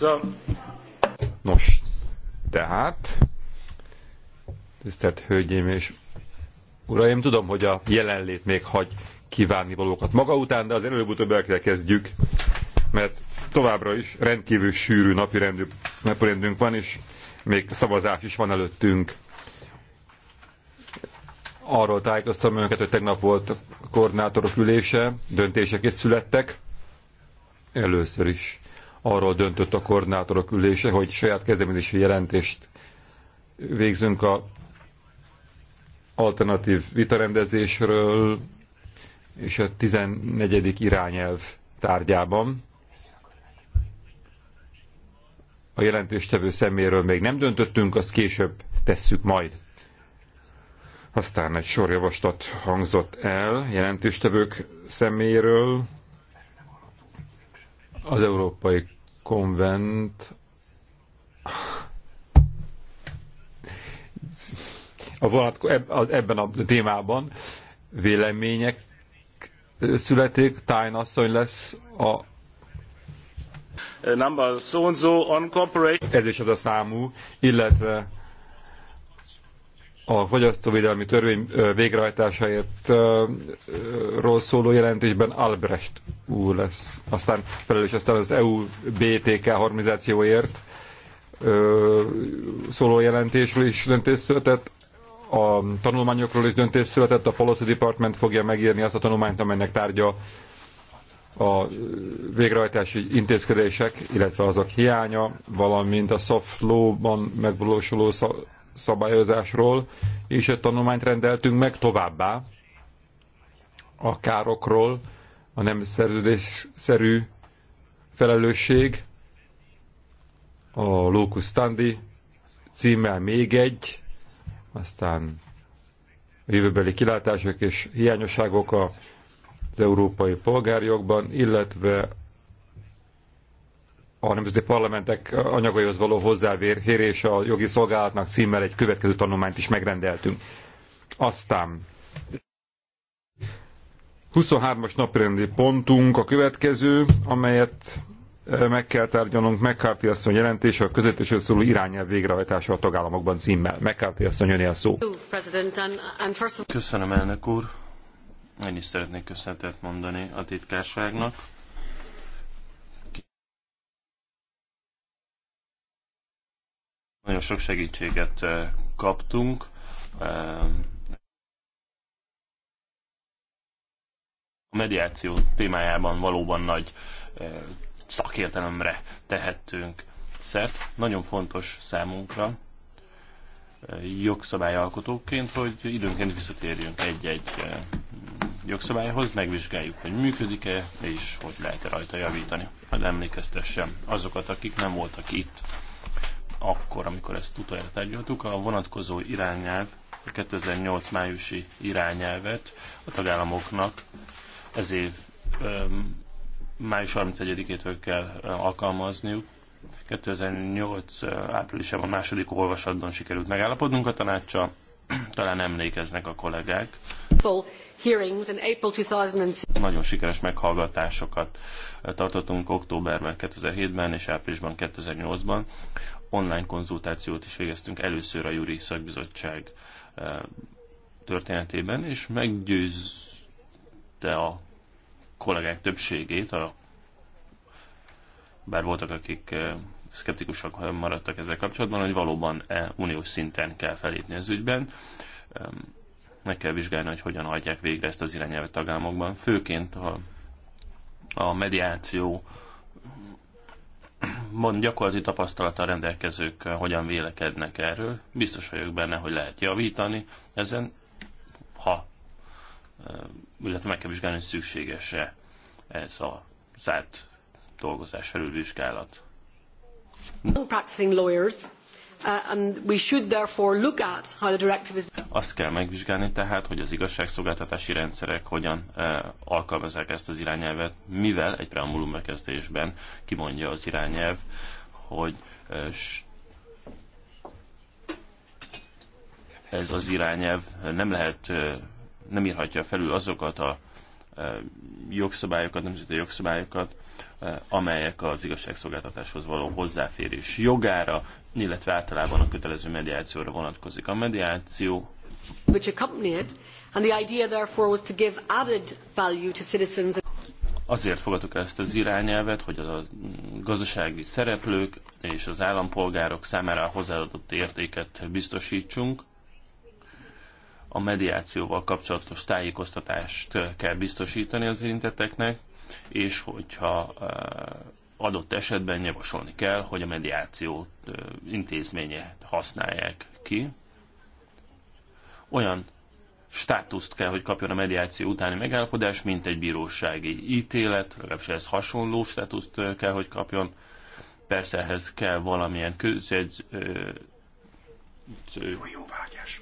So. Szóval- Nos, tehát, tisztelt Hölgyeim és Uraim, tudom, hogy a jelenlét még hagy kívánni valókat maga után, de az előbb-utóbb el kell kezdjük, mert továbbra is rendkívül sűrű napi napirendünk van, és még szavazás is van előttünk. Arról tájékoztam önöket, hogy tegnap volt a koordinátorok ülése, döntések is születtek. Először is arról döntött a koordinátorok ülése, hogy saját kezdeményezési jelentést végzünk a alternatív vitarendezésről és a 14. irányelv tárgyában. A jelentéstevő szeméről még nem döntöttünk, azt később tesszük majd. Aztán egy sor javaslat hangzott el jelentéstevők szeméről. Az Európai konvent a vonatko, ebben a témában vélemények születik, tájnasszony lesz a number so and so on corporate. Ez is az a számú, illetve a fogyasztóvédelmi törvény végrehajtásáért ról szóló jelentésben Albrecht úr lesz. Aztán felelős aztán az EU BTK harmonizációért szóló jelentésről is döntés született, a tanulmányokról is döntés született, a Policy Department fogja megírni azt a tanulmányt, amelynek tárgya a végrehajtási intézkedések, illetve azok hiánya, valamint a soft law-ban megvalósuló szabályozásról, és egy tanulmányt rendeltünk meg továbbá a károkról, a nem szerződésszerű felelősség, a Locus Standi címmel még egy, aztán a jövőbeli kilátások és hiányosságok az európai polgárjogban, illetve a nemzeti parlamentek anyagaihoz való hozzáférés a jogi szolgálatnak címmel egy következő tanulmányt is megrendeltünk. Aztán 23-as naprendi pontunk a következő, amelyet e, meg kell tárgyalnunk McCarthy asszony jelentése a közvetésről szóló irányelv végrehajtása a tagállamokban címmel. McCarthy asszony jönni a szó. Köszönöm elnök úr. Én is szeretnék köszöntet mondani a titkárságnak Nagyon sok segítséget kaptunk. A mediáció témájában valóban nagy szakértelemre tehettünk szert. Nagyon fontos számunkra jogszabályalkotóként, hogy időnként visszatérjünk egy-egy jogszabályhoz, megvizsgáljuk, hogy működik-e, és hogy lehet-e rajta javítani. Hát emlékeztessem azokat, akik nem voltak itt akkor, amikor ezt utoljára tárgyaltuk, a vonatkozó irányelv, a 2008 májusi irányelvet a tagállamoknak ez év május 31-től kell alkalmazniuk. 2008 áprilisában a második olvasatban sikerült megállapodnunk a tanácsa, talán emlékeznek a kollégák. Nagyon sikeres meghallgatásokat tartottunk októberben 2007-ben és áprilisban 2008-ban online konzultációt is végeztünk először a Júri Szakbizottság eh, történetében, és meggyőzte a kollégák többségét, a, bár voltak, akik eh, szkeptikusak maradtak ezzel kapcsolatban, hogy valóban e uniós szinten kell felépni az ügyben. Meg kell vizsgálni, hogy hogyan hagyják végre ezt az irányelvet tagállamokban. Főként a, a mediáció van gyakorlati tapasztalata rendelkezők eh, hogyan vélekednek erről. Biztos vagyok benne, hogy lehet javítani ezen, ha, eh, illetve meg kell vizsgálni, hogy szükséges-e ez a zárt dolgozás felülvizsgálat. Practicing lawyers Uh, and we should therefore look at how the directive is... Azt kell megvizsgálni tehát, hogy az igazságszolgáltatási rendszerek hogyan uh, alkalmazzák ezt az irányelvet, mivel egy preambulum bekezdésben kimondja az irányelv, hogy uh, ez az irányelv nem lehet, nem írhatja felül azokat a jogszabályokat, nemzeti jogszabályokat, Eh, amelyek az igazságszolgáltatáshoz való hozzáférés jogára, illetve általában a kötelező mediációra vonatkozik. A mediáció which and the idea therefore was to give added value to citizens azért fogadtuk ezt az irányelvet, hogy a gazdasági szereplők és az állampolgárok számára hozzáadott értéket biztosítsunk. A mediációval kapcsolatos tájékoztatást kell biztosítani az érintetteknek, és hogyha eh, adott esetben javasolni kell, hogy a mediációt eh, intézménye használják ki. Olyan státuszt kell, hogy kapjon a mediáció utáni megállapodás, mint egy bírósági ítélet, legalábbis ez hasonló státuszt eh, kell, hogy kapjon. Persze ehhez kell valamilyen közjegy... Jóváhagyás.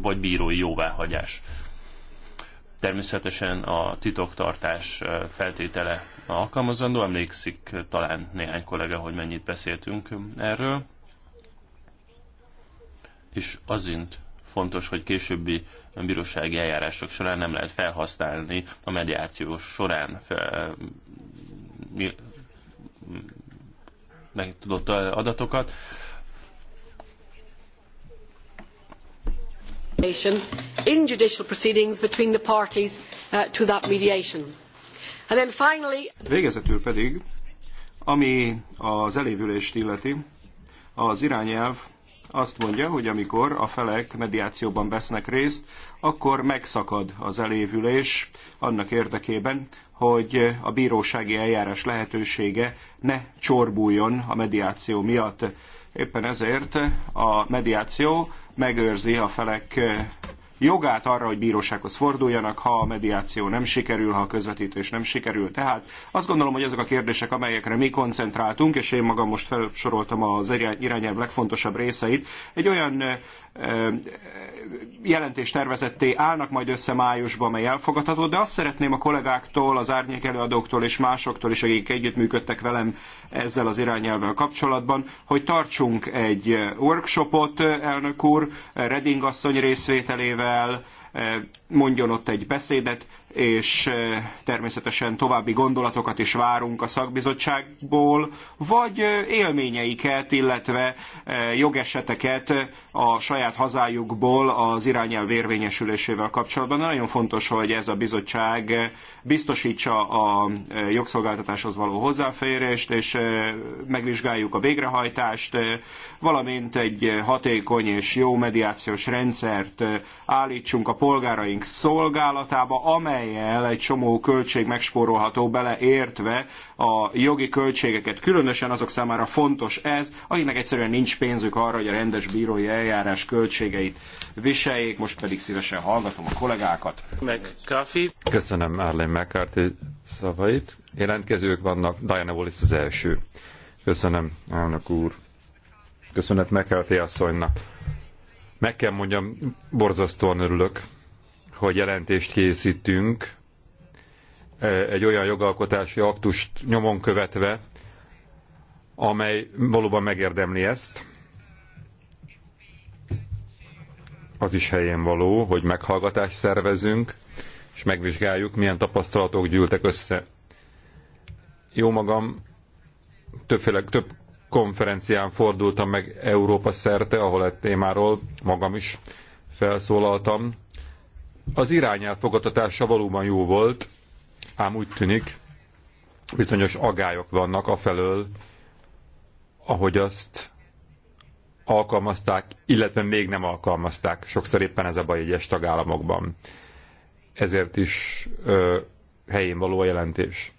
Vagy bírói jóváhagyás. Természetesen a titoktartás feltétele alkalmazandó, emlékszik talán néhány kollega, hogy mennyit beszéltünk erről. És azint fontos, hogy későbbi bírósági eljárások során nem lehet felhasználni a mediáció során fel, meg tudott adatokat. participation in judicial proceedings between the parties uh, to that mediation. And then finally... Végezetül pedig, ami az elévülést illeti, az irányelv azt mondja, hogy amikor a felek mediációban vesznek részt, akkor megszakad az elévülés annak érdekében, hogy a bírósági eljárás lehetősége ne csorbuljon a mediáció miatt. Éppen ezért a mediáció megőrzi a felek eh, jogát arra, hogy bírósághoz forduljanak, ha a mediáció nem sikerül, ha a közvetítés nem sikerül. Tehát azt gondolom, hogy azok a kérdések, amelyekre mi koncentráltunk, és én magam most felsoroltam az irányelv legfontosabb részeit, egy olyan jelentéstervezetté állnak majd össze májusban, amely elfogadható, de azt szeretném a kollégáktól, az árnyék előadóktól és másoktól is, akik együttműködtek velem ezzel az irányelvvel kapcsolatban, hogy tartsunk egy workshopot, elnök úr, Reding asszony részvételével, fel, eh, mondjon ott egy beszédet, és eh, természetesen további gondolatokat is várunk a szakbizottságból, vagy eh, élményeiket, illetve eh, jogeseteket a saját hazájukból az irányelv érvényesülésével kapcsolatban. De nagyon fontos, hogy ez a bizottság biztosítsa a jogszolgáltatáshoz való hozzáférést, és megvizsgáljuk a végrehajtást, valamint egy hatékony és jó mediációs rendszert állítsunk a polgáraink szolgálatába, amely amelyel egy csomó költség megspórolható beleértve a jogi költségeket. Különösen azok számára fontos ez, akiknek egyszerűen nincs pénzük arra, hogy a rendes bírói eljárás költségeit viseljék. Most pedig szívesen hallgatom a kollégákat. McCarthy. Köszönöm Marlene McCarthy szavait. Jelentkezők vannak, Diana Wallis az első. Köszönöm, elnök úr. Köszönet McCarthy asszonynak. Meg kell mondjam, borzasztóan örülök, hogy jelentést készítünk e, egy olyan jogalkotási aktust nyomon követve, amely valóban megérdemli ezt. Az is helyén való, hogy meghallgatást szervezünk, és megvizsgáljuk, milyen tapasztalatok gyűltek össze. Jó magam, többféle, több konferencián fordultam meg Európa szerte, ahol a témáról magam is felszólaltam, az irányelv fogadtatása valóban jó volt, ám úgy tűnik, bizonyos agályok vannak afelől, ahogy azt alkalmazták, illetve még nem alkalmazták. Sokszor éppen ez a baj egyes tagállamokban. Ezért is ö, helyén való a jelentés.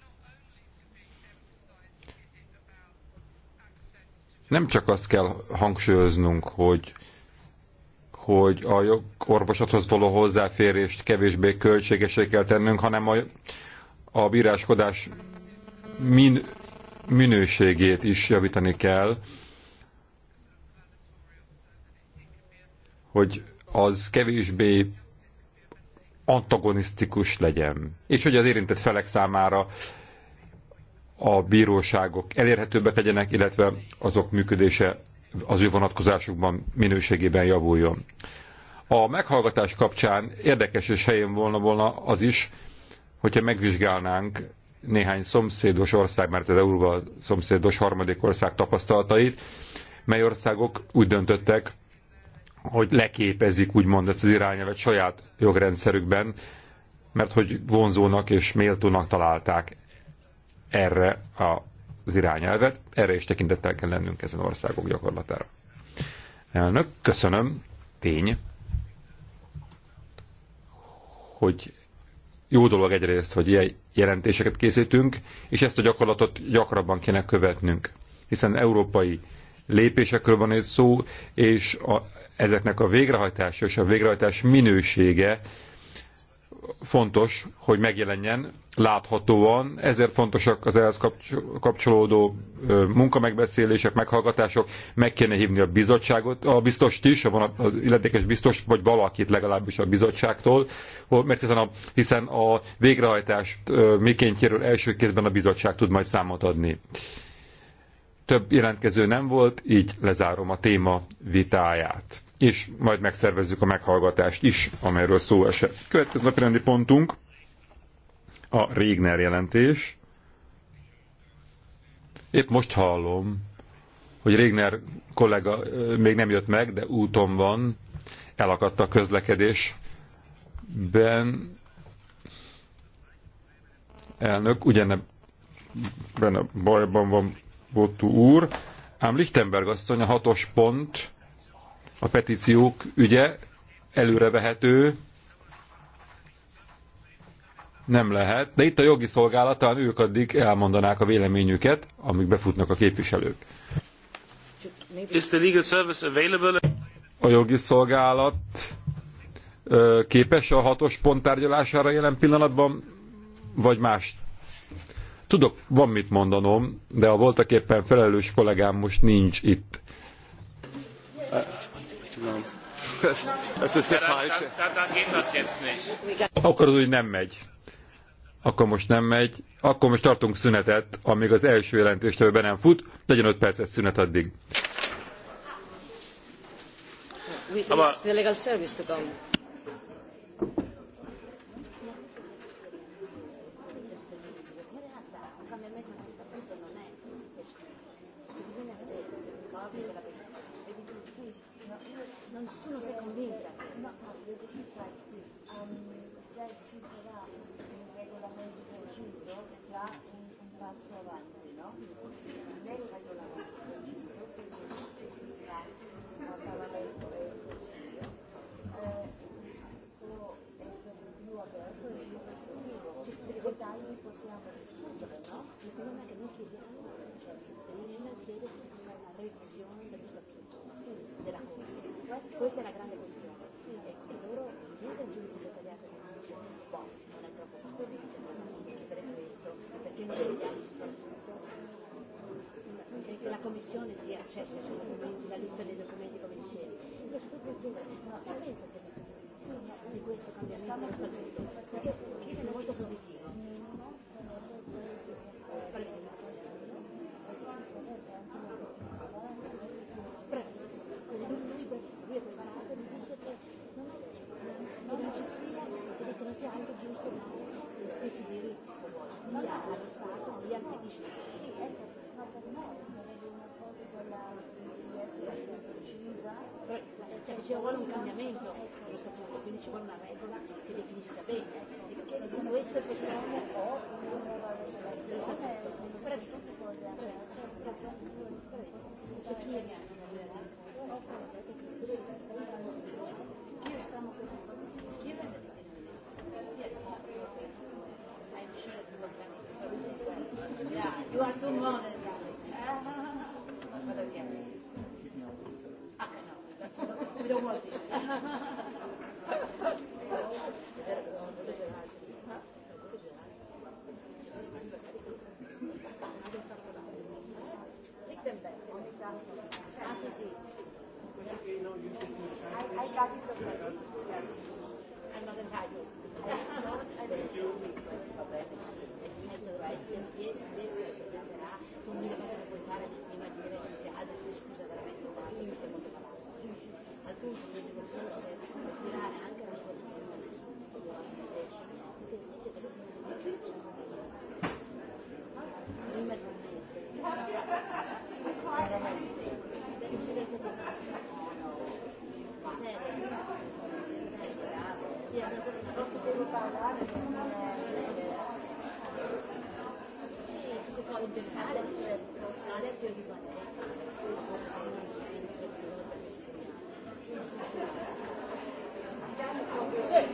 Nem csak azt kell hangsúlyoznunk, hogy hogy a orvosathoz való hozzáférést kevésbé költségesé kell tennünk, hanem a, a bíráskodás min, minőségét is javítani kell, hogy az kevésbé antagonisztikus legyen, és hogy az érintett felek számára a bíróságok elérhetőbbek legyenek, illetve azok működése az ő vonatkozásukban minőségében javuljon. A meghallgatás kapcsán érdekes és helyén volna volna az is, hogyha megvizsgálnánk néhány szomszédos ország, mert az Európa szomszédos harmadik ország tapasztalatait, mely országok úgy döntöttek, hogy leképezik úgymond ezt az irányelvet saját jogrendszerükben, mert hogy vonzónak és méltónak találták erre a az irányelvet, erre is tekintettel kell lennünk ezen országok gyakorlatára. Elnök, köszönöm, tény, hogy jó dolog egyrészt, hogy ilyen jelentéseket készítünk, és ezt a gyakorlatot gyakrabban kéne követnünk, hiszen európai lépésekről van egy szó, és a, ezeknek a végrehajtása és a végrehajtás minősége fontos, hogy megjelenjen láthatóan, ezért fontosak az ehhez kapcsolódó munkamegbeszélések, meghallgatások, meg kéne hívni a bizottságot, a biztost is, a az illetékes biztos, vagy valakit legalábbis a bizottságtól, mert hiszen a, hiszen a végrehajtást mikéntjéről első kézben a bizottság tud majd számot adni. Több jelentkező nem volt, így lezárom a téma vitáját. És majd megszervezzük a meghallgatást is, amelyről szó esett. Következő napi pontunk a Régner jelentés. Épp most hallom, hogy Régner kollega még nem jött meg, de úton van, elakadt a közlekedésben. Elnök, ugyanebben a bajban van Bottu úr, ám Lichtenberg asszony a hatos pont, a petíciók ügye előrevehető, nem lehet, de itt a jogi szolgálat, talán ők addig elmondanák a véleményüket, amíg befutnak a képviselők. Is the legal service available? A jogi szolgálat képes a hatos pont tárgyalására jelen pillanatban, vagy más? Tudok, van mit mondanom, de a voltak éppen felelős kollégám most nincs itt. Das Akkor az úgy nem megy akkor most nem megy, akkor most tartunk szünetet, amíg az első jelentéstől be nem fut, legyen 5 perces szünet addig. We, commissione di accesso sui documenti, la lista dei documenti come dicevi. Questo perché, no, cosa pensa se di questo cambiamento dello statuto? Perché è molto positivo. c'è vuole un cambiamento dello statuto, quindi ci vuole una regola che definisca bene perché se queste persone o dello statuto. Bravissimo, bravissimo, C'è chi è Yeah, you are too modern we don't want this. Take them back. Ah, sì, sì. I, I got it already. Yes. I'm not entitled. Thank you. Tu mi devi raccontare prima di dire che altre scuse veramente happens is the person, you know, anger is what happens to the organization because it's a group of people. Adesso io dico a te, forse sei un incidente. Good.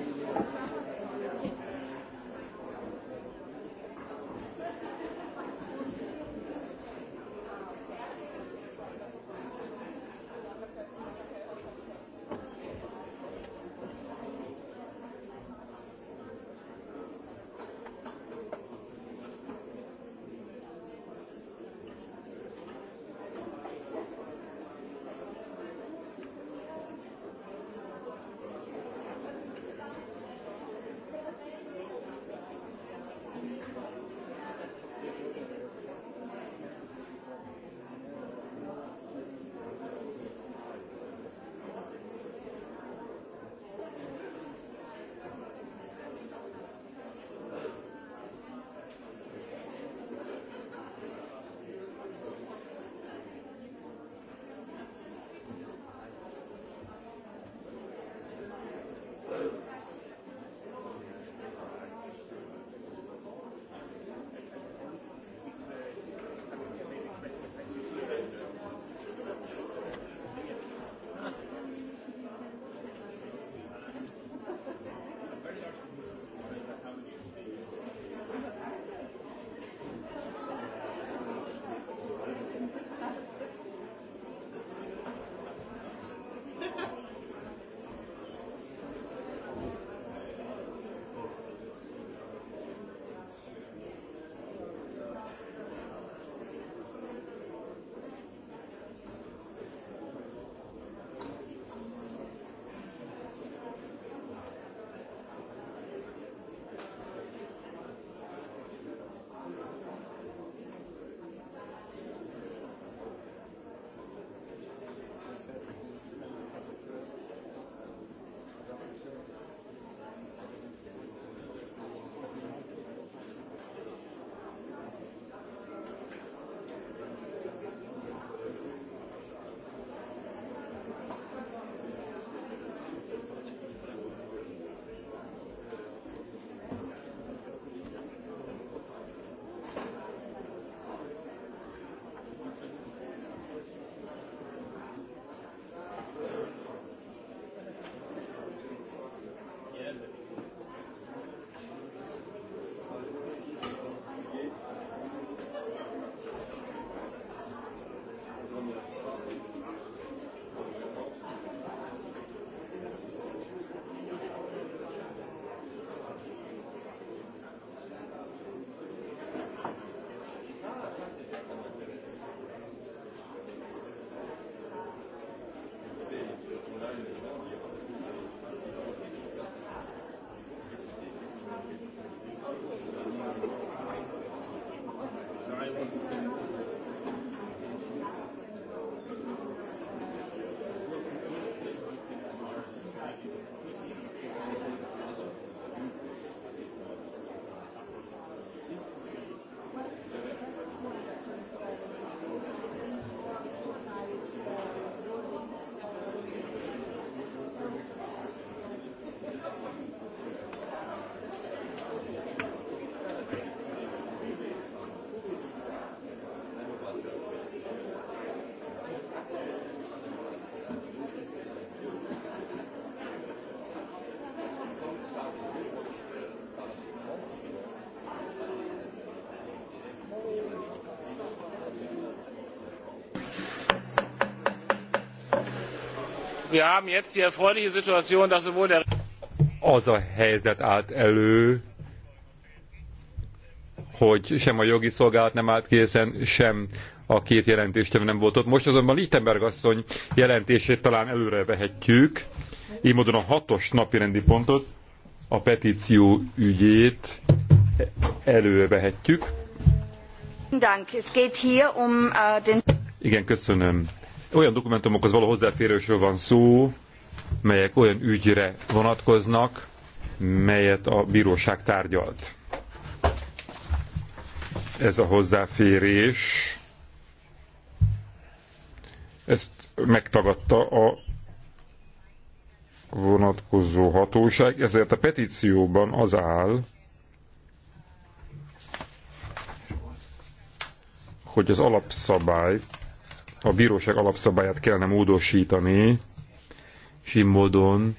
az a helyzet állt elő, hogy sem a jogi szolgálat nem állt készen, sem a két jelentéstevő nem volt ott. Most azonban Lichtenberg asszony jelentését talán előre vehetjük, így módon a hatos napirendi pontot, a petíció ügyét előre vehetjük. Um, äh, Igen, köszönöm olyan dokumentumokhoz való hozzáférésről van szó, melyek olyan ügyre vonatkoznak, melyet a bíróság tárgyalt. Ez a hozzáférés, ezt megtagadta a vonatkozó hatóság, ezért a petícióban az áll, hogy az alapszabályt a bíróság alapszabályát kellene módosítani, és módon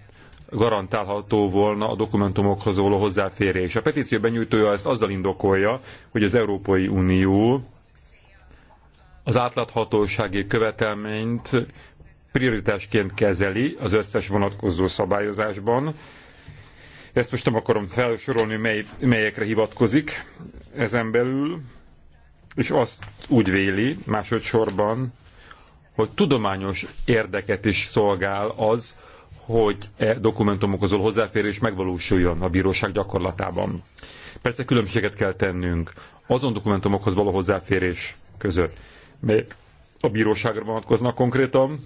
garantálható volna a dokumentumokhoz való hozzáférés. A petíció benyújtója ezt azzal indokolja, hogy az Európai Unió az átláthatósági követelményt prioritásként kezeli az összes vonatkozó szabályozásban. Ezt most nem akarom felsorolni, mely, melyekre hivatkozik ezen belül, és azt úgy véli másodszorban, hogy tudományos érdeket is szolgál az, hogy e dokumentumokhoz való hozzáférés megvalósuljon a bíróság gyakorlatában. Persze különbséget kell tennünk azon dokumentumokhoz való hozzáférés között, melyek a bíróságra vonatkoznak konkrétan,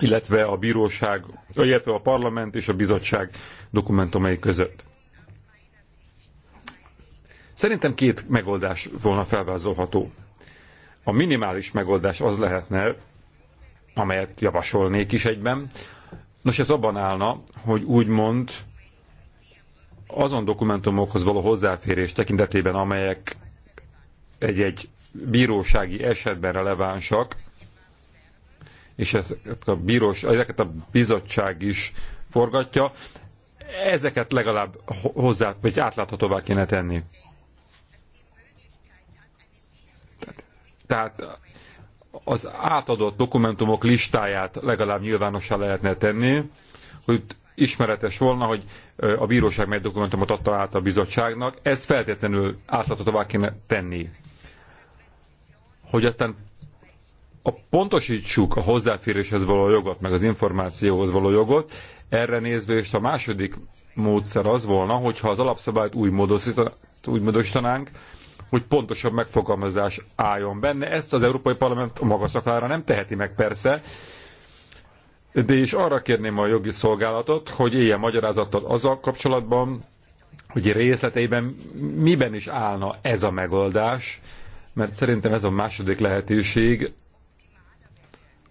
illetve a bíróság, illetve a parlament és a bizottság dokumentumai között. Szerintem két megoldás volna felvázolható. A minimális megoldás az lehetne, amelyet javasolnék is egyben. Nos, ez abban állna, hogy úgymond azon dokumentumokhoz való hozzáférés tekintetében, amelyek egy-egy bírósági esetben relevánsak, és ezeket a, bírós, ezeket a bizottság is forgatja, ezeket legalább hozzá, vagy átláthatóvá kéne tenni. Tehát az átadott dokumentumok listáját legalább nyilvánossá lehetne tenni, hogy ismeretes volna, hogy a bíróság mely dokumentumot adta át a bizottságnak. Ez feltétlenül tovább kéne tenni. Hogy aztán a pontosítsuk a hozzáféréshez való jogot, meg az információhoz való jogot, erre nézve és a második módszer az volna, hogyha az alapszabályt úgy, módosítanánk, hogy pontosabb megfogalmazás álljon benne. Ezt az Európai Parlament maga szakára nem teheti meg persze, de is arra kérném a jogi szolgálatot, hogy éljen magyarázattal azzal kapcsolatban, hogy részleteiben miben is állna ez a megoldás, mert szerintem ez a második lehetőség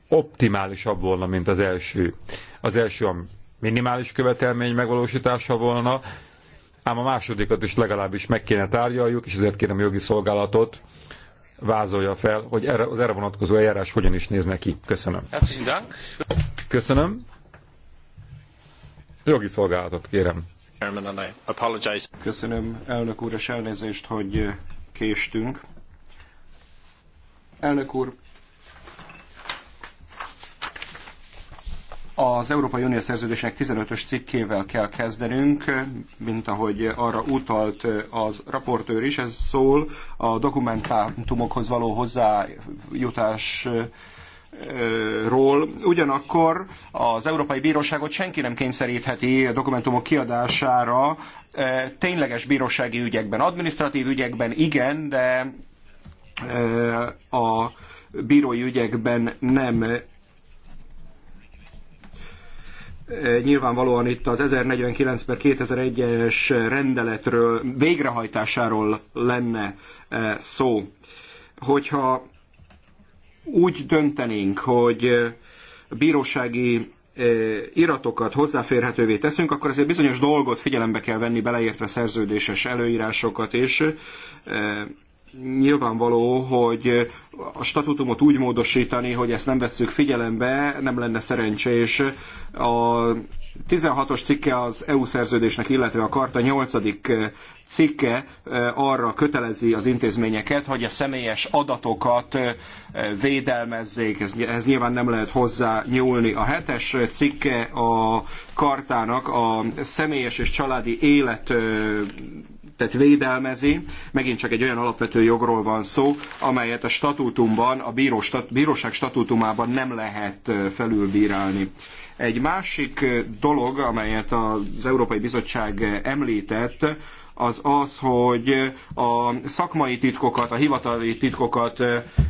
optimálisabb volna, mint az első. Az első a minimális követelmény megvalósítása volna, ám a másodikat is legalábbis meg kéne tárgyaljuk, és ezért kérem jogi szolgálatot vázolja fel, hogy erre, az erre vonatkozó eljárás hogyan is néz neki. Köszönöm. Köszönöm. Jogi szolgálatot kérem. Köszönöm, elnök úr, és elnézést, hogy késtünk. Elnök úr, az Európai Unió szerződésnek 15-ös cikkével kell kezdenünk, mint ahogy arra utalt az raportőr is, ez szól a dokumentumokhoz való hozzájutás ról. Ugyanakkor az Európai Bíróságot senki nem kényszerítheti a dokumentumok kiadására eh, tényleges bírósági ügyekben, administratív ügyekben igen, de eh, a bírói ügyekben nem Nyilvánvalóan itt az 1049 per 2001-es rendeletről, végrehajtásáról lenne szó. Hogyha úgy döntenénk, hogy bírósági iratokat hozzáférhetővé teszünk, akkor azért bizonyos dolgot figyelembe kell venni, beleértve szerződéses előírásokat is nyilvánvaló, hogy a statutumot úgy módosítani, hogy ezt nem vesszük figyelembe, nem lenne szerencsés. A 16-os cikke az EU szerződésnek, illetve a karta 8. cikke arra kötelezi az intézményeket, hogy a személyes adatokat védelmezzék. Ez, nyilván nem lehet hozzá nyúlni. A hetes es cikke a kartának a személyes és családi élet tehát védelmezi. Megint csak egy olyan alapvető jogról van szó, amelyet a statútumban, a bíró, stat, bíróság statútumában nem lehet felülbírálni. Egy másik dolog, amelyet az Európai Bizottság említett, az az, hogy a szakmai titkokat, a hivatali titkokat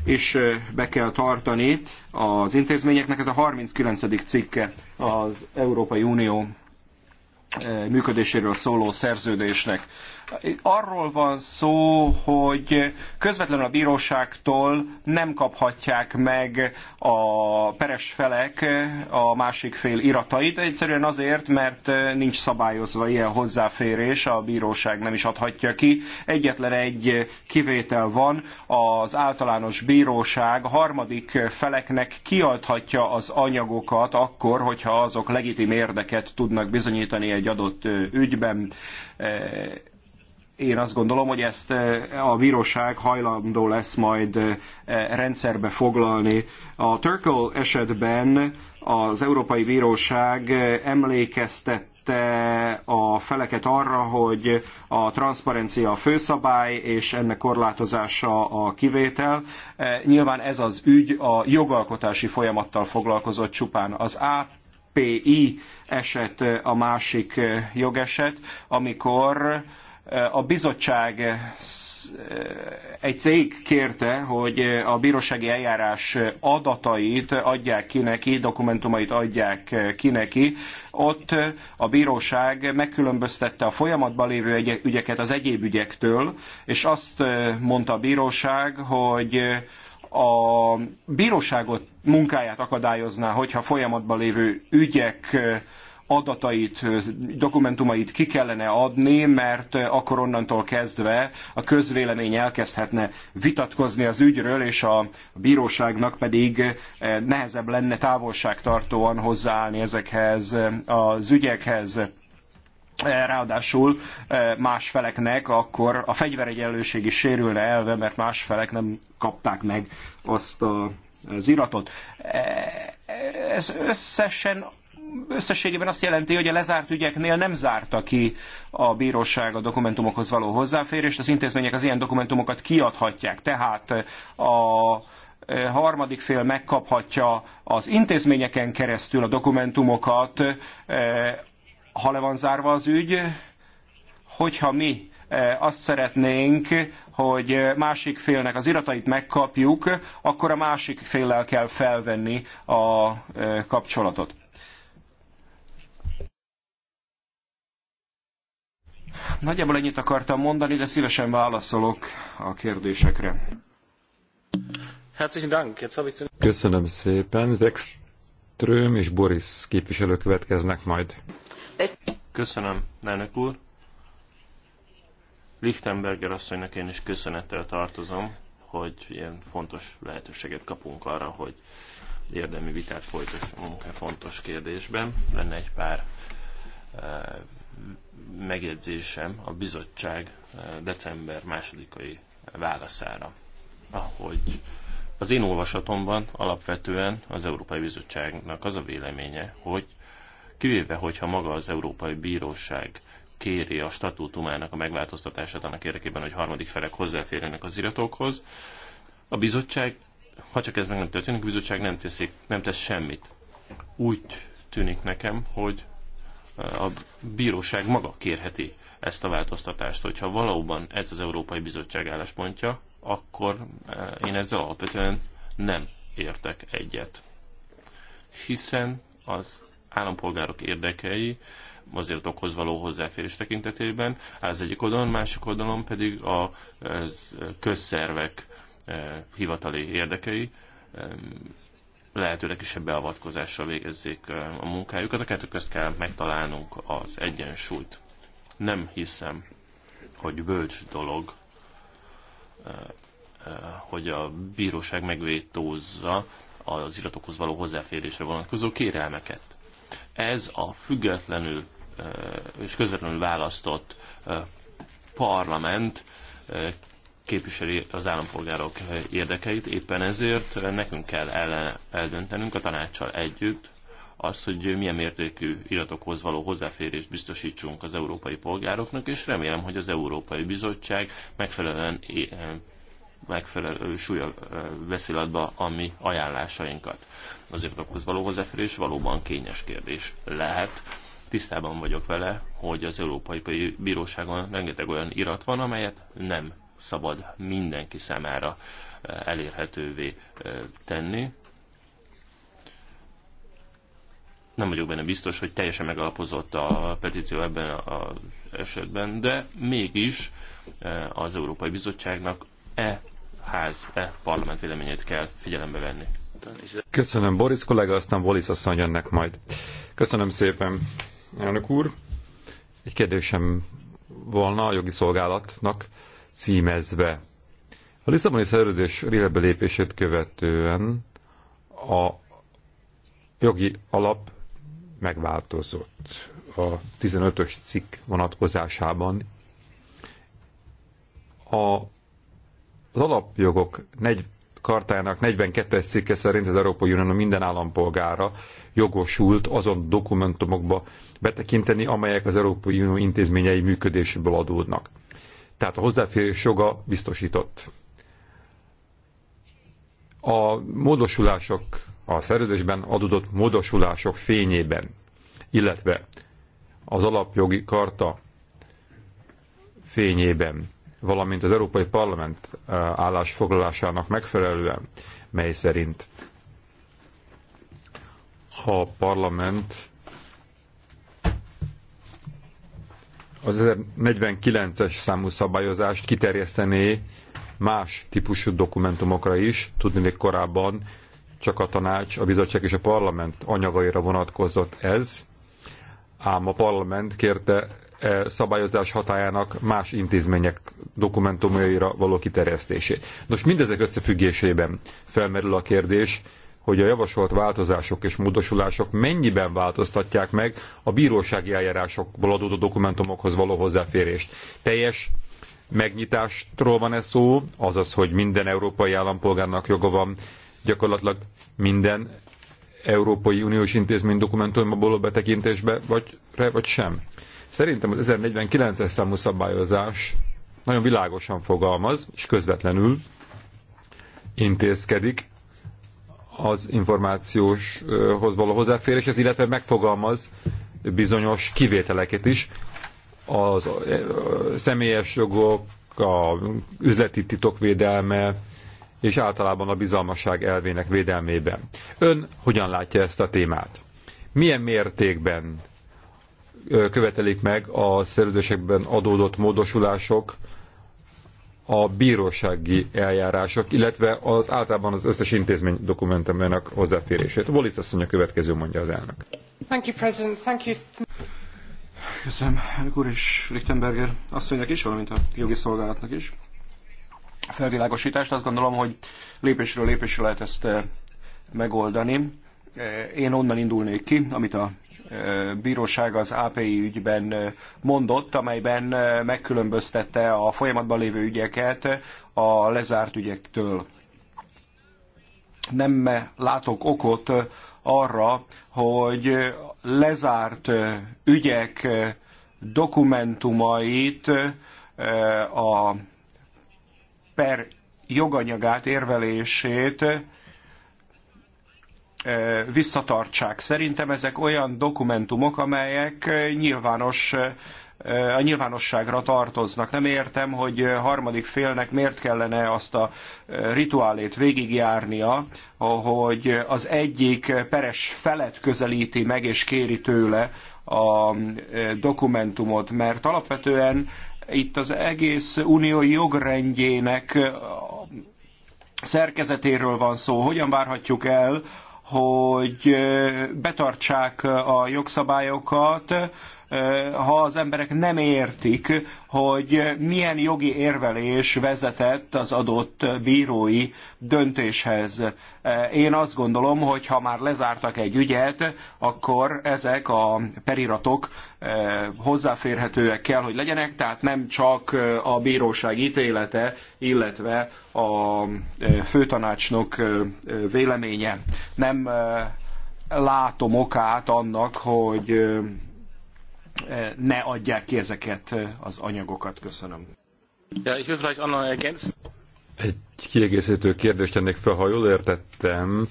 is be kell tartani az intézményeknek. Ez a 39. cikke az Európai Unió működéséről szóló szerződésnek. Arról van szó, hogy közvetlenül a bíróságtól nem kaphatják meg a peres felek a másik fél iratait, egyszerűen azért, mert nincs szabályozva ilyen hozzáférés, a bíróság nem is adhatja ki. Egyetlen egy kivétel van, az általános bíróság harmadik feleknek kiadhatja az anyagokat akkor, hogyha azok legitim érdeket tudnak bizonyítani egy adott ügyben én azt gondolom, hogy ezt eh, a bíróság hajlandó lesz majd eh, rendszerbe foglalni. A Turkle esetben az Európai Bíróság eh, emlékeztet a feleket arra, hogy a transzparencia a főszabály, és ennek korlátozása a kivétel. Nyilván ez az ügy a jogalkotási folyamattal foglalkozott csupán. Az A PI eset a másik jogeset, amikor a bizottság eh, egy cég kérte, hogy eh, a bírósági eljárás adatait adják ki neki, dokumentumait adják eh, ki neki. Ott a bíróság megkülönböztette a folyamatban lévő ügyeket az egyéb ügyektől, és azt mondta a bíróság, hogy a bíróságot munkáját akadályozná, hogyha folyamatban lévő ügyek adatait, dokumentumait ki kellene adni, mert akkor onnantól kezdve a közvélemény elkezdhetne vitatkozni az ügyről, és a bíróságnak pedig nehezebb lenne távolságtartóan hozzáállni ezekhez az ügyekhez. Ráadásul más feleknek akkor a fegyveregyenlőség is sérülne elve, mert más felek nem kapták meg azt a, az iratot. Ez összesen összességében azt jelenti, hogy a lezárt ügyeknél nem zárta ki a bíróság a dokumentumokhoz való hozzáférést, az intézmények az ilyen dokumentumokat kiadhatják. Tehát a e, harmadik fél megkaphatja az intézményeken keresztül a dokumentumokat, e, ha le van zárva az ügy, hogyha mi e, azt szeretnénk, hogy másik félnek az iratait megkapjuk, akkor a másik féllel kell felvenni a kapcsolatot. Nagyjából ennyit akartam mondani, de szívesen válaszolok a kérdésekre. Köszönöm szépen. Vextröm és Boris képviselő következnek majd. Köszönöm, elnök úr. Lichtenberger asszonynak én is köszönettel tartozom, hogy ilyen fontos lehetőséget kapunk arra, hogy érdemi vitát folytassunk e fontos kérdésben. Lenne egy pár eh, megjegyzésem a bizottság eh, december másodikai válaszára, ahogy az én olvasatomban alapvetően az Európai Bizottságnak az a véleménye, hogy kivéve, hogyha maga az Európai Bíróság kéri a statútumának a megváltoztatását annak érdekében, hogy harmadik felek hozzáférjenek az iratokhoz, a bizottság, ha csak ez meg nem történik, a bizottság nem, teszik, nem tesz semmit. Úgy tűnik nekem, hogy a bíróság maga kérheti ezt a változtatást. Hogyha valóban ez az Európai Bizottság álláspontja, akkor eh, én ezzel alapvetően nem értek egyet. Hiszen az állampolgárok érdekei azért okoz való hozzáférés tekintetében, az egyik oldalon, másik oldalon pedig a eh, közszervek eh, hivatali érdekei, lehető legkisebb beavatkozással végezzék a munkájukat. A kettő közt kell megtalálnunk az egyensúlyt. Nem hiszem, hogy bölcs dolog, hogy a bíróság megvétózza az iratokhoz való hozzáférésre vonatkozó kérelmeket. Ez a függetlenül és közvetlenül választott parlament képviseli az állampolgárok érdekeit, éppen ezért nekünk kell ellen, eldöntenünk a tanácssal együtt azt, hogy milyen mértékű iratokhoz való hozzáférést biztosítsunk az európai polgároknak, és remélem, hogy az Európai Bizottság megfelelően eh, megfelelő súlya eh, veszi a mi ajánlásainkat. Az iratokhoz való hozzáférés valóban kényes kérdés lehet. Tisztában vagyok vele, hogy az Európai Bíróságon rengeteg olyan irat van, amelyet nem szabad mindenki számára eh, elérhetővé eh, tenni. Nem vagyok benne biztos, hogy teljesen megalapozott a petíció ebben az esetben, de mégis eh, az Európai Bizottságnak e ház, e parlament véleményét kell figyelembe venni. Köszönöm Boris kollega, aztán Boris asszony jönnek majd. Köszönöm szépen, elnök úr. Egy kérdésem volna a jogi szolgálatnak címezve. A Lisszaboni szerződés rélebe lépését követően a jogi alap megváltozott a 15-ös cikk vonatkozásában. A, az alapjogok negy, kartájának 42-es cikke szerint az Európai Unió minden állampolgára jogosult azon dokumentumokba betekinteni, amelyek az Európai Unió intézményei működéséből adódnak tehát a hozzáférés joga biztosított. A módosulások, a szerződésben adódott módosulások fényében, illetve az alapjogi karta fényében, valamint az Európai Parlament eh, állásfoglalásának megfelelően, mely szerint ha a parlament az 49-es számú szabályozást kiterjesztené más típusú dokumentumokra is, tudni még korábban csak a tanács, a bizottság és a parlament anyagaira vonatkozott ez, ám a parlament kérte e szabályozás hatájának más intézmények dokumentumaira való kiterjesztését. Nos, mindezek összefüggésében felmerül a kérdés, hogy a javasolt változások és módosulások mennyiben változtatják meg a bírósági eljárásokból adódó dokumentumokhoz való hozzáférést. Teljes megnyitástról van ez szó, azaz, hogy minden európai állampolgárnak joga van gyakorlatilag minden Európai Uniós intézmény dokumentumból a betekintésbe, vagy, vagy sem. Szerintem az 1049-es számú szabályozás nagyon világosan fogalmaz, és közvetlenül intézkedik az információshoz való hozzáféréshez, illetve megfogalmaz bizonyos kivételeket is az személyes jogok, a üzleti titokvédelme és általában a bizalmasság elvének védelmében. Ön hogyan látja ezt a témát? Milyen mértékben követelik meg a szerződésekben adódott módosulások a bírósági eljárások, illetve az általában az összes intézmény dokumentumának hozzáférését. Wallis asszony a következő mondja az elnök. Thank you, President. Thank you. Köszönöm, elnök úr és Richtenberger asszonynak is, valamint a jogi szolgálatnak is felvilágosítást. Azt gondolom, hogy lépésről lépésre lehet ezt eh, megoldani. Eh, én onnan indulnék ki, amit a bíróság az API ügyben mondott, amelyben megkülönböztette a folyamatban lévő ügyeket a lezárt ügyektől. Nem látok okot arra, hogy lezárt ügyek dokumentumait a per joganyagát, érvelését visszatartsák. Szerintem ezek olyan dokumentumok, amelyek nyilvános a nyilvánosságra tartoznak. Nem értem, hogy harmadik félnek miért kellene azt a rituálét végigjárnia, hogy az egyik peres felet közelíti meg és kéri tőle a dokumentumot, mert alapvetően itt az egész unió jogrendjének szerkezetéről van szó. Hogyan várhatjuk el hogy betartsák a jogszabályokat, ha az emberek nem értik, hogy milyen jogi érvelés vezetett az adott bírói döntéshez. Én azt gondolom, hogy ha már lezártak egy ügyet, akkor ezek a periratok eh, hozzáférhetőek kell, hogy legyenek, tehát nem csak eh, a bíróság ítélete, illetve a eh, főtanácsnok véleménye. Nem látom okát annak, hogy Eh, ne adják ki ezeket eh, az anyagokat. Köszönöm. Ja, ich will vielleicht auch noch ergänzen. Egy kiegészítő kérdést tennék fel, ha jól értettem,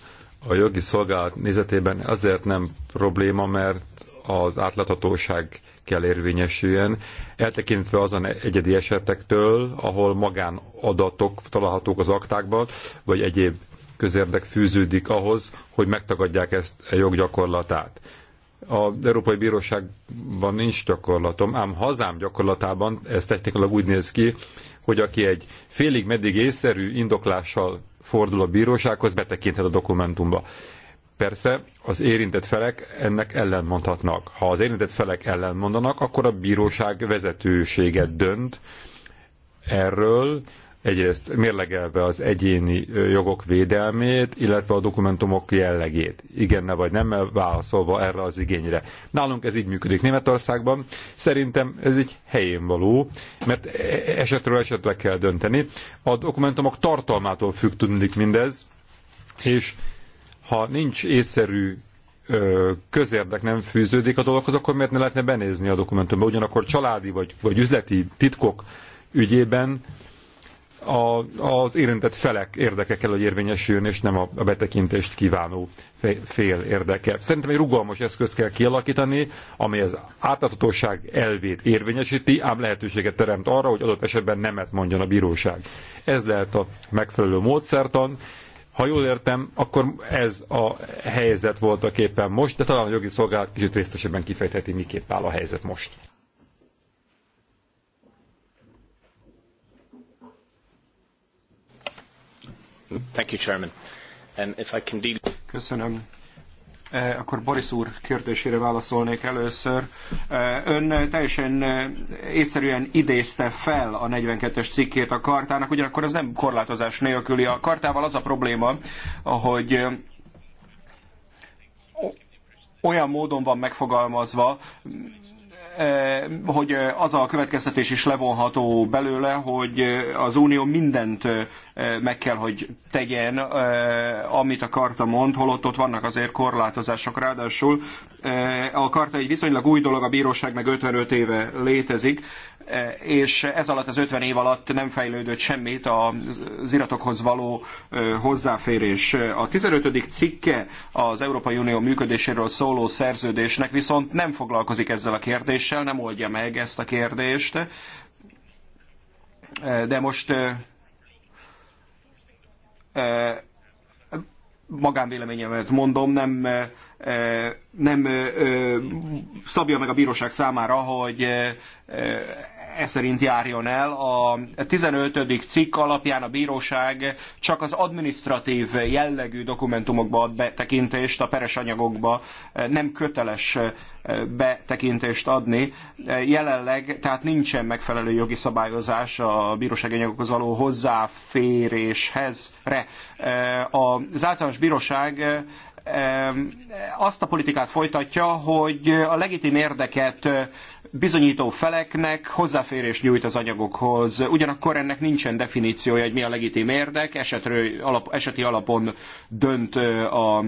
a jogi szolgálat nézetében azért nem probléma, mert az átláthatóság kell érvényesüljön, eltekintve azon egyedi esetektől, ahol magánadatok találhatók az aktákban, vagy egyéb közérdek fűződik ahhoz, hogy megtagadják ezt a joggyakorlatát az Európai Bíróságban nincs gyakorlatom, ám hazám gyakorlatában ez technikailag úgy néz ki, hogy aki egy félig meddig észszerű indoklással fordul a bírósághoz, betekinthet a dokumentumba. Persze az érintett felek ennek ellen mondhatnak. Ha az érintett felek ellen mondanak, akkor a bíróság vezetősége dönt erről, egyrészt mérlegelve az egyéni jogok védelmét, illetve a dokumentumok jellegét. Igen, ne vagy nem, válaszolva erre az igényre. Nálunk ez így működik Németországban. Szerintem ez így helyén való, mert e-, e-, esetről esetre kell dönteni. A dokumentumok tartalmától függ tudnik mindez, és ha nincs észszerű közérdek nem fűződik a dologhoz, akkor miért ne lehetne benézni a dokumentumba? Ugyanakkor családi vagy, vagy üzleti titkok ügyében a, az érintett felek érdeke kell, hogy érvényesüljön, és nem a, a betekintést kívánó fél érdeke. Szerintem egy rugalmas eszköz kell kialakítani, ami az átláthatóság elvét érvényesíti, ám lehetőséget teremt arra, hogy adott esetben nemet mondjon a bíróság. Ez lehet a megfelelő módszertan, ha jól értem, akkor ez a helyzet voltak éppen most, de talán a jogi szolgálat kicsit részletesebben kifejtheti, miképp áll a helyzet most. Thank you, Chairman. And if I can deal... Köszönöm. E, akkor Boris úr kérdésére válaszolnék először. E, ön teljesen észszerűen idézte fel a 42-es cikkét a kartának, ugyanakkor ez nem korlátozás nélküli. A kartával az a probléma, hogy olyan módon van megfogalmazva, Eh, hogy eh, az a következtetés is levonható belőle, hogy eh, az Unió mindent meg kell, hogy tegyen, amit a karta mond, holott ott vannak azért korlátozások. Ráadásul a karta egy viszonylag új dolog, a bíróság meg 55 éve létezik, és ez alatt az 50 év alatt nem fejlődött semmit az iratokhoz való hozzáférés. A 15. cikke az Európai Unió működéséről szóló szerződésnek viszont nem foglalkozik ezzel a kérdéssel, nem oldja meg ezt a kérdést, de most magánvéleményemet mondom, nem, nem szabja meg a bíróság számára, hogy e szerint járjon el. A 15. cikk alapján a bíróság csak az administratív jellegű dokumentumokba ad betekintést, a peres anyagokba e, nem köteles e, betekintést adni. E, jelenleg tehát nincsen megfelelő jogi szabályozás a bírósági anyagokhoz való hozzáféréshez. Az általános bíróság azt a politikát folytatja, hogy a legitim érdeket bizonyító feleknek hozzáférés nyújt az anyagokhoz. Ugyanakkor ennek nincsen definíciója, hogy mi a legitim érdek, esetről, alap, eseti alapon dönt a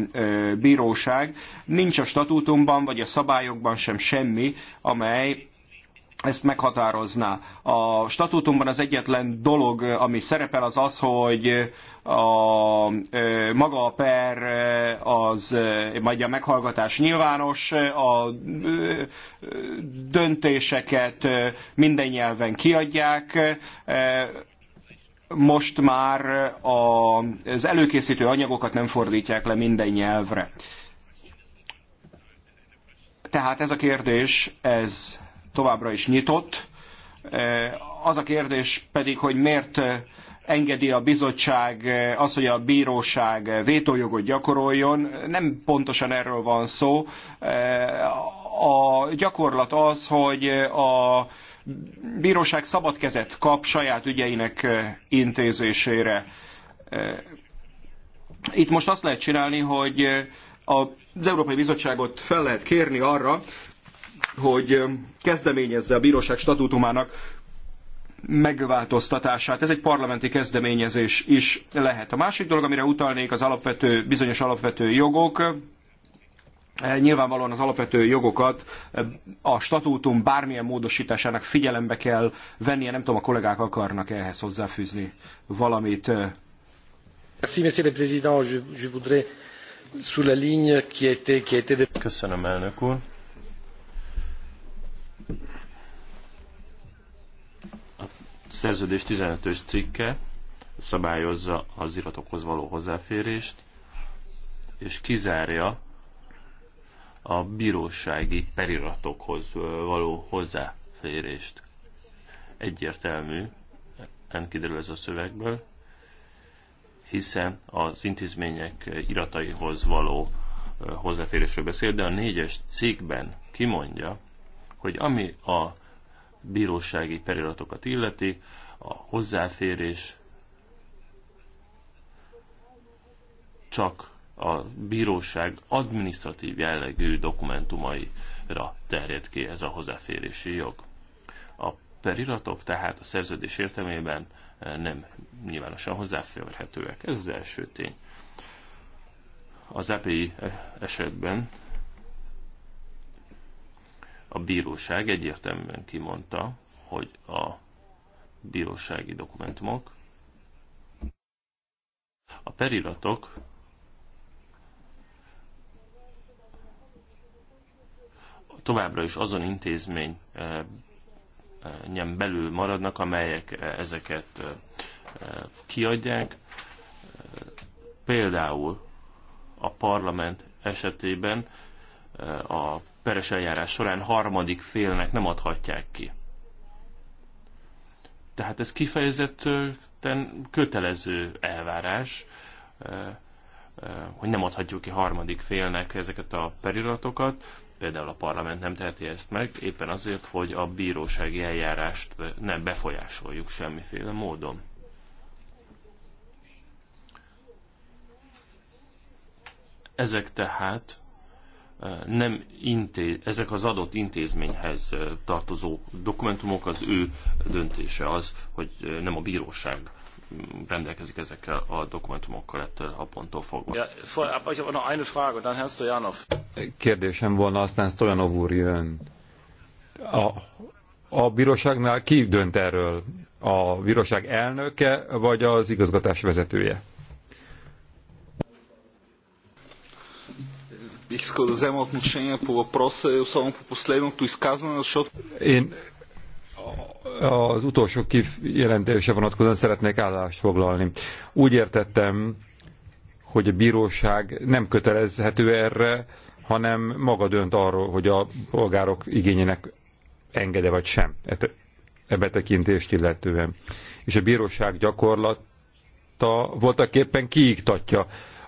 bíróság. Nincs a statútumban vagy a szabályokban sem semmi, amely ezt meghatározná. A statútumban az egyetlen dolog, ami szerepel, az az, hogy a, maga a per az majd a meghallgatás nyilvános, a döntéseket minden nyelven kiadják, most már a, az előkészítő anyagokat nem fordítják le minden nyelvre. Tehát ez a kérdés, ez továbbra is nyitott. E, az a kérdés pedig, hogy miért e, engedi a bizottság e, az, hogy a bíróság vétójogot gyakoroljon. Nem pontosan erről van szó. A gyakorlat az, hogy a bíróság szabad kezet kap saját ügyeinek intézésére. Itt most azt lehet csinálni, hogy az Európai Bizottságot fel lehet kérni arra, hogy kezdeményezze a bíróság statútumának megváltoztatását. Ez egy parlamenti kezdeményezés is lehet. A másik dolog, amire utalnék, az alapvető, bizonyos alapvető jogok. E, nyilvánvalóan az alapvető jogokat e, a statútum bármilyen módosításának figyelembe kell vennie. Nem tudom, a kollégák akarnak ehhez hozzáfűzni valamit. Köszönöm, elnök úr. szerződés 15-ös cikke szabályozza az iratokhoz való hozzáférést, és kizárja a bírósági periratokhoz való hozzáférést. Egyértelmű, nem kiderül ez a szövegből, hiszen az intézmények irataihoz való hozzáférésről beszél, de a négyes cikkben kimondja, hogy ami a bírósági periratokat illeti, a hozzáférés csak a bíróság adminisztratív jellegű dokumentumaira terjed ki ez a hozzáférési jog. A periratok tehát a szerződés értelmében eh, nem nyilvánosan hozzáférhetőek. Ez az első tény. Az EPI eh, esetben a bíróság egyértelműen kimondta, hogy a bírósági dokumentumok, a periratok továbbra is azon intézmény eh, eh, belül maradnak, amelyek eh, ezeket kiadják. Például a parlament esetében a peres eljárás során harmadik félnek nem adhatják ki. Tehát ez kifejezetten kötelező elvárás, eh, eh, hogy nem adhatjuk ki harmadik félnek ezeket a periratokat, például a parlament nem teheti ezt meg, éppen azért, hogy a bírósági eljárást nem befolyásoljuk semmiféle módon. Ezek tehát nem intéz, ezek az adott intézményhez tartozó dokumentumok, az ő döntése az, hogy nem a bíróság rendelkezik ezekkel a dokumentumokkal ettől a ponttól fogva. Kérdésem volna, aztán Stojanov úr jön. A, a bíróságnál ki dönt erről? A bíróság elnöke, vagy az igazgatás vezetője? бих искал да взема отношение по въпроса и особено по последното изказване, защото... Én az utolsó kijelentése vonatkozóan szeretnék állást foglalni. Úgy értettem, hogy a bíróság nem kötelezhető erre, hanem maga dönt arról, hogy a polgárok igényének engede vagy sem e betekintést illetően. És a bíróság gyakorlata voltak éppen kiiktatja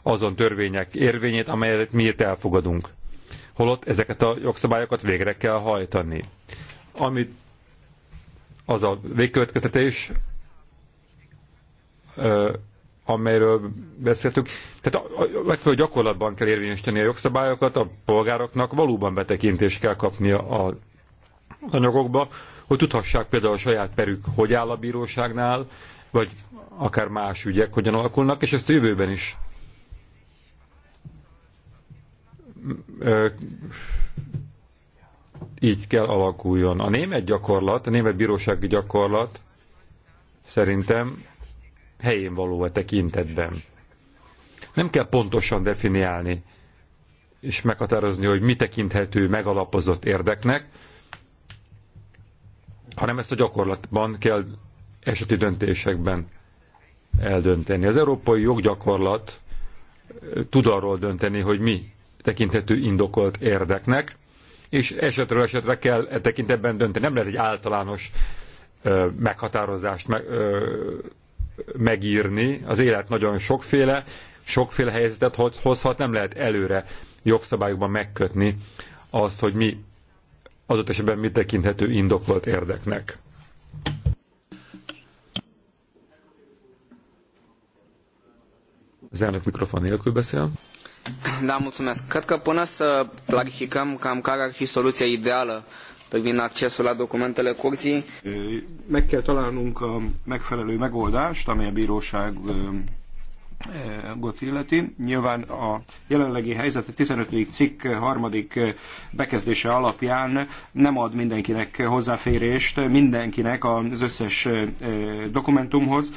azon törvények érvényét, amelyet mi itt elfogadunk. Holott ezeket a jogszabályokat végre kell hajtani. Amit az a végkövetkeztetés, amelyről beszéltünk. Tehát a, a, a gyakorlatban kell érvényesíteni a jogszabályokat, a polgároknak valóban betekintést kell kapni a anyagokba, hogy tudhassák például a saját perük, hogy áll a bíróságnál, vagy akár más ügyek hogyan alakulnak, és ezt a jövőben is így kell alakuljon. A német gyakorlat, a német bírósági gyakorlat szerintem helyén való a tekintetben. Nem kell pontosan definiálni és meghatározni, hogy mi tekinthető megalapozott érdeknek, hanem ezt a gyakorlatban kell eseti döntésekben eldönteni. Az európai joggyakorlat tud arról dönteni, hogy mi tekinthető indokolt érdeknek, és esetről esetre kell e tekintetben dönteni. Nem lehet egy általános ö, meghatározást me, ö, megírni. Az élet nagyon sokféle, sokféle helyzetet hozhat, nem lehet előre jogszabályokban megkötni azt, hogy mi adott esetben mi tekinthető indokolt érdeknek. Az elnök mikrofon nélkül beszél. Da, mulțumesc. Cred că până să clarificăm cam care ar fi soluția ideală privind accesul la documentele curții. Meg kell találnunk a megfelelő megoldást, ami a bíróság got illeti. Nyilván a jelenlegi helyzet a 15. cikk harmadik bekezdése alapján nem ad mindenkinek hozzáférést, mindenkinek az összes dokumentumhoz.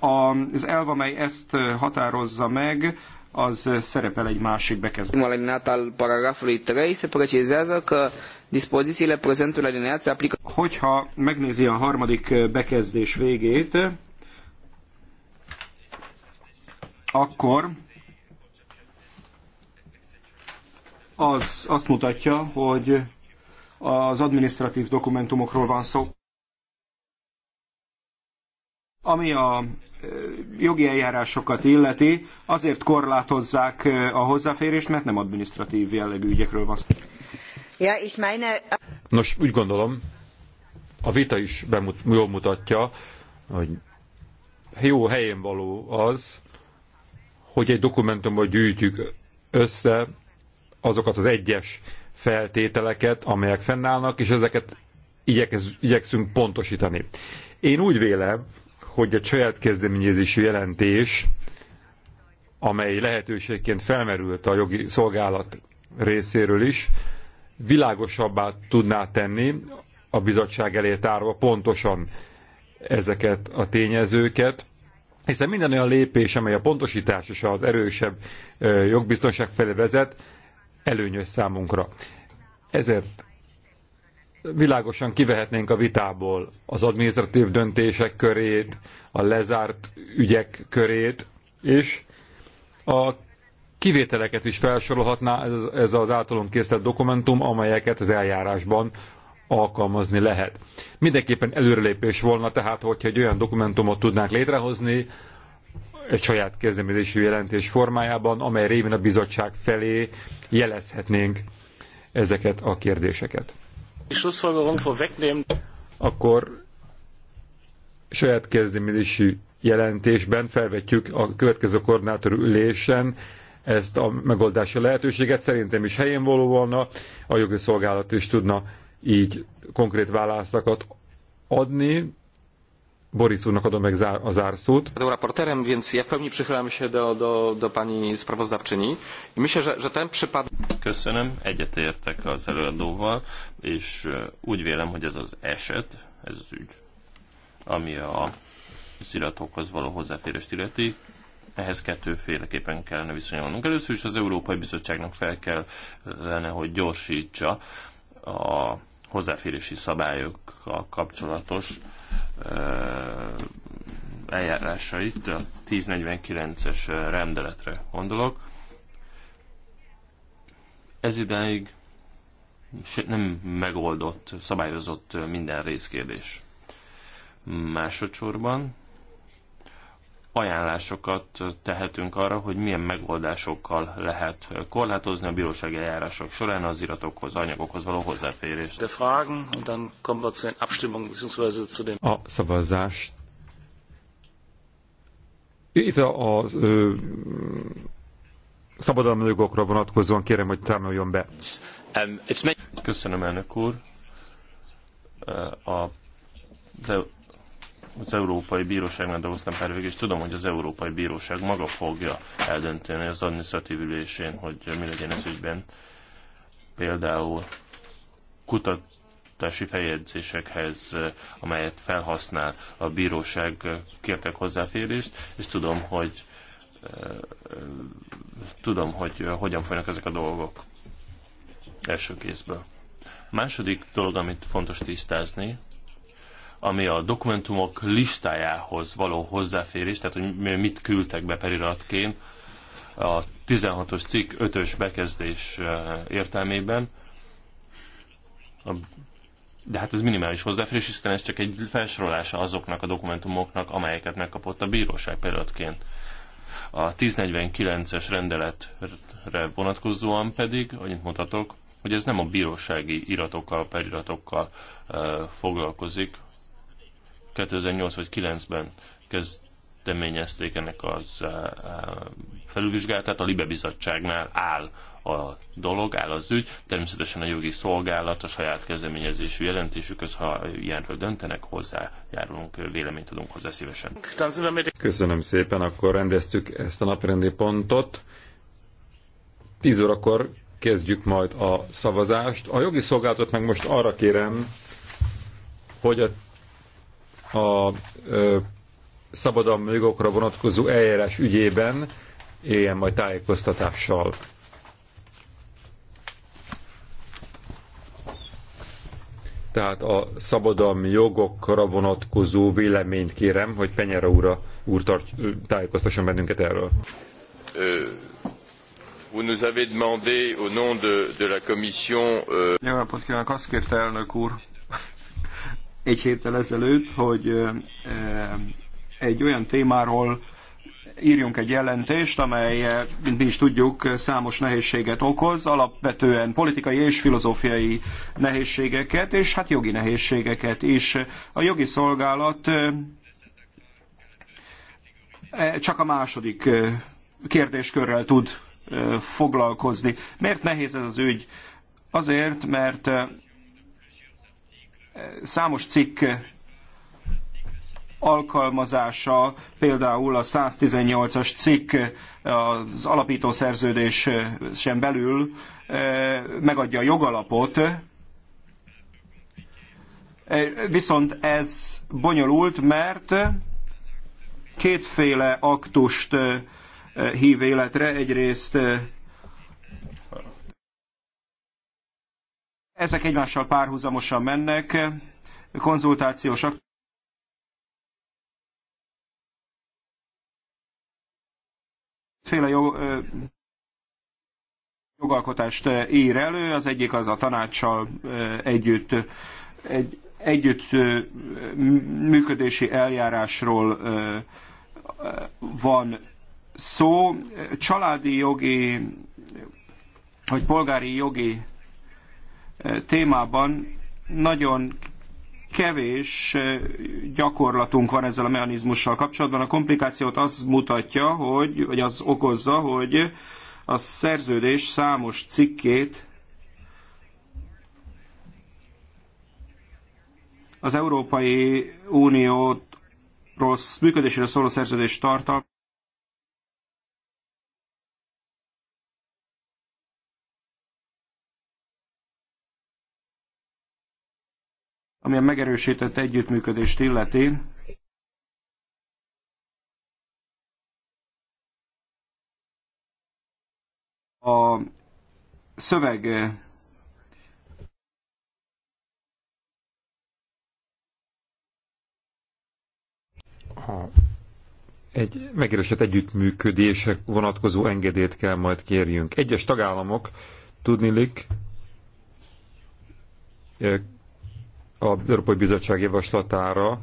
Az elv, amely ezt határozza meg, az szerepel egy másik bekezdésben. alineat al paragrafului 3 se precizează că dispozițiile prezentul alineat se aplică... Hogyha megnézi a harmadik bekezdés végét, akkor az azt mutatja, hogy az administratív dokumentumokról van szó. Ami a jogi eljárásokat illeti, azért korlátozzák a hozzáférést, mert nem adminisztratív jellegű ügyekről van szó. Ja, és meine... Nos, úgy gondolom, a vita is bemut, jól mutatja, hogy jó helyén való az, hogy egy dokumentumban gyűjtjük össze azokat az egyes feltételeket, amelyek fennállnak, és ezeket igyekez, igyekszünk pontosítani. Én úgy vélem, hogy egy saját kezdeményezésű jelentés, amely lehetőségként felmerült a jogi szolgálat részéről is, világosabbá tudná tenni a bizottság elé tárva pontosan ezeket a tényezőket, hiszen minden olyan lépés, amely a pontosítás és az erősebb jogbiztonság felé vezet, előnyös számunkra. Ezért világosan kivehetnénk a vitából az administratív döntések körét, a lezárt ügyek körét, és a kivételeket is felsorolhatná ez, ez az általunk készített dokumentum, amelyeket az eljárásban alkalmazni lehet. Mindenképpen előrelépés volna tehát, hogyha egy olyan dokumentumot tudnánk létrehozni, egy saját kezdeményezésű jelentés formájában, amely révén a bizottság felé jelezhetnénk ezeket a kérdéseket. Akkor saját kezdeményezésű jelentésben felvetjük a következő koordinátor ülésen ezt a megoldási lehetőséget. Szerintem is helyén való volna, a jogi szolgálat is tudna így konkrét válaszokat adni, Boris úrnak adom meg a zárszót. Do raporterem, więc ja w pełni przychylam się do, do, do pani sprawozdawczyni. I myślę, że, że ten przypad... Köszönöm, egyetértek az előadóval, és e, úgy vélem, hogy ez az eset, ez az ügy, ami a iratokhoz való hozzáférést illeti, ehhez kettőféleképpen kellene viszonyulnunk. Először is az Európai Bizottságnak fel kellene, hogy gyorsítsa a hozzáférési szabályokkal kapcsolatos eljárásait, a 1049-es rendeletre gondolok. Ez idáig nem megoldott, szabályozott minden részkérdés. Másodszorban ajánlásokat tehetünk arra, hogy milyen megoldásokkal lehet korlátozni a bírósági eljárások során az iratokhoz, anyagokhoz való hozzáférést. A szavazást itt a, a ö, szabadalmi jogokra vonatkozóan kérem, hogy támoljon be. Um, Köszönöm, elnök úr. A, az Európai Bíróságnál dolgoztam pár végig, és tudom, hogy az Európai Bíróság maga fogja eldönteni az adminisztratív ülésén, hogy mi legyen ez ügyben. Például kutatási feljegyzésekhez, amelyet felhasznál a bíróság, kértek hozzáférést, és tudom, hogy tudom, hogy hogyan folynak ezek a dolgok első kézből. Második dolog, amit fontos tisztázni, ami a dokumentumok listájához való hozzáférés, tehát hogy mit küldtek be periratként a 16-os cikk 5-ös bekezdés értelmében. De hát ez minimális hozzáférés, hiszen ez csak egy felsorolása azoknak a dokumentumoknak, amelyeket megkapott a bíróság periratként. A 1049-es rendeletre vonatkozóan pedig, annyit mutatok, hogy ez nem a bírósági iratokkal, periratokkal e, foglalkozik, 2008 vagy 2009-ben kezdeményezték ennek az eh, eh, felülvizsgálatát, a Libe Bizottságnál áll a dolog, áll az ügy. Természetesen a jogi szolgálat a saját kezdeményezésű jelentésükhöz, ha ilyenről döntenek, hozzájárulunk, véleményt adunk hozzá szívesen. Köszönöm szépen, akkor rendeztük ezt a naprendi pontot. 10 órakor kezdjük majd a szavazást. A jogi szolgálatot meg most arra kérem, hogy a a ö, szabadalmi jogokra vonatkozó eljárás ügyében éljen majd tájékoztatással. Tehát a szabadalmi jogokra vonatkozó véleményt kérem, hogy Penyera úra, úr tart, tájékoztasson bennünket erről. Ö, vous nous avez demandé au nom de, de la commission... Euh... Jó napot kívánok, azt kérte elnök úr, egy héttel ezelőtt, hogy egy olyan témáról írjunk egy jelentést, amely, mint mi is tudjuk, számos nehézséget okoz, alapvetően politikai és filozófiai nehézségeket, és hát jogi nehézségeket is. A jogi szolgálat csak a második kérdéskörrel tud foglalkozni. Miért nehéz ez az ügy? Azért, mert számos cikk alkalmazása, például a 118-as cikk az alapító szerződésen belül eh, megadja a jogalapot, eh, viszont ez bonyolult, mert kétféle aktust eh, hív életre, egyrészt Ezek egymással párhuzamosan mennek, konzultációs féle jog, jogalkotást ír elő, az egyik az a tanácssal együtt egy, együtt működési eljárásról van szó. Családi jogi vagy polgári jogi témában nagyon kevés gyakorlatunk van ezzel a mechanizmussal kapcsolatban. A komplikációt az mutatja, hogy, vagy az okozza, hogy a szerződés számos cikkét az Európai Unió működésére szóló szerződés tartalma ami a megerősített együttműködést illeti. A szöveg a egy megerősített együttműködések vonatkozó engedélyt kell majd kérjünk. Egyes tagállamok tudnilik a Európai Bizottság javaslatára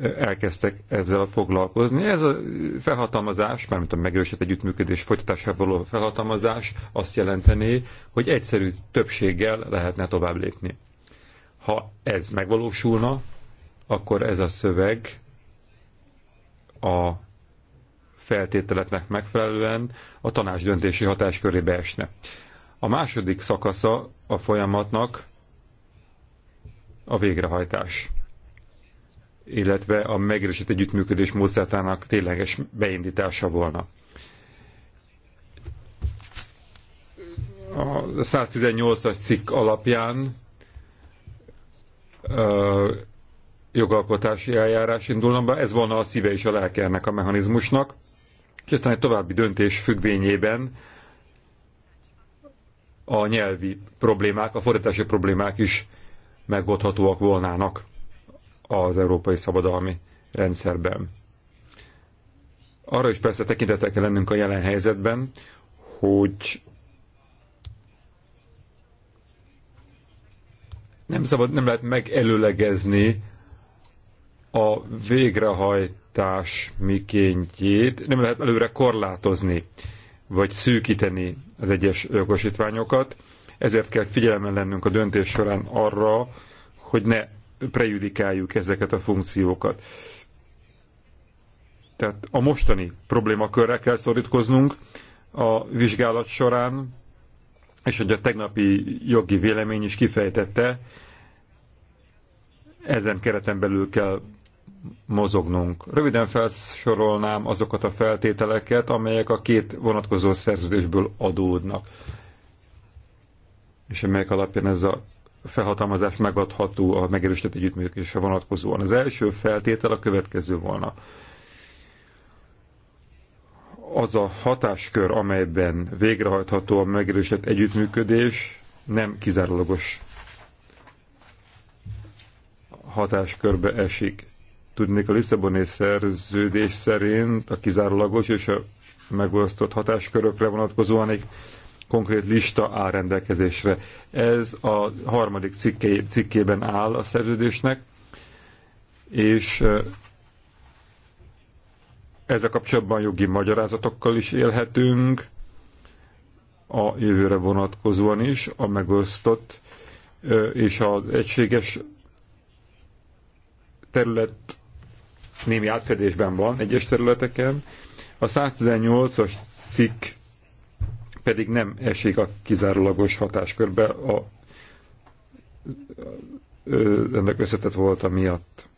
elkezdtek ezzel foglalkozni. Ez a felhatalmazás, mármint a megerősített együttműködés folytatásával való felhatalmazás azt jelenteni, hogy egyszerű többséggel lehetne tovább lépni. Ha ez megvalósulna, akkor ez a szöveg a feltételeknek megfelelően a tanács döntési hatáskörébe esne. A második szakasza a folyamatnak a végrehajtás, illetve a megerősített együttműködés módszertának tényleges beindítása volna. A 118-as cikk alapján ö, jogalkotási eljárás indulna be, ez volna a szíve és a lelke ennek a mechanizmusnak, és aztán egy további döntés függvényében a nyelvi problémák, a fordítási problémák is megoldhatóak volnának az európai szabadalmi rendszerben. Arra is persze tekintetek kell lennünk a jelen helyzetben, hogy nem, szabad, nem lehet megelőlegezni a végrehajtás mikéntjét, nem lehet előre korlátozni, vagy szűkíteni az egyes jogosítványokat, ezért kell figyelemmel lennünk a döntés során arra, hogy ne prejudikáljuk ezeket a funkciókat. Tehát a mostani problémakörre kell szorítkoznunk a vizsgálat során, és hogy a tegnapi jogi vélemény is kifejtette, ezen kereten belül kell mozognunk. Röviden felsorolnám azokat a feltételeket, amelyek a két vonatkozó szerződésből adódnak és amelyek alapján ez a felhatalmazás megadható a megerősített együttműködésre vonatkozóan. Az első feltétel a következő volna. Az a hatáskör, amelyben végrehajtható a megerősített együttműködés, nem kizárólagos hatáskörbe esik. Tudnék, a Lisszaboni szerződés szerint a kizárólagos és a megosztott hatáskörökre vonatkozóan egy konkrét lista áll rendelkezésre. Ez a harmadik cikké, cikkében áll a szerződésnek, és ezzel kapcsolatban jogi magyarázatokkal is élhetünk, a jövőre vonatkozóan is, a megosztott és az egységes terület némi átfedésben van egyes területeken. A 118-as cikk pedig nem esik a kizárólagos hatáskörbe a, ennek összetett volt miatt.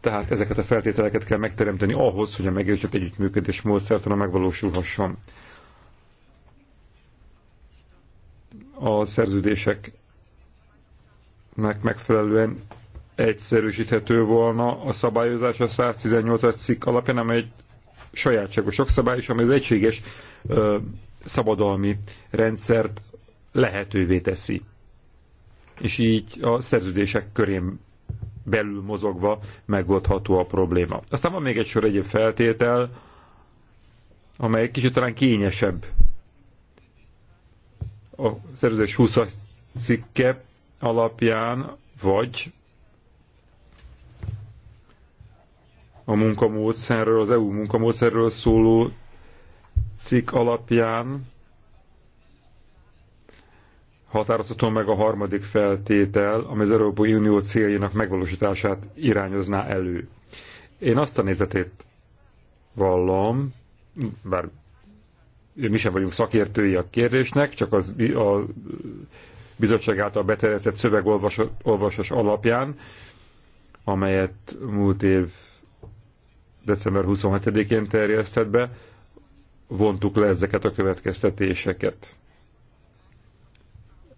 Tehát ezeket a feltételeket kell megteremteni ahhoz, hogy a megerősített együttműködés módszertana megvalósulhasson. A szerződéseknek megfelelően egyszerűsíthető volna a szabályozás a 118 cikk alapján, amely sajátságos jogszabály is, ami az egységes ö, szabadalmi rendszert lehetővé teszi. És így a szerződések körén belül mozogva megoldható a probléma. Aztán van még egy sor egyéb feltétel, amely kicsit talán kényesebb. A szerződés 20 cikke alapján, vagy a munkamódszerről, az EU munkamódszerről szóló cikk alapján határozható meg a harmadik feltétel, ami az Európai Unió céljainak megvalósítását irányozná elő. Én azt a nézetét vallom, bár mi sem vagyunk szakértői a kérdésnek, csak az a bizottság által beterjesztett szövegolvasás alapján, amelyet múlt év december 27-én terjesztett be, vontuk le ezeket a következtetéseket.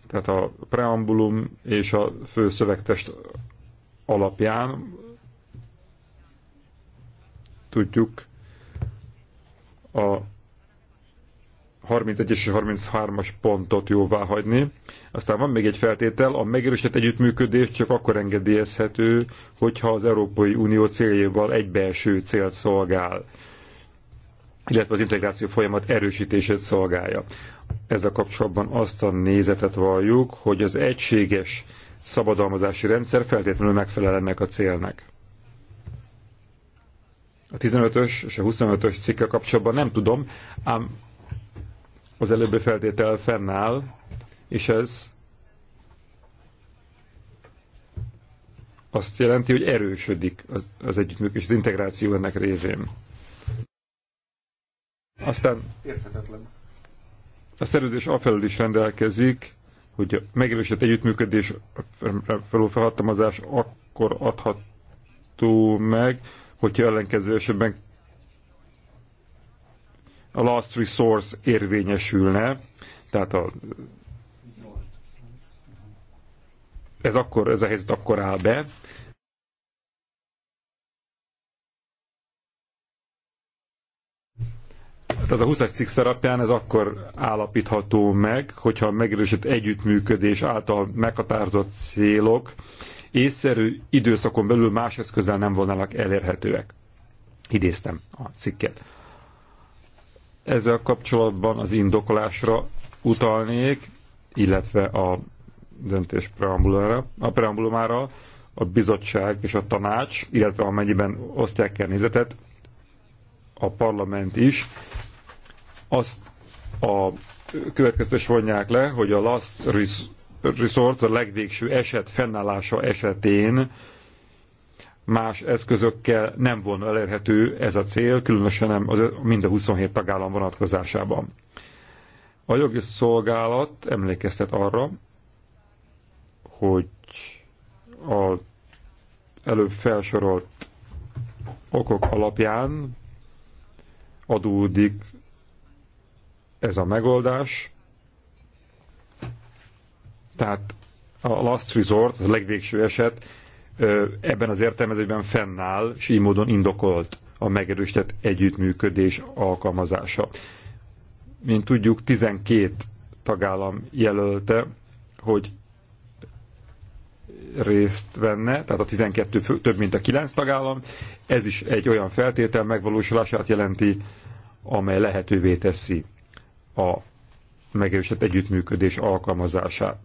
Tehát a preambulum és a főszövegtest alapján tudjuk a 31 és 33-as pontot jóvá hagyni. Aztán van még egy feltétel, a megerősített együttműködés csak akkor engedélyezhető, hogyha az Európai Unió céljával egybeeső célt szolgál, illetve az integráció folyamat erősítését szolgálja. Ezzel kapcsolatban azt a nézetet valljuk, hogy az egységes szabadalmazási rendszer feltétlenül megfelel ennek a célnak. A 15-ös és a 25-ös cikkel kapcsolatban nem tudom, ám az előbbi feltétel fennáll, és ez azt jelenti, hogy erősödik az, az együttműködés, az integráció ennek révén. Aztán Érthetetlen. a szerződés afelől is rendelkezik, hogy a megerősített együttműködés felül felhatalmazás akkor adható meg, hogyha ellenkező esetben a last resource érvényesülne, tehát a, ez, akkor, ez a helyzet akkor áll be, Tehát a 20 cikk szerepján ez akkor állapítható meg, hogyha a megerősített együttműködés által meghatározott célok észszerű időszakon belül más eszközzel nem volnának elérhetőek. Idéztem a cikket. Ezzel kapcsolatban az indokolásra utalnék, illetve a döntés preambulumára, a preambulumára a bizottság és a tanács, illetve amennyiben osztják el nézetet, a parlament is, azt a következtes vonják le, hogy a last resort, a legvégső eset fennállása esetén más eszközökkel nem volna elérhető ez a cél, különösen nem az, mind a 27 tagállam vonatkozásában. A jogi szolgálat emlékeztet arra, hogy az előbb felsorolt okok alapján adódik ez a megoldás, tehát a last resort, a legvégső eset ebben az értelmezésben fennáll, és így módon indokolt a megerősített együttműködés alkalmazása. Mint tudjuk, 12 tagállam jelölte, hogy részt venne, tehát a 12 fő, több, mint a 9 tagállam. Ez is egy olyan feltétel megvalósulását jelenti, amely lehetővé teszi a megerősített együttműködés alkalmazását.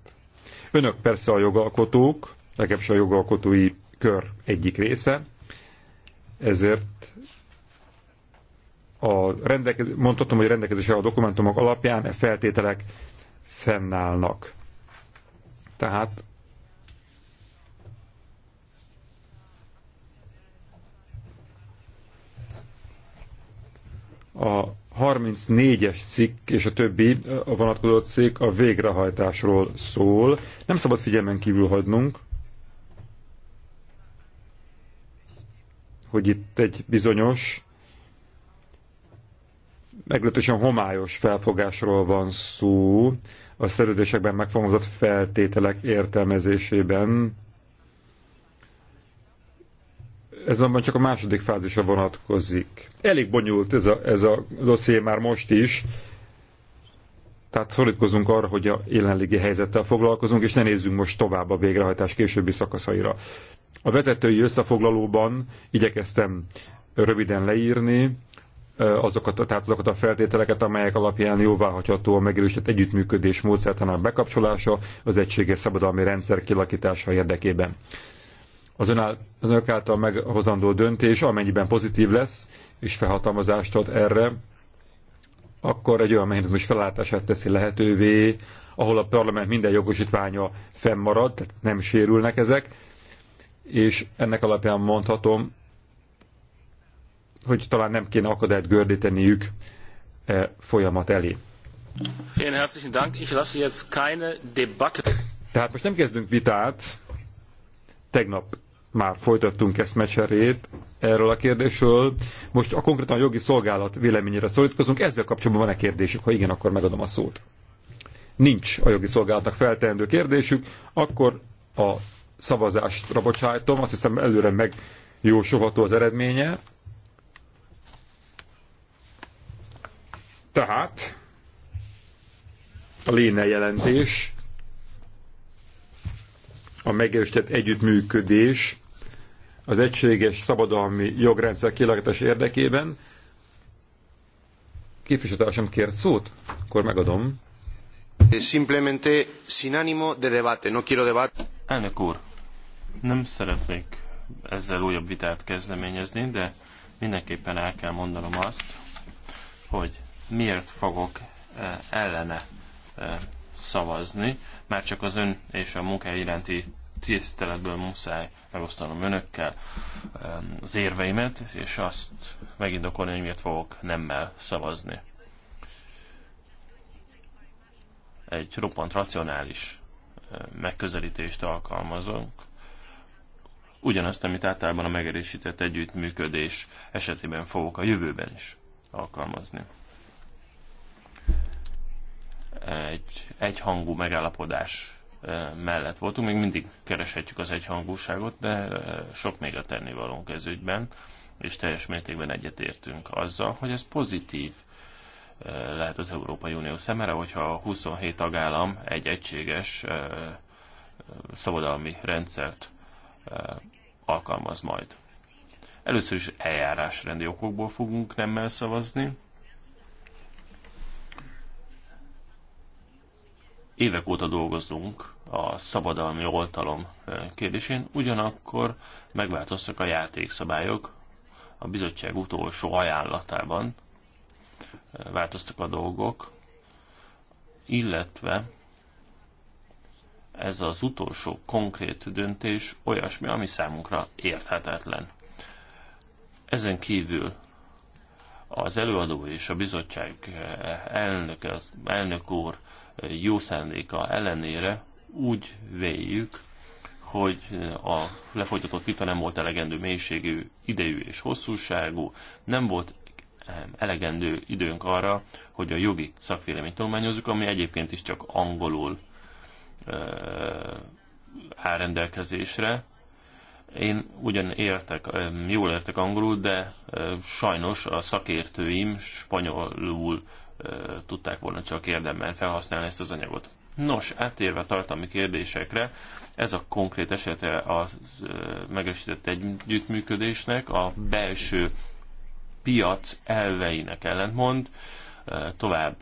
Önök persze a jogalkotók, legalábbis a jogalkotói kör egyik része, ezért a rendelkezés, mondhatom, hogy a rendelkezésre a dokumentumok alapján e feltételek fennállnak. Tehát a 34-es cikk és a többi a vonatkozó cikk a végrehajtásról szól. Nem szabad figyelmen kívül hagynunk, hogy itt egy bizonyos, meglehetősen homályos felfogásról van szó a szerződésekben megfogalmazott feltételek értelmezésében. Ez azonban csak a második fázisra vonatkozik. Elég bonyolult ez a, ez a dosszié már most is, tehát szorítkozunk arra, hogy a jelenlegi helyzettel foglalkozunk, és ne nézzünk most tovább a végrehajtás későbbi szakaszaira. A vezetői összefoglalóban igyekeztem röviden leírni azokat, tehát azokat a feltételeket, amelyek alapján jóváhagyható a megerősített együttműködés módszertanának bekapcsolása az egységes szabadalmi rendszer kilakítása érdekében. Az, áll, az önök által meghozandó döntés, amennyiben pozitív lesz, és felhatalmazást ad erre, akkor egy olyan mechanizmus felállítását teszi lehetővé, ahol a parlament minden jogosítványa fennmarad, tehát nem sérülnek ezek, és ennek alapján mondhatom, hogy talán nem kéne akadályt gördíteniük e folyamat elé. Vielen herzlichen Dank. Ich lasse jetzt keine Debatte. Tehát most nem kezdünk vitát. Tegnap már folytattunk mecserét erről a kérdésről. Most a konkrétan a jogi szolgálat véleményére szólítkozunk. Ezzel kapcsolatban van-e kérdésük? Ha igen, akkor megadom a szót. Nincs a jogi szolgálatnak feltehendő kérdésük, akkor a szavazásra bocsájtom, azt hiszem előre megjósolható az eredménye. Tehát a léne jelentés, a megerősített együttműködés az egységes szabadalmi jogrendszer kialakítás érdekében. Képviselőtársam kért szót? Akkor megadom. Eh, de Elnök úr, nem szeretnék ezzel újabb vitát kezdeményezni, de mindenképpen el kell mondanom azt, hogy miért fogok eh, ellene eh, szavazni, már csak az ön és a munkája iránti tiszteletből muszáj megosztanom önökkel az érveimet, és azt megindokolni, hogy miért fogok nemmel szavazni. egy roppant racionális megközelítést alkalmazunk. Ugyanazt, amit általában a megerősített együttműködés esetében fogok a jövőben is alkalmazni. Egy egyhangú megállapodás mellett voltunk, még mindig kereshetjük az egyhangúságot, de sok még a tennivalónk ez ügyben, és teljes mértékben egyetértünk azzal, hogy ez pozitív lehet az Európai Unió szemére, hogyha a 27 tagállam egy egységes szabadalmi rendszert alkalmaz majd. Először is eljárásrendi okokból fogunk nemmel szavazni. Évek óta dolgozunk a szabadalmi oltalom kérdésén, ugyanakkor megváltoztak a játékszabályok. A bizottság utolsó ajánlatában változtak a dolgok, illetve ez az utolsó konkrét döntés olyasmi, ami számunkra érthetetlen. Ezen kívül az előadó és a bizottság eh, elnök, az elnök úr eh, jó szándéka ellenére úgy véljük, hogy eh, a lefolytatott vita nem volt elegendő mélységű, idejű és hosszúságú, nem volt elegendő időnk arra, hogy a jogi szakvéleményt tanulmányozzuk, ami egyébként is csak angolul áll rendelkezésre. Én ugyan értek, jól értek angolul, de sajnos a szakértőim spanyolul tudták volna csak érdemben felhasználni ezt az anyagot. Nos, áttérve a tartalmi kérdésekre, ez a konkrét esete a megerősített együttműködésnek, a belső piac elveinek ellentmond, tovább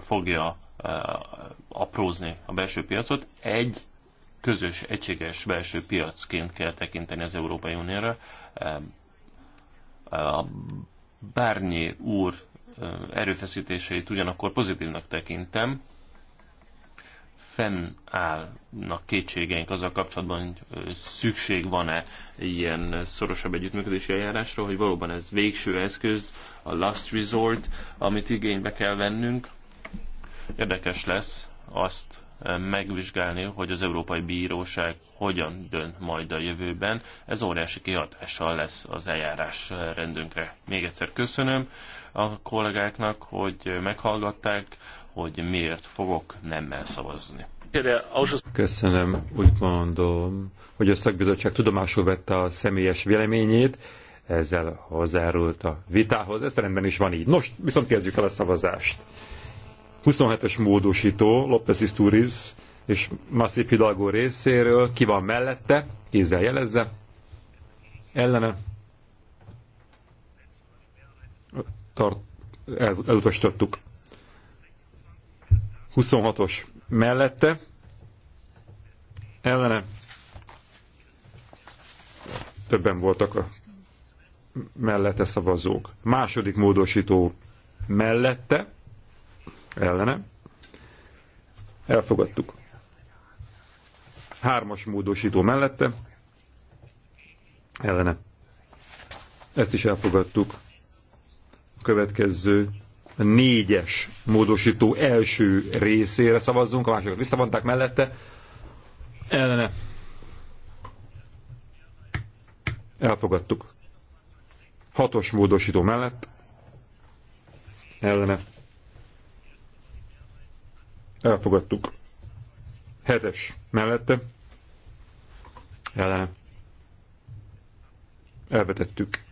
fogja aprózni a belső piacot. Egy közös, egységes belső piacként kell tekinteni az Európai Unióra. A Bárnyi úr erőfeszítéseit ugyanakkor pozitívnak tekintem, fennállnak kétségeink azzal kapcsolatban, hogy szükség van-e ilyen szorosabb együttműködési eljárásra, hogy valóban ez végső eszköz, a last resort, amit igénybe kell vennünk. Érdekes lesz azt megvizsgálni, hogy az Európai Bíróság hogyan dönt majd a jövőben. Ez óriási kihatással lesz az eljárás rendünkre. Még egyszer köszönöm a kollégáknak, hogy meghallgatták hogy miért fogok nemmel szavazni. Köszönöm, úgy mondom, hogy a szakbizottság tudomásul vette a személyes véleményét, ezzel hozzárult a vitához, ez rendben is van így. Nos, viszont kezdjük el a szavazást. 27-es módosító, López Isturiz és Massi Hidalgo részéről, ki van mellette, kézzel jelezze, ellene, tart, el, elutasítottuk. 26-os mellette, ellene többen voltak a mellette szavazók. Második módosító mellette, ellene, elfogadtuk. Hármas módosító mellette, ellene. Ezt is elfogadtuk. Következő négyes módosító első részére szavazzunk, a másokat visszavonták mellette. Ellene. Elfogadtuk. Hatos módosító mellett. Ellene. Elfogadtuk. Hetes mellette. Ellene. Elvetettük.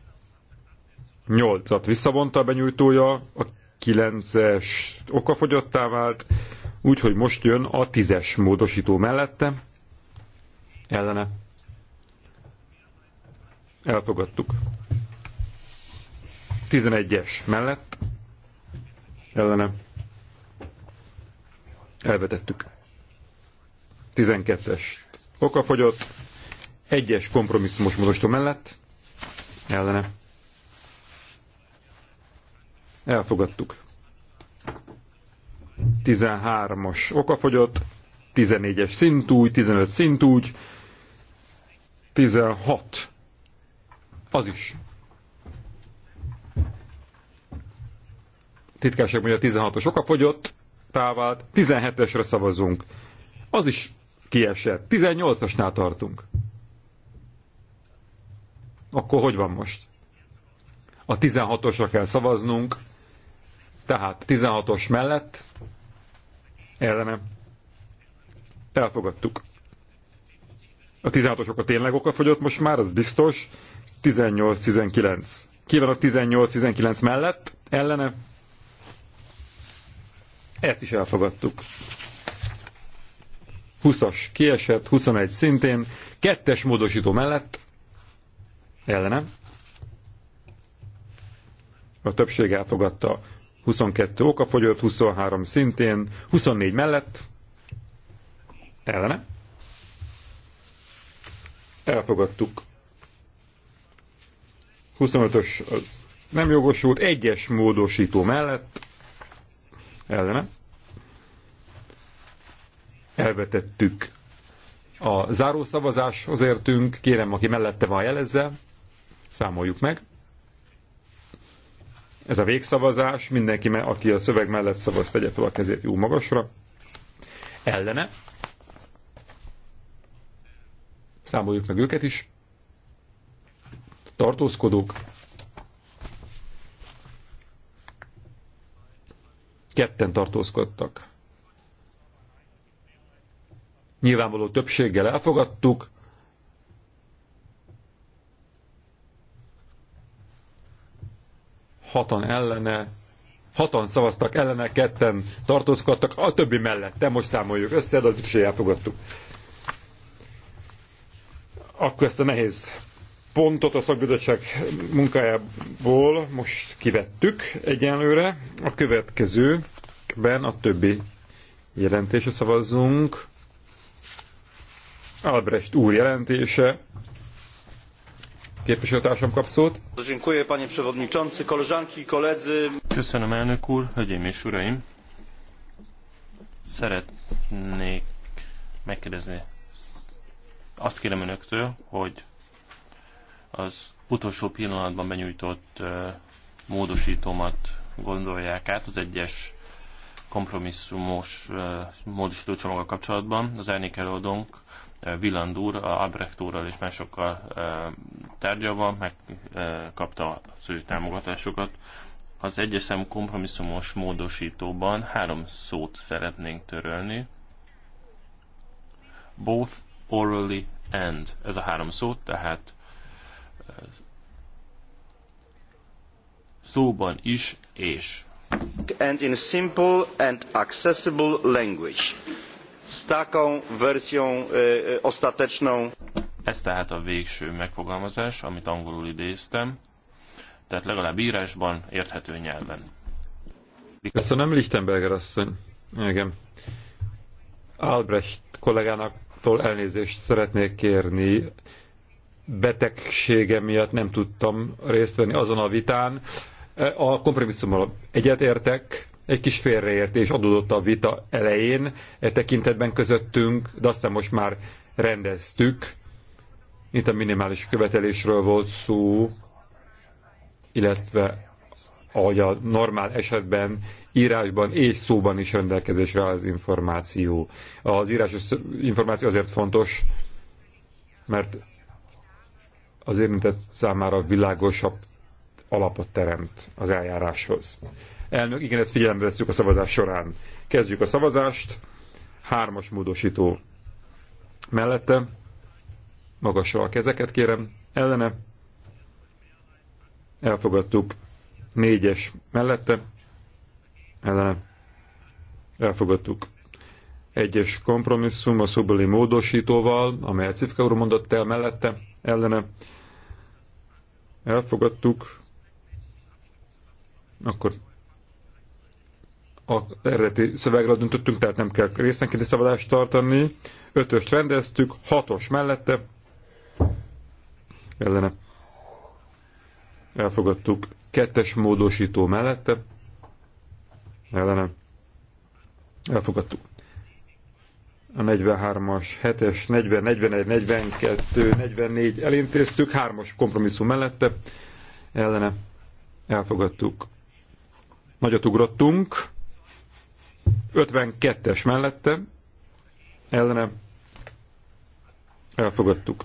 Nyolcat visszavonta a benyújtója, a 9-es okafogyottá vált, úgyhogy most jön a 10-es módosító mellette. Ellene. Elfogadtuk. 11-es mellett. Ellene. Elvetettük. 12-es okafogyott. 1-es kompromisszumos módosító mellett. Ellene Elfogadtuk. 13-as okafogyott, 14-es szintúgy, 15 szintúgy, 16. Az is. Titkárság mondja, 16-os okafogyott, távált, 17-esre szavazunk. Az is kiesett. 18-asnál tartunk. Akkor hogy van most? A 16-osra kell szavaznunk, tehát 16-os mellett ellene elfogadtuk. A 16-osok a tényleg oka fogyott most már, az biztos. 18-19. Ki van a 18-19 mellett? Ellene? Ezt is elfogadtuk. 20-as kiesett, 21 szintén. Kettes módosító mellett? Ellene? A többség elfogadta. 22 oka fogyott, 23 szintén, 24 mellett, ellene. Elfogadtuk. 25-ös az nem jogosult, egyes módosító mellett, ellene. Elvetettük a zárószavazáshoz értünk, kérem, aki mellette van, jelezze, számoljuk meg. Ez a végszavazás, mindenki, aki a szöveg mellett szavaz, tegye fel a kezét jó magasra. Ellene. Számoljuk meg őket is. Tartózkodók. Ketten tartózkodtak. Nyilvánvaló többséggel elfogadtuk, hatan ellene, hatan szavaztak ellene, ketten tartózkodtak, a többi mellett. Te most számoljuk össze, de is elfogadtuk. Akkor ezt a nehéz pontot a szakbizottság munkájából most kivettük egyenlőre. A következőkben a többi jelentése szavazzunk. Albrecht úr jelentése, Képviselőtársam kap szót. Köszönöm, elnök úr, hölgyeim és uraim. Szeretnék megkérdezni, azt kérem önöktől, hogy az utolsó pillanatban benyújtott módosítómat gondolják át az egyes kompromisszumos módosító kapcsolatban. Az elnék Villand úr, a Albrecht úrral és másokkal tárgyalva megkapta az ő támogatásokat. Az egyes számú kompromisszumos módosítóban három szót szeretnénk törölni. Both orally and. Ez a három szó, tehát szóban is és. And in simple and accessible language z taką wersją e, e, ostateczną. Ez tehát a végső megfogalmazás, amit angolul idéztem, tehát legalább írásban, érthető nyelven. Köszönöm, Lichtenberger asszony. Igen. Albrecht kollégánaktól elnézést szeretnék kérni. Betegsége miatt nem tudtam részt venni azon a vitán. E, a kompromisszummal egyetértek, egy kis félreértés adódott a vita elején e tekintetben közöttünk, de aztán most már rendeztük. Itt a minimális követelésről volt szó, illetve ahogy a normál esetben írásban és szóban is rendelkezésre az információ. Az írásos információ azért fontos, mert az érintett számára világosabb alapot teremt az eljáráshoz. Elnök, igen, ezt figyelembe veszük a szavazás során. Kezdjük a szavazást. Hármas módosító mellette. Magasra a kezeket kérem. Ellene. Elfogadtuk. Négyes mellette. Ellene. Elfogadtuk. Egyes kompromisszum a szóbeli módosítóval, amelyet Cifka úr mondott el mellette. Ellene. Elfogadtuk. Akkor az eredeti szövegre döntöttünk, tehát nem kell részenkénti szavazást tartani. Ötöst rendeztük, hatos mellette. Ellene. Elfogadtuk. Kettes módosító mellette. Ellene. Elfogadtuk. A 43-as, 7-es, 40, 41, 42, 44 elintéztük, Hármas kompromisszum mellette. Ellene. Elfogadtuk. Nagyot ugrottunk 52-es mellette ellene elfogadtuk.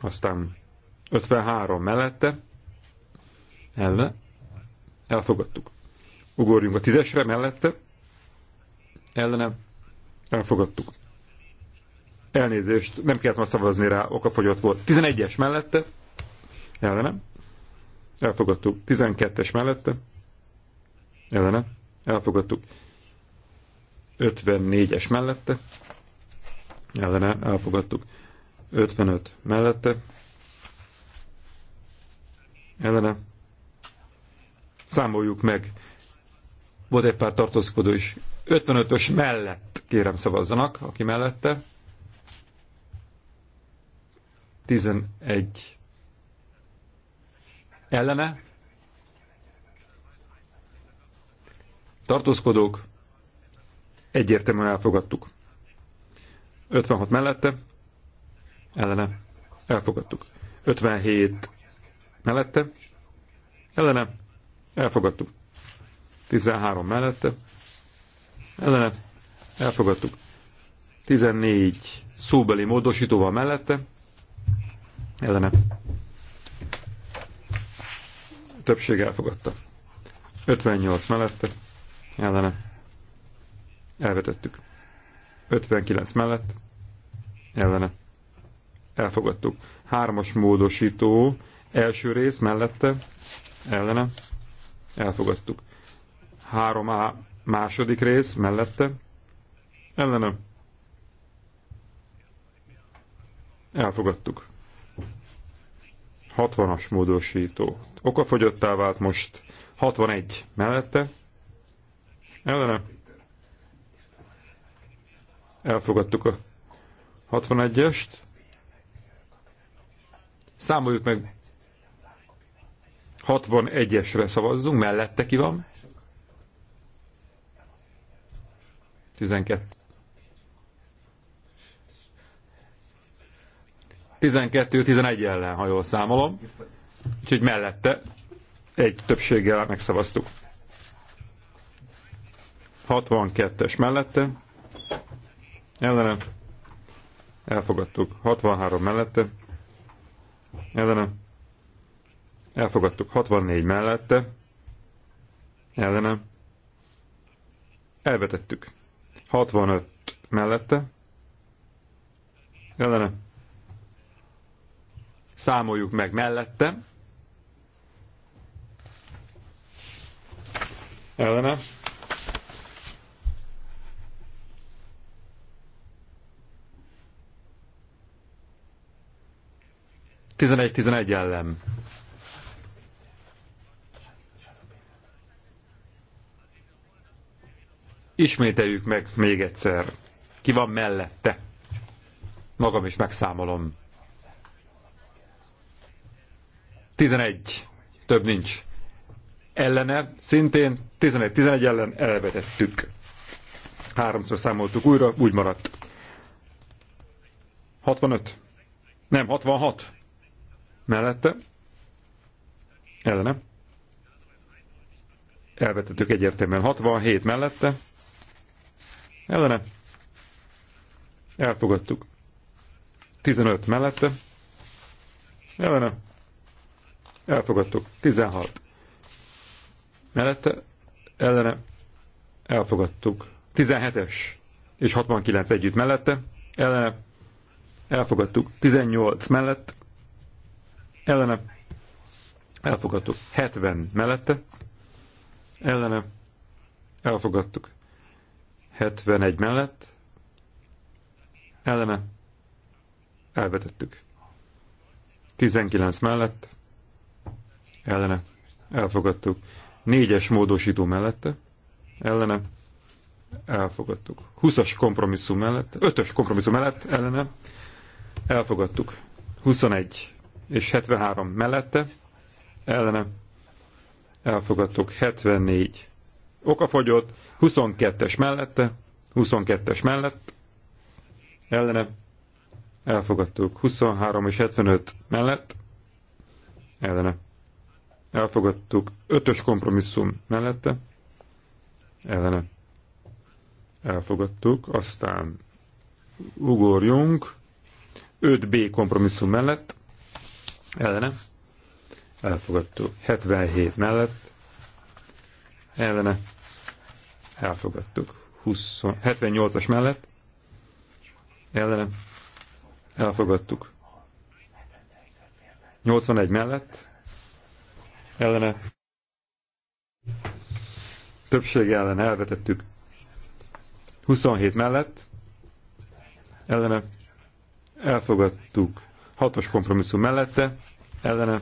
Aztán 53 mellette ellene elfogadtuk. Ugorjunk a 10-esre mellette ellene elfogadtuk. Elnézést, nem kellett ma szavazni rá, okafogyott volt. 11-es mellette ellene elfogadtuk. 12-es mellette ellene elfogadtuk. 54-es mellette, ellene elfogadtuk. 55 mellette, ellene. Számoljuk meg. Volt egy pár tartózkodó is. 55-ös mellett kérem szavazzanak, aki mellette. 11 ellene. Tartózkodók egyértelműen elfogadtuk. 56 mellette, ellene, elfogadtuk. 57 mellette, ellene, elfogadtuk. 13 mellette, ellene, elfogadtuk. 14 szóbeli módosítóval mellette, ellene. Többség elfogadta. 58 mellette, ellene Elvetettük. 59 mellett. Ellene. Elfogadtuk. Hármas módosító. Első rész mellette. Ellene. Elfogadtuk. 3A második rész mellette. Ellene. Elfogadtuk. 60-as módosító. Okafogyottá vált most 61 mellette. Ellene Elfogadtuk a 61-est. Számoljuk meg 61-esre szavazzunk, mellette ki van. 12. 12-11 ellen, ha jól számolom. Úgyhogy mellette egy többséggel megszavaztuk. 62-es mellette, ellene, elfogadtuk 63 mellette, ellene, elfogadtuk 64 mellette, ellene, elvetettük 65 mellette, ellene, számoljuk meg mellette, ellene, 11-11 ellen. Ismételjük meg még egyszer. Ki van mellette? Magam is megszámolom. 11. Több nincs. Ellene, szintén 11-11 ellen elvetettük. Háromszor számoltuk újra, úgy maradt. 65. Nem, 66 mellette, ellene, elvetettük egyértelműen 67 mellette, ellene, elfogadtuk 15 mellette, ellene, elfogadtuk 16 mellette, ellene, elfogadtuk 17-es és 69 együtt mellette, ellene, elfogadtuk 18 mellett, ellene elfogadtuk. 70 mellette ellene elfogadtuk. 71 mellett ellene elvetettük. 19 mellett ellene elfogadtuk. 4-es módosító mellette ellene elfogadtuk. 20-as kompromisszum mellett, 5-ös kompromisszum mellett ellene elfogadtuk. 21 és 73 mellette, ellene elfogadtuk 74 okafogyott, 22-es mellette, 22-es mellett, ellene elfogadtuk 23 és 75 mellett, ellene elfogadtuk 5-ös kompromisszum mellette, ellene elfogadtuk, aztán ugorjunk 5B kompromisszum mellett, ellene, elfogadtuk. 77 mellett, ellene, elfogadtuk. 20, 78-as mellett, ellene, elfogadtuk. 81 mellett, ellene, többség ellen elvetettük. 27 mellett, ellene, elfogadtuk. Hatos kompromisszum mellette, ellene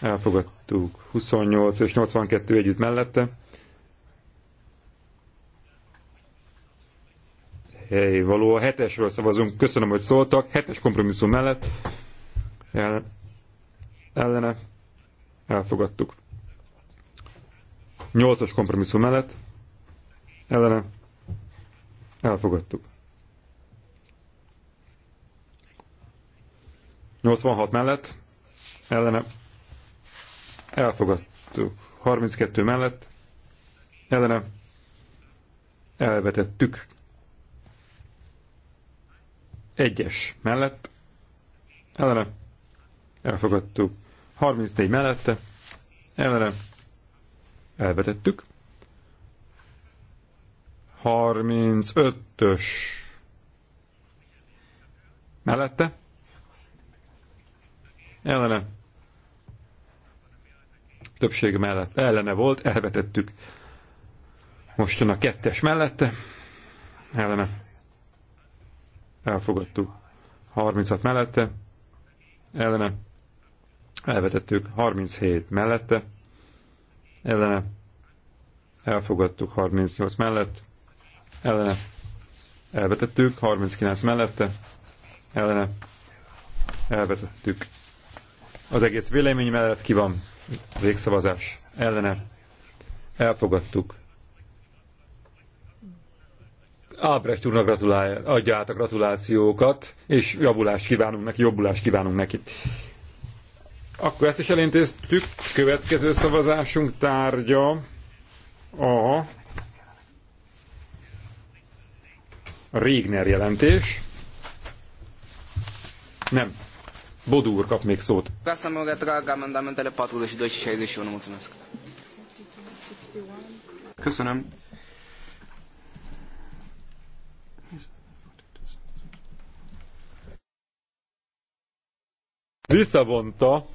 elfogadtuk 28 és 82 együtt mellette. Hely, való, a hetesről szavazunk, köszönöm, hogy szóltak, hetes kompromisszum mellett el, ellene elfogadtuk. Nyolcas kompromisszum mellett ellene elfogadtuk. 86 mellett ellene elfogadtuk. 32 mellett ellene elvetettük. Egyes mellett ellene elfogadtuk. 34 mellette ellene elvetettük. 35-ös mellette ellene többség mellett ellene volt, elvetettük. Most jön a kettes mellette, ellene elfogadtuk. 36 mellette, ellene elvetettük. 37 mellette, ellene elfogadtuk. 38 mellett, ellene elvetettük. 39 mellette, ellene elvetettük. Az egész vélemény mellett ki van végszavazás ellene. Elfogadtuk. Albrecht úrnak gratulál, adja át a gratulációkat, és javulást kívánunk neki, jobbulást kívánunk neki. Akkor ezt is elintéztük. Következő szavazásunk tárgya a Régner jelentés. Nem, Bodú úr kap még szót. Köszönöm, hogy 42 Köszönöm. Visszavonta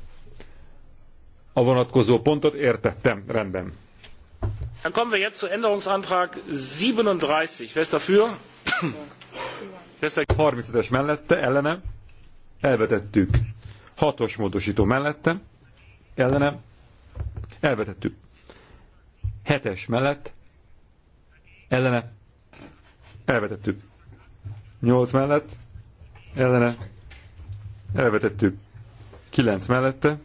a vonatkozó pontot, értettem, rendben. Dann kommen wir jetzt zu Änderungsantrag 37. Wer ist dafür? Wer ist dagegen? es mellette, ellene elvetettük. Hatos módosító mellette, ellene, elvetettük. Hetes mellett, ellene, elvetettük. Nyolc mellett, ellene, elvetettük. Kilenc mellette,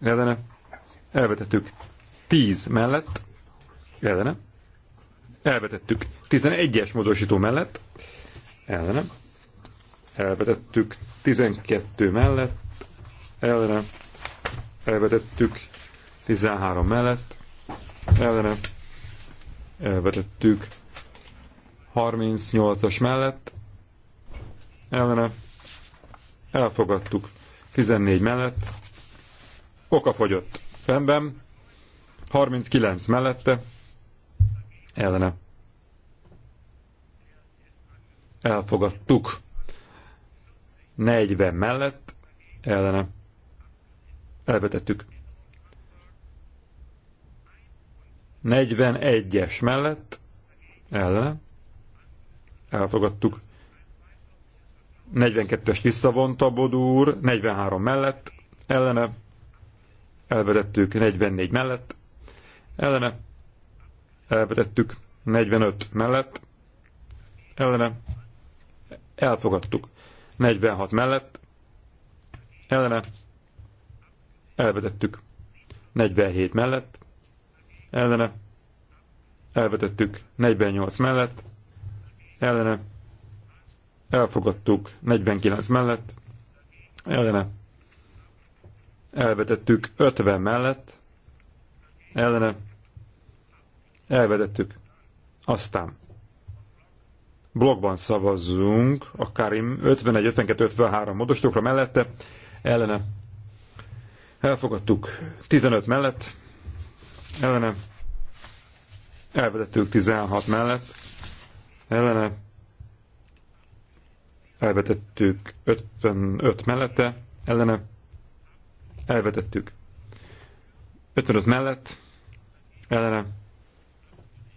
ellene, elvetettük. Tíz mellett, ellene, elvetettük. Tizenegyes módosító mellett, ellene, elvetettük 12 mellett, ellene, elvetettük 13 mellett, ellene, elvetettük 38-as mellett, ellene, elfogadtuk 14 mellett, oka fogyott, fennben, 39 mellette, ellene. Elfogadtuk. 40 mellett ellene elvetettük. 41-es mellett ellene elfogadtuk. 42-es visszavonta Bodúr, 43 mellett ellene elvetettük, 44 mellett ellene elvetettük, 45 mellett ellene elfogadtuk. 46 mellett, ellene, elvetettük. 47 mellett, ellene, elvetettük. 48 mellett, ellene, elfogadtuk. 49 mellett, ellene, elvetettük. 50 mellett, ellene, elvetettük. Aztán blogban szavazzunk a Karim 51, 52, 53 módosítókra mellette, ellene elfogadtuk 15 mellett, ellene elvetettük 16 mellett, ellene elvetettük 55 mellette, ellene elvetettük 55 mellett, ellene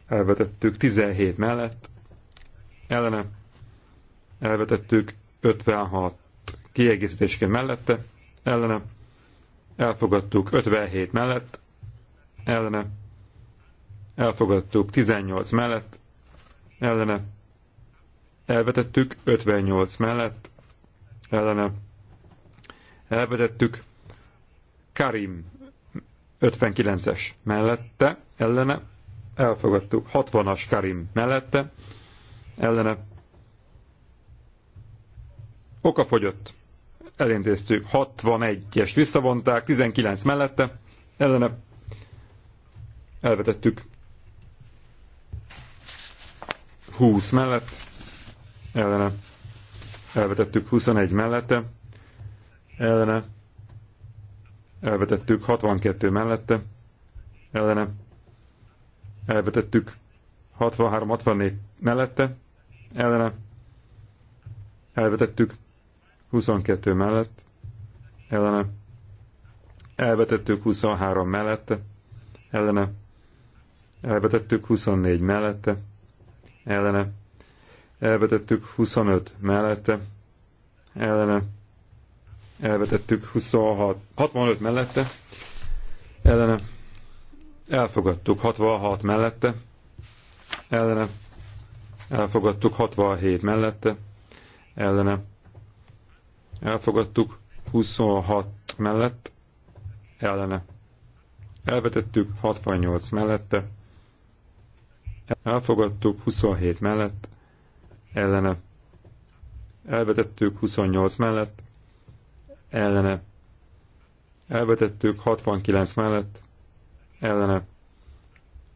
elvetettük 17 mellett, ellene elvetettük 56 kiegészítésként mellette, ellene elfogadtuk 57 mellett, ellene elfogadtuk 18 mellett, ellene elvetettük 58 mellett, ellene elvetettük Karim 59-es mellette, ellene elfogadtuk 60-as Karim mellette, ellene fogyott. Elintéztük. 61-est visszavonták, 19 mellette ellene elvetettük. 20 mellett ellene elvetettük 21 mellette ellene elvetettük 62 mellette ellene elvetettük 63-64 mellette ellene elvetettük, 22 mellett ellene elvetettük 23 mellette, ellene elvetettük 24 mellette, ellene elvetettük 25 mellette, ellene elvetettük 26, 65 mellette, ellene elfogadtuk 66 mellette, ellene elfogadtuk 67 mellette, ellene elfogadtuk 26 mellett, ellene elvetettük 68 mellette, elfogadtuk 27 mellett, ellene elvetettük 28 mellett, ellene elvetettük 69 mellett, ellene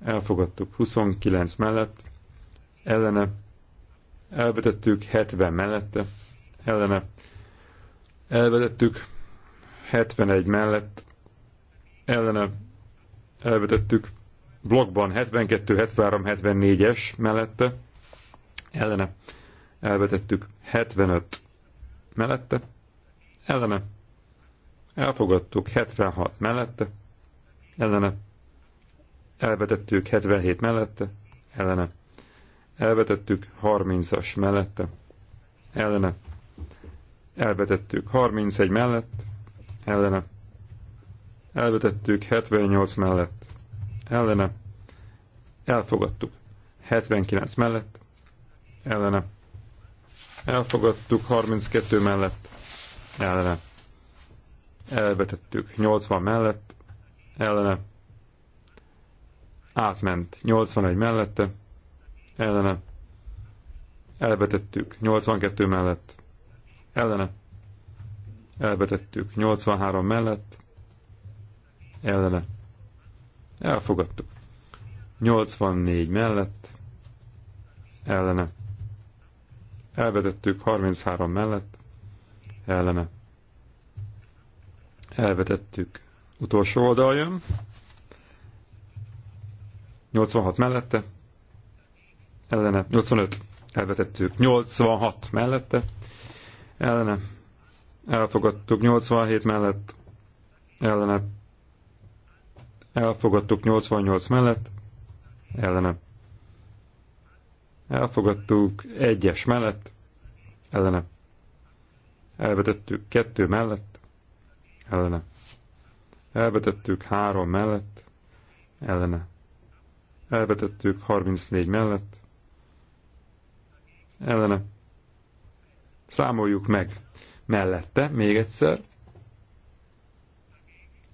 elfogadtuk 29 mellett, ellene, elvetettük 70 mellette, ellene, elvetettük 71 mellett, ellene, elvetettük blokkban 72, 73, 74-es mellette, ellene, elvetettük 75 mellette, ellene, elfogadtuk 76 mellette, ellene, elvetettük 77 mellette, ellene, elvetettük, 30-as mellette, ellene, elvetettük, 31 mellett, ellene, elvetettük, 78 mellett, ellene, elfogadtuk, 79 mellett, ellene, elfogadtuk, 32 mellett, ellene, elvetettük, 80 mellett, ellene, átment, 81 mellette, ellene, elvetettük 82 mellett, ellene, elvetettük 83 mellett, ellene, elfogadtuk 84 mellett, ellene, elvetettük 33 mellett, ellene, elvetettük utolsó oldal jön, 86 mellette, ellene, 85 elvetettük, 86 mellette, ellene, elfogadtuk 87 mellett, ellene, elfogadtuk 88 mellett, ellene, elfogadtuk 1-es mellett, ellene, elvetettük 2 mellett, ellene, elvetettük 3 mellett, ellene, elvetettük 34 mellett, ellene. Számoljuk meg mellette, még egyszer,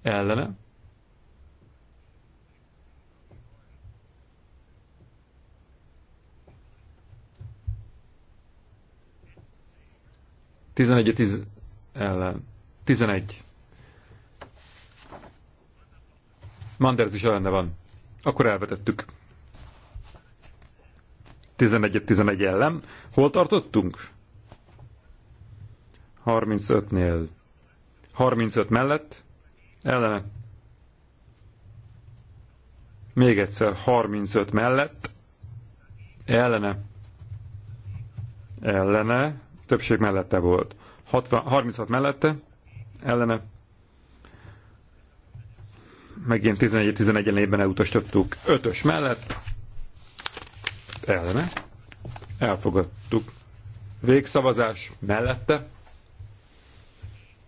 ellene. Tizenegy, tiz... ellen. Tizenegy. Manders is ellene van. Akkor elvetettük. 11-11 ellen. Hol tartottunk? 35-nél. 35 mellett, ellene. Még egyszer, 35 mellett, ellene. Ellene, többség mellette volt. 60, 36 mellette, ellene. Megint 11-11 elében elutasítottuk. 5-ös mellett, ellene. Elfogadtuk. Végszavazás mellette.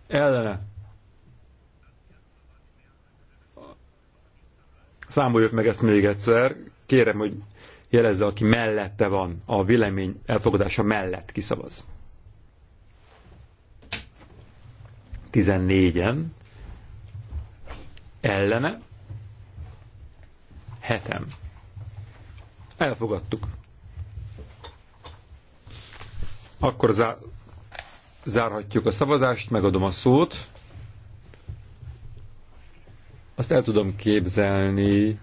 Ellene. Számoljuk meg ezt még egyszer. Kérem, hogy jelezze, aki mellette van, a vélemény elfogadása mellett kiszavaz. 14-en, ellene, hetem. Elfogadtuk. Akkor zá zárhatjuk a szavazást, megadom a szót. Azt el tudom képzelni,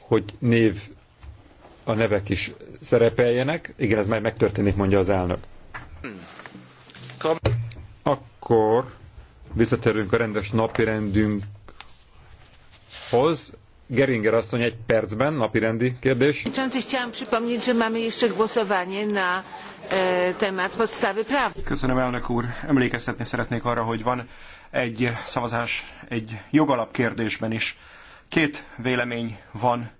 hogy név a nevek is szerepeljenek. Igen, ez már megtörténik, mondja az elnök. Akkor visszatérünk a rendes napi rendünkhoz. Geringer asszony egy percben, napirendi kérdés. Chciałam przypomnieć, że mamy jeszcze głosowanie na e, temat podstawy prawnej. Köszönöm, elnök úr. Emlékeztetni szeretnék arra, hogy van egy szavazás egy jogalap kérdésben is. Két vélemény van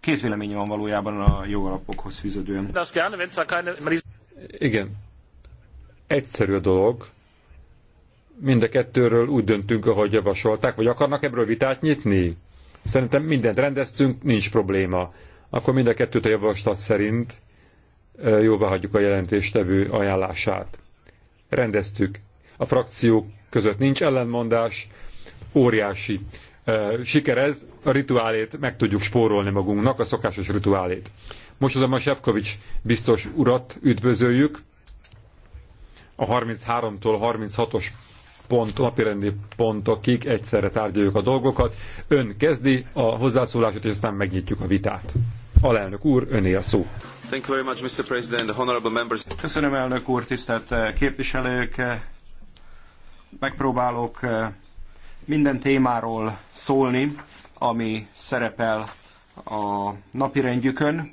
két vélemény van valójában a jogalapokhoz fűződően. Igen. Egyszerű a dolog. Mind a kettőről úgy döntünk, ahogy javasolták, vagy akarnak ebből vitát nyitni? Szerintem mindent rendeztünk, nincs probléma. Akkor mind a kettőt a javaslat szerint jóvá hagyjuk a jelentéstevő ajánlását. Rendeztük. A frakciók között nincs ellenmondás, óriási siker ez, a rituálét meg tudjuk spórolni magunknak, a szokásos rituálét. Most azonban Sefkovics biztos urat üdvözöljük, a 33-tól 36-os pont, napirendi pontokig egyszerre tárgyaljuk a dolgokat. Ön kezdi a hozzászólást, és aztán megnyitjuk a vitát. Alelnök úr, öné a szó. Thank you very much, Mr. President, honorable members. Köszönöm, elnök úr, tisztelt eh, képviselők. Eh, megpróbálok eh, minden témáról szólni, ami szerepel a napirendjükön.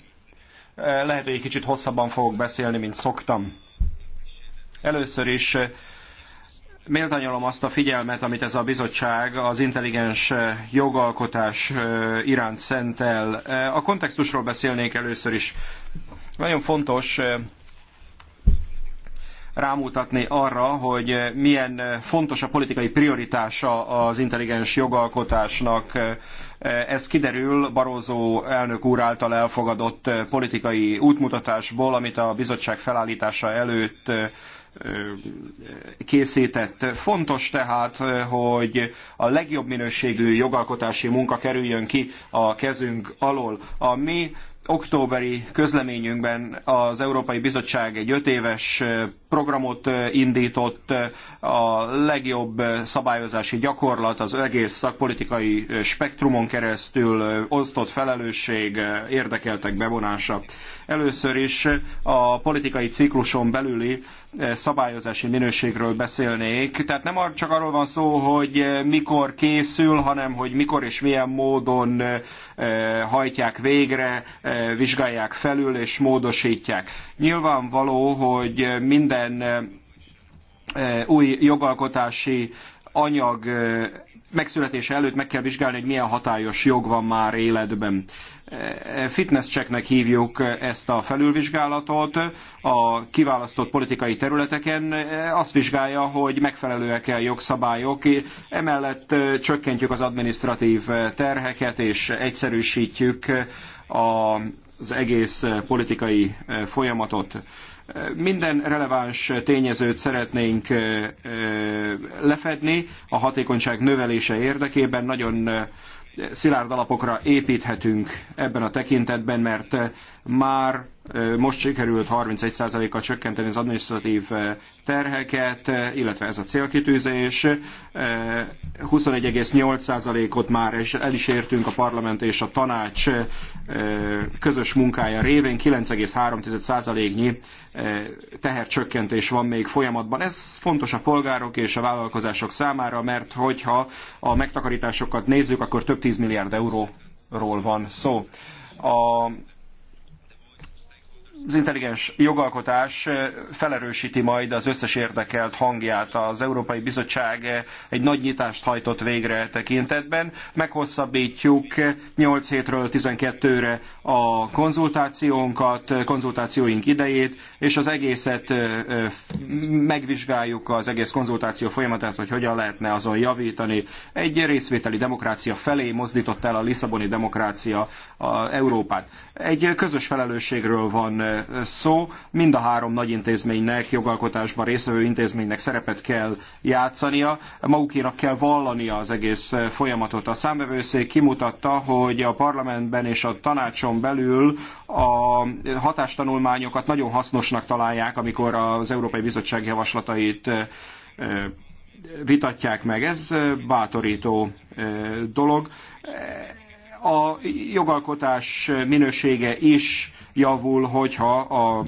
Lehet, hogy egy kicsit hosszabban fogok beszélni, mint szoktam. Először is méltányolom azt a figyelmet, amit ez a bizottság az intelligens jogalkotás iránt szentel. A kontextusról beszélnék először is. Nagyon fontos rámutatni arra, hogy milyen fontos a politikai prioritása az intelligens jogalkotásnak. Ez kiderül Barózó elnök úr által elfogadott politikai útmutatásból, amit a bizottság felállítása előtt készített. Fontos tehát, hogy a legjobb minőségű jogalkotási munka kerüljön ki a kezünk alól. A mi októberi közleményünkben az Európai Bizottság egy öt éves programot indított, a legjobb szabályozási gyakorlat az egész szakpolitikai spektrumon keresztül osztott felelősség, érdekeltek bevonása. Először is a politikai cikluson belüli E, szabályozási minőségről beszélnék. Tehát nem csak arról van szó, hogy e, mikor készül, hanem hogy mikor és milyen módon e, hajtják végre, vizsgálják felül és módosítják. Nyilvánvaló, hogy minden új jogalkotási anyag megszületése előtt meg kell vizsgálni, hogy milyen hatályos jog van már életben. E, fitness checknek hívjuk ezt a felülvizsgálatot a kiválasztott politikai területeken. E, azt vizsgálja, hogy megfelelőek-e a jogszabályok. Emellett e, csökkentjük az administratív terheket és egyszerűsítjük az egész politikai folyamatot minden releváns tényezőt szeretnénk lefedni a hatékonyság növelése érdekében. Nagyon szilárd alapokra építhetünk ebben a tekintetben, mert már most sikerült 31%-kal csökkenteni az adminisztratív terheket, illetve ez a célkitűzés. 21,8%-ot már el is értünk a parlament és a tanács közös munkája révén. 9,3%-nyi tehercsökkentés van még folyamatban. Ez fontos a polgárok és a vállalkozások számára, mert hogyha a megtakarításokat nézzük, akkor több 10 milliárd euróról van szó. A az intelligens jogalkotás felerősíti majd az összes érdekelt hangját. Az Európai Bizottság egy nagy nyitást hajtott végre e tekintetben. Meghosszabbítjuk 8 hétről 12-re a konzultációnkat, konzultációink idejét, és az egészet megvizsgáljuk az egész konzultáció folyamatát, hogy hogyan lehetne azon javítani. Egy részvételi demokrácia felé mozdított el a Lisszaboni demokrácia a Európát. Egy közös felelősségről van szó. Mind a három nagy intézménynek, jogalkotásban résztvevő intézménynek szerepet kell játszania, magukénak kell vallania az egész folyamatot. A számvevőszék kimutatta, hogy a parlamentben és a tanácson belül a hatástanulmányokat nagyon hasznosnak találják, amikor az Európai Bizottság javaslatait vitatják meg. Ez bátorító dolog a jogalkotás minősége is javul, hogyha a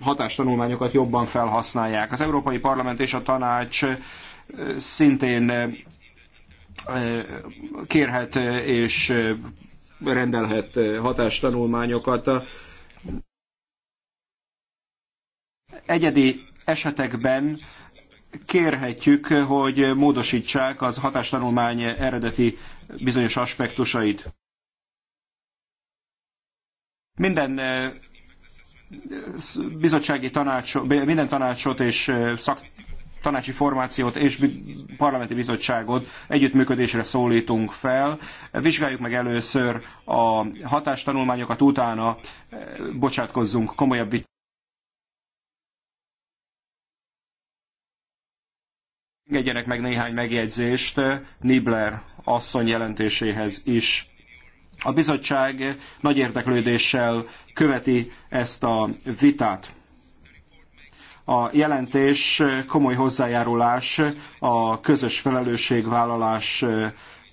hatástanulmányokat jobban felhasználják. Az Európai Parlament és a Tanács szintén kérhet és rendelhet hatástanulmányokat. Egyedi esetekben kérhetjük, hogy módosítsák az hatástanulmány eredeti bizonyos aspektusait. Minden eh, bizottsági tanácsot, minden tanácsot és eh, szak, tanácsi formációt és parlamenti bizottságot együttműködésre szólítunk fel. Vizsgáljuk meg először a hatástanulmányokat, utána eh, bocsátkozzunk komolyabb Engedjenek meg néhány megjegyzést Nibler asszony jelentéséhez is. A bizottság nagy érdeklődéssel követi ezt a vitát. A jelentés komoly hozzájárulás a közös felelősségvállalás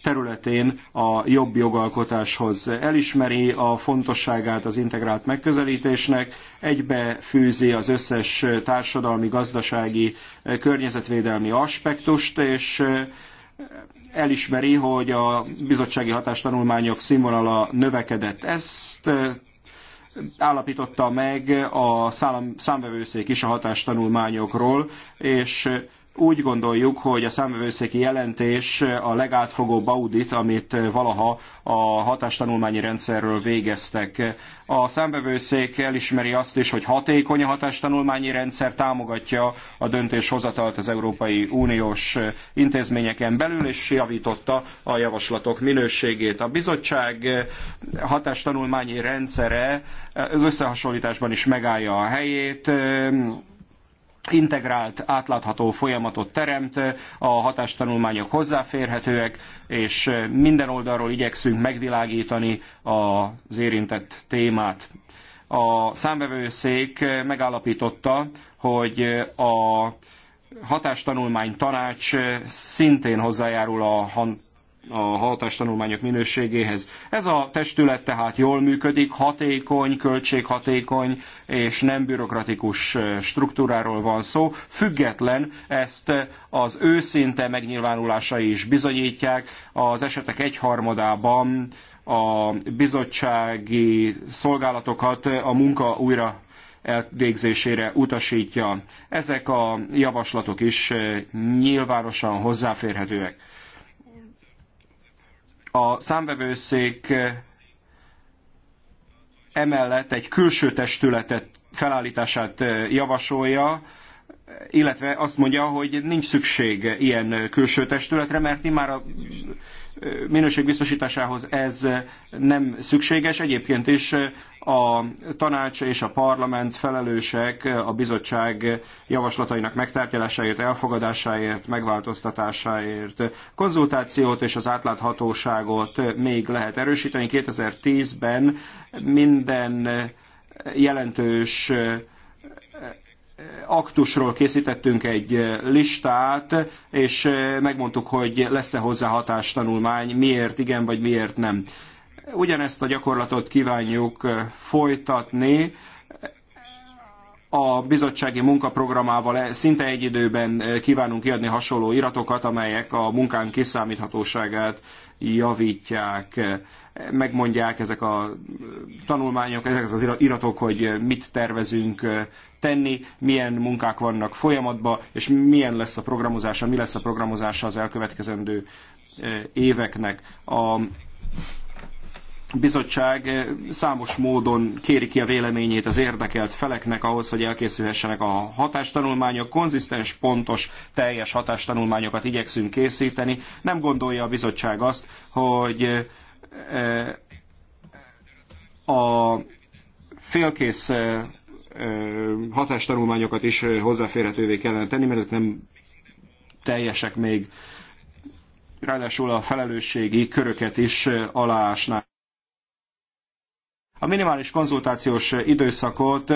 területén a jobb jogalkotáshoz. Elismeri a fontosságát az integrált megközelítésnek, egybefűzi az összes társadalmi, gazdasági, környezetvédelmi aspektust, és elismeri, hogy a bizottsági hatástanulmányok színvonala növekedett. Ezt eh, állapította meg a számvevőszék is a hatástanulmányokról, és úgy gondoljuk, hogy a számvevőszéki jelentés a legátfogóbb audit, amit valaha a hatástanulmányi rendszerről végeztek. A számvevőszék elismeri azt is, hogy hatékony a hatástanulmányi rendszer, támogatja a döntéshozatalt az Európai Uniós intézményeken belül, és javította a javaslatok minőségét. A bizottság hatástanulmányi rendszere az összehasonlításban is megállja a helyét, integrált, átlátható folyamatot teremt, a hatástanulmányok hozzáférhetőek, és minden oldalról igyekszünk megvilágítani az érintett témát. A számvevőszék megállapította, hogy a hatástanulmány tanács szintén hozzájárul a a hatástanulmányok minőségéhez. Ez a testület tehát jól működik, hatékony, költséghatékony és nem bürokratikus struktúráról van szó. Független ezt az őszinte megnyilvánulásai is bizonyítják. Az esetek egyharmadában a bizottsági szolgálatokat a munka újra elvégzésére utasítja. Ezek a javaslatok is nyilvánosan hozzáférhetőek. A számvevőszék eh, emellett egy külső testületet felállítását eh, javasolja, illetve azt mondja, hogy nincs szükség ilyen eh, külső testületre, mert már a minőség biztosításához ez nem szükséges. Egyébként is a tanács és a parlament felelősek a bizottság javaslatainak megtárgyalásáért, elfogadásáért, megváltoztatásáért. Konzultációt és az átláthatóságot még lehet erősíteni. 2010-ben minden jelentős aktusról készítettünk egy listát, és megmondtuk, hogy lesz-e hozzá hatástanulmány, miért igen, vagy miért nem. Ugyanezt a gyakorlatot kívánjuk eh, folytatni, a bizottsági munkaprogramával szinte egy időben eh, kívánunk kiadni hasonló iratokat, amelyek a munkánk kiszámíthatóságát javítják. Eh, megmondják ezek a tanulmányok, ezek az iratok, hogy mit tervezünk tenni, milyen munkák vannak folyamatban, és milyen lesz a programozása, mi lesz a programozása az elkövetkezendő éveknek. A bizottság eh, számos módon kéri ki a véleményét az érdekelt feleknek ahhoz, hogy elkészülhessenek a hatástanulmányok. Konzisztens, pontos, teljes hatástanulmányokat igyekszünk készíteni. Nem gondolja a bizottság azt, hogy eh, a félkész eh, hatástanulmányokat is hozzáférhetővé kellene tenni, mert ezek nem teljesek még. Ráadásul a felelősségi köröket is aláásnák. A minimális konzultációs időszakot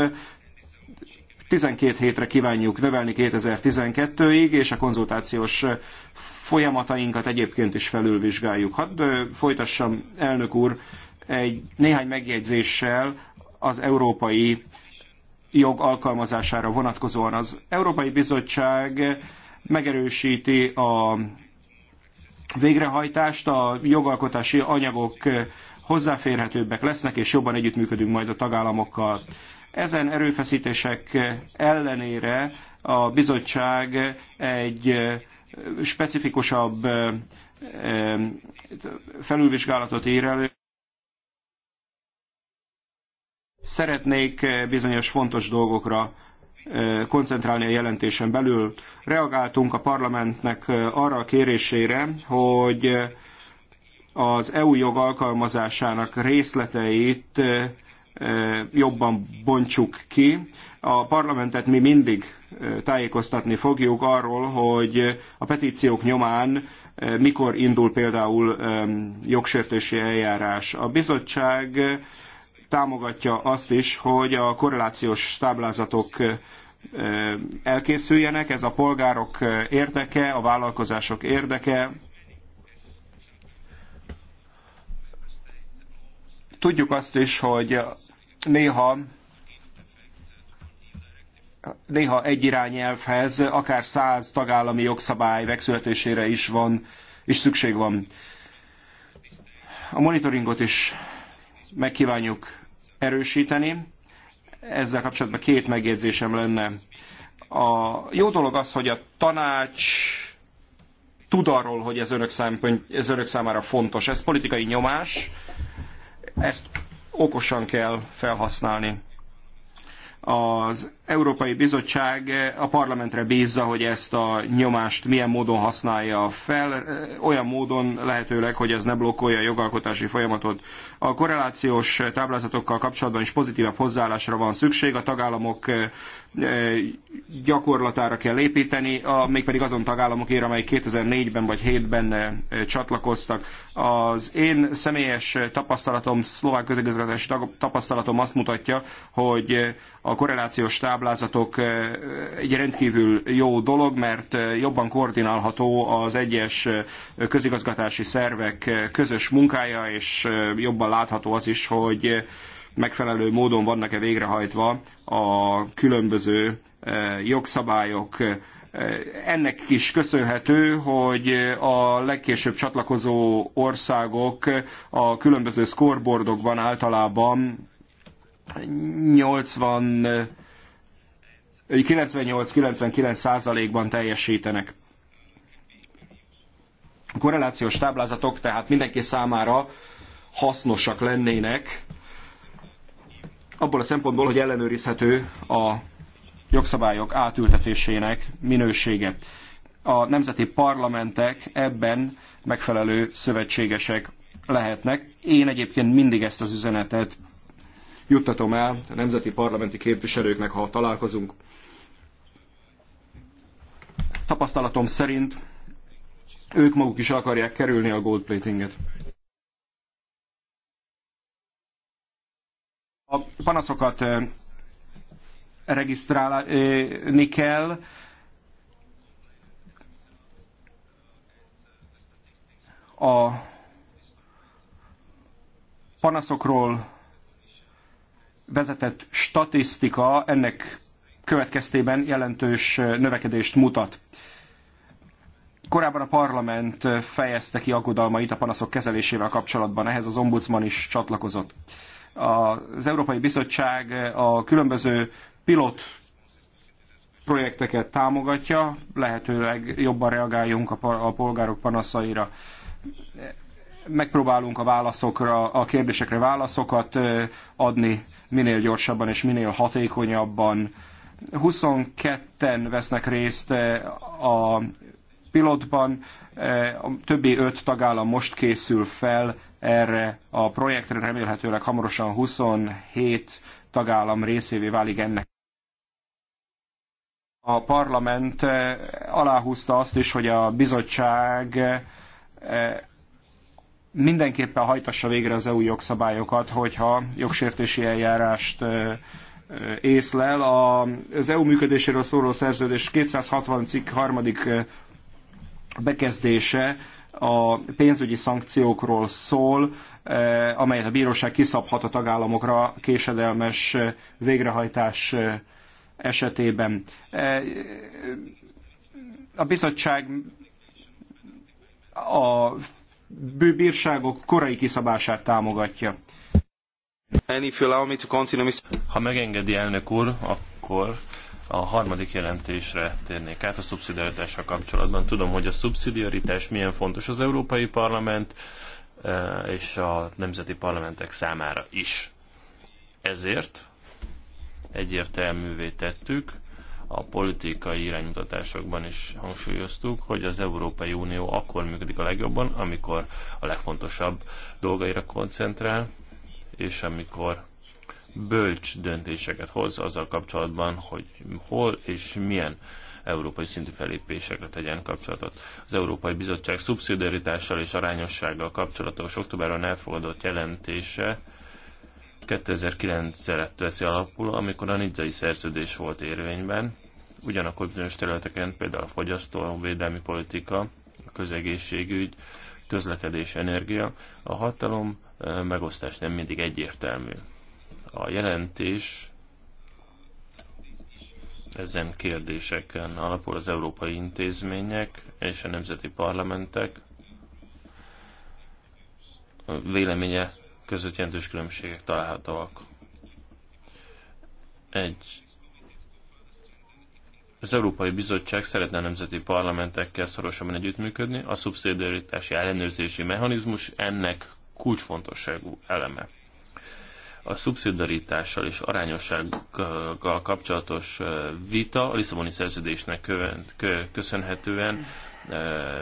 12 hétre kívánjuk növelni 2012-ig, és a konzultációs folyamatainkat egyébként is felülvizsgáljuk. Hadd folytassam, elnök úr, egy néhány megjegyzéssel az európai jog alkalmazására vonatkozóan. Az Európai Bizottság megerősíti a végrehajtást, a jogalkotási anyagok hozzáférhetőbbek lesznek, és jobban együttműködünk majd a tagállamokkal. Ezen erőfeszítések ellenére a bizottság egy specifikusabb felülvizsgálatot ír elő. Szeretnék bizonyos fontos dolgokra koncentrálni a jelentésen belül. Reagáltunk a parlamentnek arra a kérésére, hogy az EU jog alkalmazásának részleteit jobban bontsuk ki. A parlamentet mi mindig tájékoztatni fogjuk arról, hogy a petíciók nyomán mikor indul például jogsértési eljárás. A bizottság támogatja azt is, hogy a korrelációs táblázatok elkészüljenek, ez a polgárok érdeke, a vállalkozások érdeke, Tudjuk azt is, hogy néha néha egy irányelvhez, akár száz tagállami jogszabály megszületésére is van, is szükség van. A monitoringot is megkívánjuk erősíteni. Ezzel kapcsolatban két megjegyzésem lenne. A jó dolog az, hogy a tanács tud arról, hogy ez önök, szám, ez önök számára fontos. Ez politikai nyomás, ezt okosan kell felhasználni. Az Európai Bizottság eh, a parlamentre bízza, hogy ezt a nyomást milyen módon használja fel, eh, olyan módon lehetőleg, hogy ez ne blokkolja a jogalkotási folyamatot. A korrelációs táblázatokkal kapcsolatban is pozitívabb hozzáállásra van szükség, a tagállamok eh, gyakorlatára kell építeni, a, mégpedig azon tagállamokért, amelyek 2004-ben vagy 2007 ben csatlakoztak. Az én személyes tapasztalatom, szlovák közigazgatási tapasztalatom azt mutatja, hogy a korrelációs táblázatokkal táblázatok eh, egy rendkívül jó dolog, mert eh, jobban koordinálható az egyes eh, közigazgatási szervek közös munkája, és jobban látható az is, hogy megfelelő módon vannak-e végrehajtva a különböző jogszabályok. Ennek is köszönhető, hogy a legkésőbb csatlakozó országok a különböző scoreboardokban általában 80 98-99%-ban teljesítenek. A korrelációs táblázatok tehát mindenki számára hasznosak lennének, abból a szempontból, hogy ellenőrizhető a jogszabályok átültetésének minősége. A nemzeti parlamentek ebben megfelelő szövetségesek lehetnek. Én egyébként mindig ezt az üzenetet juttatom el a nemzeti parlamenti képviselőknek, ha találkozunk. Tapasztalatom szerint ők maguk is akarják kerülni a gold platinget. A panaszokat eh, regisztrálni kell, a panaszokról vezetett statisztika ennek következtében jelentős növekedést mutat. Korábban a parlament fejezte ki aggodalmait a panaszok kezelésével kapcsolatban, ehhez az ombudsman is csatlakozott. Az Európai Bizottság a különböző pilot projekteket támogatja, lehetőleg jobban reagáljunk a polgárok panaszaira megpróbálunk a válaszokra, a kérdésekre válaszokat adni minél gyorsabban és minél hatékonyabban. 22-en vesznek részt a pilotban, a többi öt tagállam most készül fel erre a projektre, remélhetőleg hamarosan 27 tagállam részévé válik ennek a parlament aláhúzta azt is, hogy a bizottság mindenképpen hajtassa végre az EU jogszabályokat, hogyha jogsértési eljárást észlel. Az EU működéséről szóló szerződés 260 cikk harmadik bekezdése a pénzügyi szankciókról szól, amelyet a bíróság kiszabhat a tagállamokra késedelmes végrehajtás esetében. A bizottság a bírságok korai kiszabását támogatja. Ha megengedi elnök úr, akkor a harmadik jelentésre térnék át a szubszidiaritással kapcsolatban. Tudom, hogy a szubszidiaritás milyen fontos az Európai Parlament eh, és a nemzeti parlamentek számára is. Ezért egyértelművé tettük, a politikai iránymutatásokban is hangsúlyoztuk, hogy az Európai Unió akkor működik a legjobban, amikor a legfontosabb dolgaira koncentrál, és amikor bölcs döntéseket hoz azzal kapcsolatban, hogy hol és milyen európai szintű felépésekre tegyen kapcsolatot. Az Európai Bizottság szubszidiaritással és arányossággal kapcsolatos októberben elfogadott jelentése 2009 re veszi alapul, amikor a nidzai szerződés volt érvényben, ugyanakkor bizonyos területeken, például a fogyasztó, a védelmi politika, a közegészségügy, közlekedés, energia, a hatalom megosztás nem mindig egyértelmű. A jelentés ezen kérdéseken alapul az európai intézmények és a nemzeti parlamentek véleménye között jelentős különbségek találhatóak. Egy. Az Európai Bizottság szeretne a nemzeti parlamentekkel szorosabban együttműködni, a szubszidiaritási ellenőrzési mechanizmus ennek kulcsfontosságú eleme. A szubszidiaritással és arányossággal kapcsolatos vita a Lisszaboni szerződésnek köszönhetően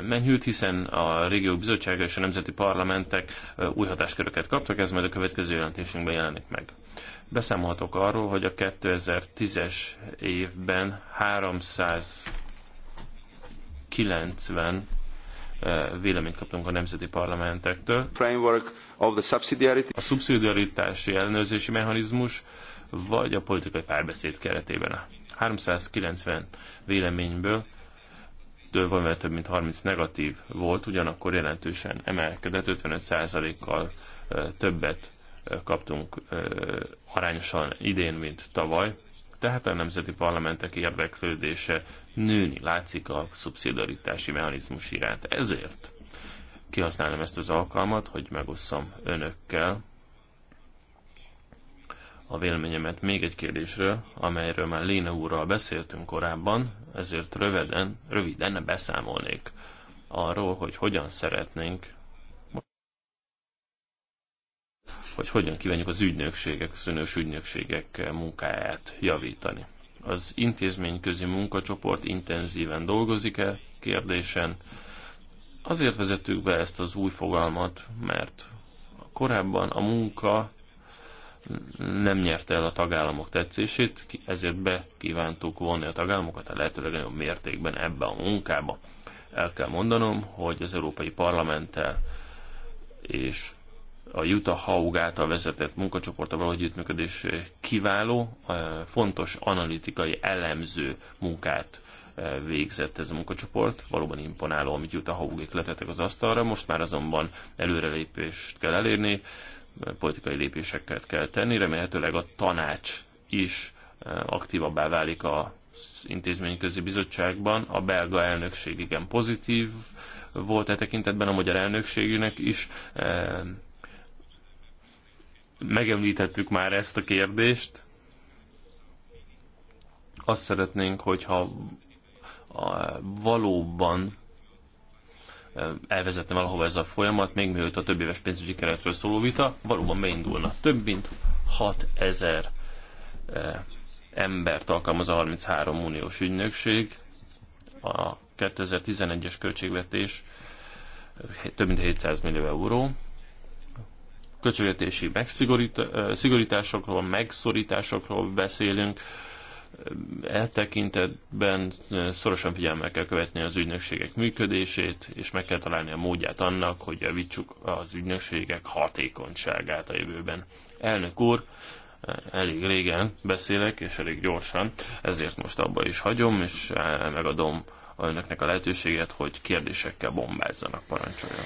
menyhűt, hiszen a régió bizottsága és a nemzeti parlamentek új hatásköröket kaptak, ez majd a következő jelentésünkben jelenik meg. Beszámolhatok arról, hogy a 2010-es évben 390 véleményt kaptunk a nemzeti parlamentektől. Framework of the subsidiarity. A szubszidiaritási ellenőrzési mechanizmus vagy a politikai párbeszéd keretében. 390 véleményből pozitív, van vele több mint 30 negatív volt, ugyanakkor jelentősen emelkedett, 55%-kal többet kaptunk arányosan idén, mint tavaly. Tehát a nemzeti parlamentek érdeklődése nőni látszik a szubszidaritási mechanizmus iránt. Ezért kihasználom ezt az alkalmat, hogy megosszam önökkel a véleményemet még egy kérdésről, amelyről már Léna úrral beszéltünk korábban, ezért röviden, röviden beszámolnék arról, hogy hogyan szeretnénk hogy hogyan kívánjuk az ügynökségek, szönős ügynökségek munkáját javítani. Az intézményközi munkacsoport intenzíven dolgozik-e kérdésen. Azért vezettük be ezt az új fogalmat, mert korábban a munka nem nyerte el a tagállamok tetszését, ezért be kívántuk vonni a tagállamokat a lehető legnagyobb mértékben ebbe a munkába. El kell mondanom, hogy az Európai Parlamenttel és a Juta Haug által vezetett munkacsoporttal való együttműködés kiváló, eh, fontos analitikai elemző munkát eh, végzett ez a munkacsoport. Valóban imponáló, amit Juta Haugék letettek az asztalra. Most már azonban előrelépést kell elérni politikai lépéseket kell tenni. Remélhetőleg a tanács is eh, aktívabbá válik a intézményközi bizottságban. A belga elnökség igen pozitív volt e tekintetben, a magyar elnökségnek is. Eh, megemlítettük már ezt a kérdést. Azt szeretnénk, hogyha valóban elvezetne valahova ez a folyamat, még mielőtt a több éves pénzügyi keretről szóló vita valóban beindulna. Több mint 6000 e, embert alkalmaz a 33 uniós ügynökség. A 2011-es költségvetés e, több mint 700 millió euró. Költségvetési megszigorításokról, e, megszorításokról beszélünk, E tekintetben e, szorosan figyelmel kell követni az ügynökségek működését, és meg kell találni a módját annak, hogy javítsuk az ügynökségek hatékonyságát a jövőben. Elnök úr, e, elég régen beszélek, és elég gyorsan, ezért most abba is hagyom, és e, megadom önöknek a lehetőséget, hogy kérdésekkel bombázzanak, parancsolja.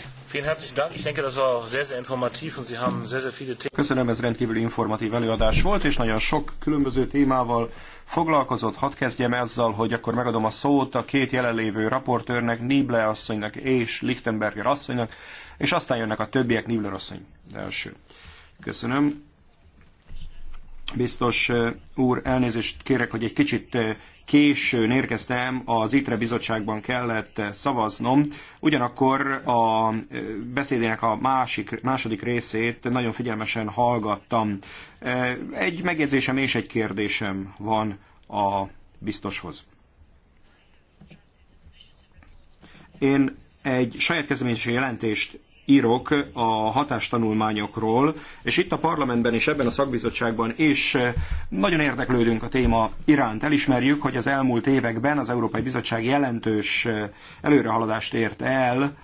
Köszönöm, ez rendkívül informatív előadás volt, és nagyon sok különböző témával foglalkozott. Hadd kezdjem ezzel, hogy akkor megadom a szót a két jelenlévő raportőrnek, Nible asszonynak és Lichtenberger asszonynak, és aztán jönnek a többiek, Nibler asszony első. Köszönöm. Biztos eh, úr, elnézést kérek, hogy egy kicsit eh, későn érkeztem, az ITRE bizottságban kellett szavaznom. Ugyanakkor a beszédének a másik, második részét nagyon figyelmesen hallgattam. Egy megjegyzésem és egy kérdésem van a biztoshoz. Én egy saját kezdeményezési jelentést írok a hatástanulmányokról, és itt a parlamentben és ebben a szakbizottságban is eh, nagyon érdeklődünk a téma iránt. Elismerjük, hogy az elmúlt években az Európai Bizottság jelentős eh, előrehaladást ért el,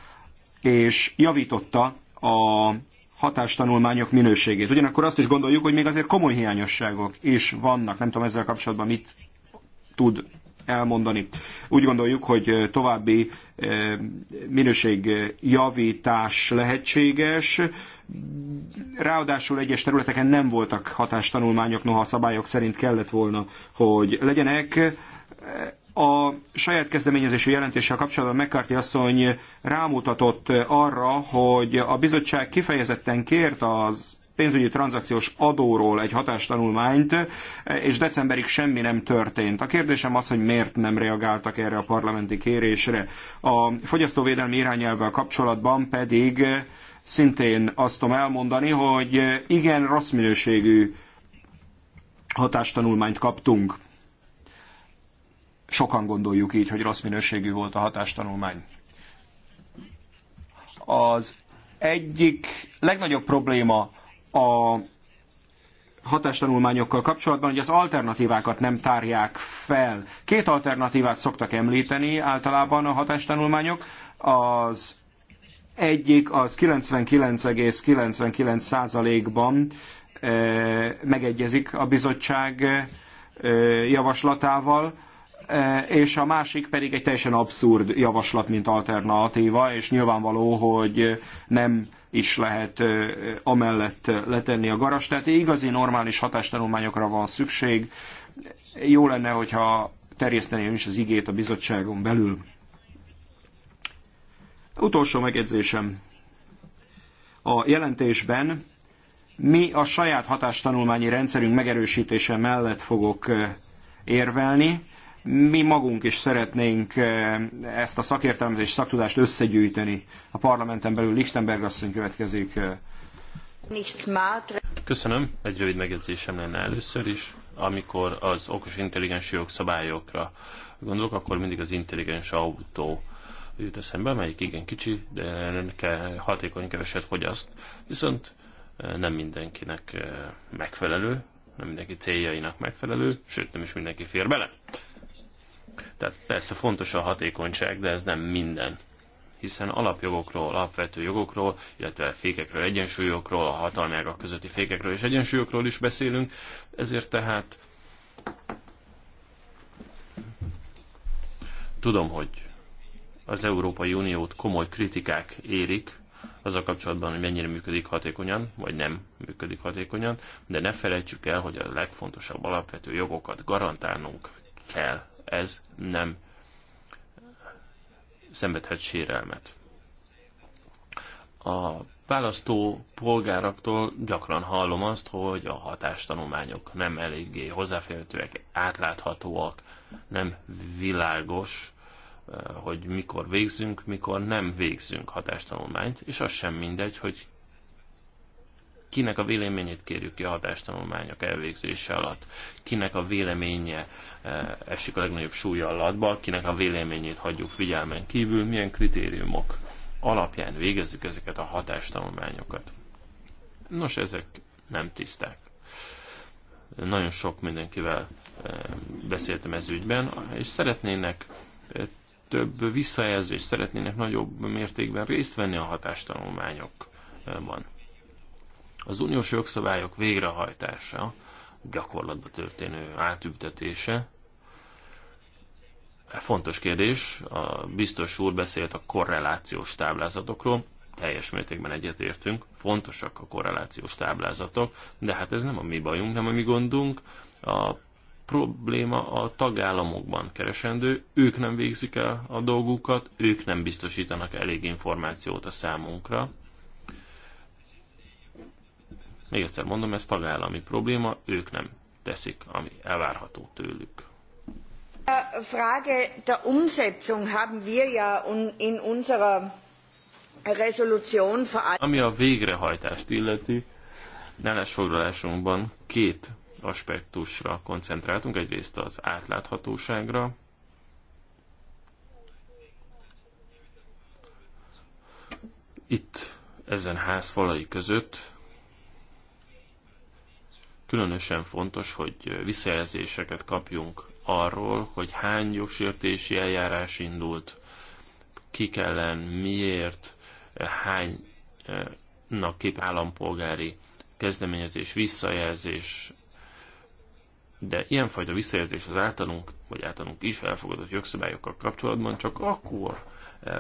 és javította a hatástanulmányok minőségét. Ugyanakkor azt is gondoljuk, hogy még azért komoly hiányosságok is vannak. Nem tudom ezzel kapcsolatban mit tud elmondani. Úgy gondoljuk, hogy további minőségjavítás lehetséges. Ráadásul egyes területeken nem voltak hatástanulmányok, noha a szabályok szerint kellett volna, hogy legyenek. A saját kezdeményezésű jelentéssel kapcsolatban McCarthy asszony rámutatott arra, hogy a bizottság kifejezetten kért az pénzügyi tranzakciós adóról egy hatástanulmányt, és decemberig semmi nem történt. A kérdésem az, hogy miért nem reagáltak erre a parlamenti kérésre. A fogyasztóvédelmi irányelvvel kapcsolatban pedig szintén azt tudom elmondani, hogy igen, rossz minőségű hatástanulmányt kaptunk. Sokan gondoljuk így, hogy rossz minőségű volt a hatástanulmány. Az egyik legnagyobb probléma a hatástanulmányokkal kapcsolatban, hogy az alternatívákat nem tárják fel. Két alternatívát szoktak említeni általában a hatástanulmányok. Az egyik az 99,99%-ban eh, megegyezik a bizottság eh, javaslatával, eh, és a másik pedig egy teljesen abszurd javaslat, mint alternatíva, és nyilvánvaló, hogy nem is lehet amellett letenni a garast. Tehát igazi normális hatástanulmányokra van szükség. Jó lenne, hogyha terjeszteni is az igét a bizottságon belül. Utolsó megjegyzésem. A jelentésben mi a saját hatástanulmányi rendszerünk megerősítése mellett fogok érvelni mi magunk is szeretnénk eh, ezt a szakértelmet és szaktudást összegyűjteni. A parlamenten belül Lichtenberg asszony következik. Eh. Köszönöm. Egy rövid megjegyzésem lenne először is. Amikor az okos intelligens jogszabályokra gondolok, akkor mindig az intelligens autó jut eszembe, melyik igen kicsi, de hatékony, keveset fogyaszt. Viszont eh, nem mindenkinek megfelelő, nem mindenki céljainak megfelelő, sőt nem is mindenki fér bele. Tehát persze fontos a hatékonyság, de ez nem minden hiszen alapjogokról, alapvető jogokról, illetve fékekről, egyensúlyokról, a hatalmágak közötti fékekről és egyensúlyokról is beszélünk, ezért tehát tudom, hogy az Európai Uniót komoly kritikák érik, az a kapcsolatban, hogy mennyire működik hatékonyan, vagy nem működik hatékonyan, de ne felejtsük el, hogy a legfontosabb alapvető jogokat garantálnunk kell ez nem szenvedhet sérelmet. A választó polgáraktól gyakran hallom azt, hogy a hatástanulmányok nem eléggé hozzáférhetőek, átláthatóak, nem világos, eh, hogy mikor végzünk, mikor nem végzünk hatástanulmányt, és az sem mindegy, hogy kinek a véleményét kérjük ki a hatástanulmányok elvégzése alatt, kinek a véleménye eh, esik a legnagyobb súlyalatba, kinek a véleményét hagyjuk figyelmen kívül, milyen kritériumok alapján végezzük ezeket a hatástanulmányokat. Nos, ezek nem tiszták. Nagyon sok mindenkivel eh, beszéltem ez ügyben, és szeretnének eh, több visszajelzést, szeretnének nagyobb mértékben részt venni a hatástanulmányokban. Az uniós jogszabályok végrehajtása, gyakorlatba történő átültetése, fontos kérdés, a biztos úr beszélt a korrelációs táblázatokról, teljes mértékben egyetértünk, fontosak a korrelációs táblázatok, de hát ez nem a mi bajunk, nem a mi gondunk. A probléma a tagállamokban keresendő, ők nem végzik el a dolgukat, ők nem biztosítanak elég információt a számunkra, még egyszer mondom, ez tagállami probléma, ők nem teszik, ami elvárható tőlük. A äh, Frage der Umsetzung haben wir ja in unserer Resolution Ami a végrehajtást illeti, foglalásunkban két aspektusra koncentráltunk, egyrészt az átláthatóságra, itt ezen házfalai között Különösen fontos, hogy visszajelzéseket kapjunk arról, hogy hány jogsértési eljárás indult, kik ellen, miért, hánynak eh, kép állampolgári kezdeményezés, visszajelzés, de ilyenfajta visszajelzés az általunk, vagy általunk is elfogadott jogszabályokkal kapcsolatban csak akkor eh,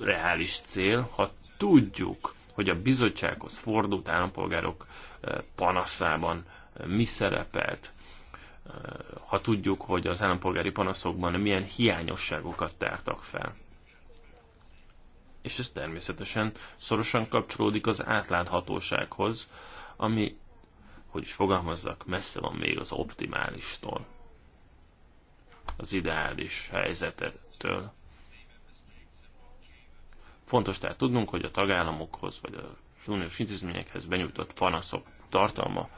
reális cél, ha tudjuk, hogy a bizottsághoz fordult állampolgárok eh, panaszában mi szerepelt, ha tudjuk, hogy az állampolgári panaszokban milyen hiányosságokat tártak fel. És ez természetesen szorosan kapcsolódik az átláthatósághoz, ami, hogy is fogalmazzak, messze van még az optimálistól, az ideális helyzetettől. Fontos tehát tudnunk, hogy a tagállamokhoz vagy a uniós intézményekhez benyújtott panaszok tartalma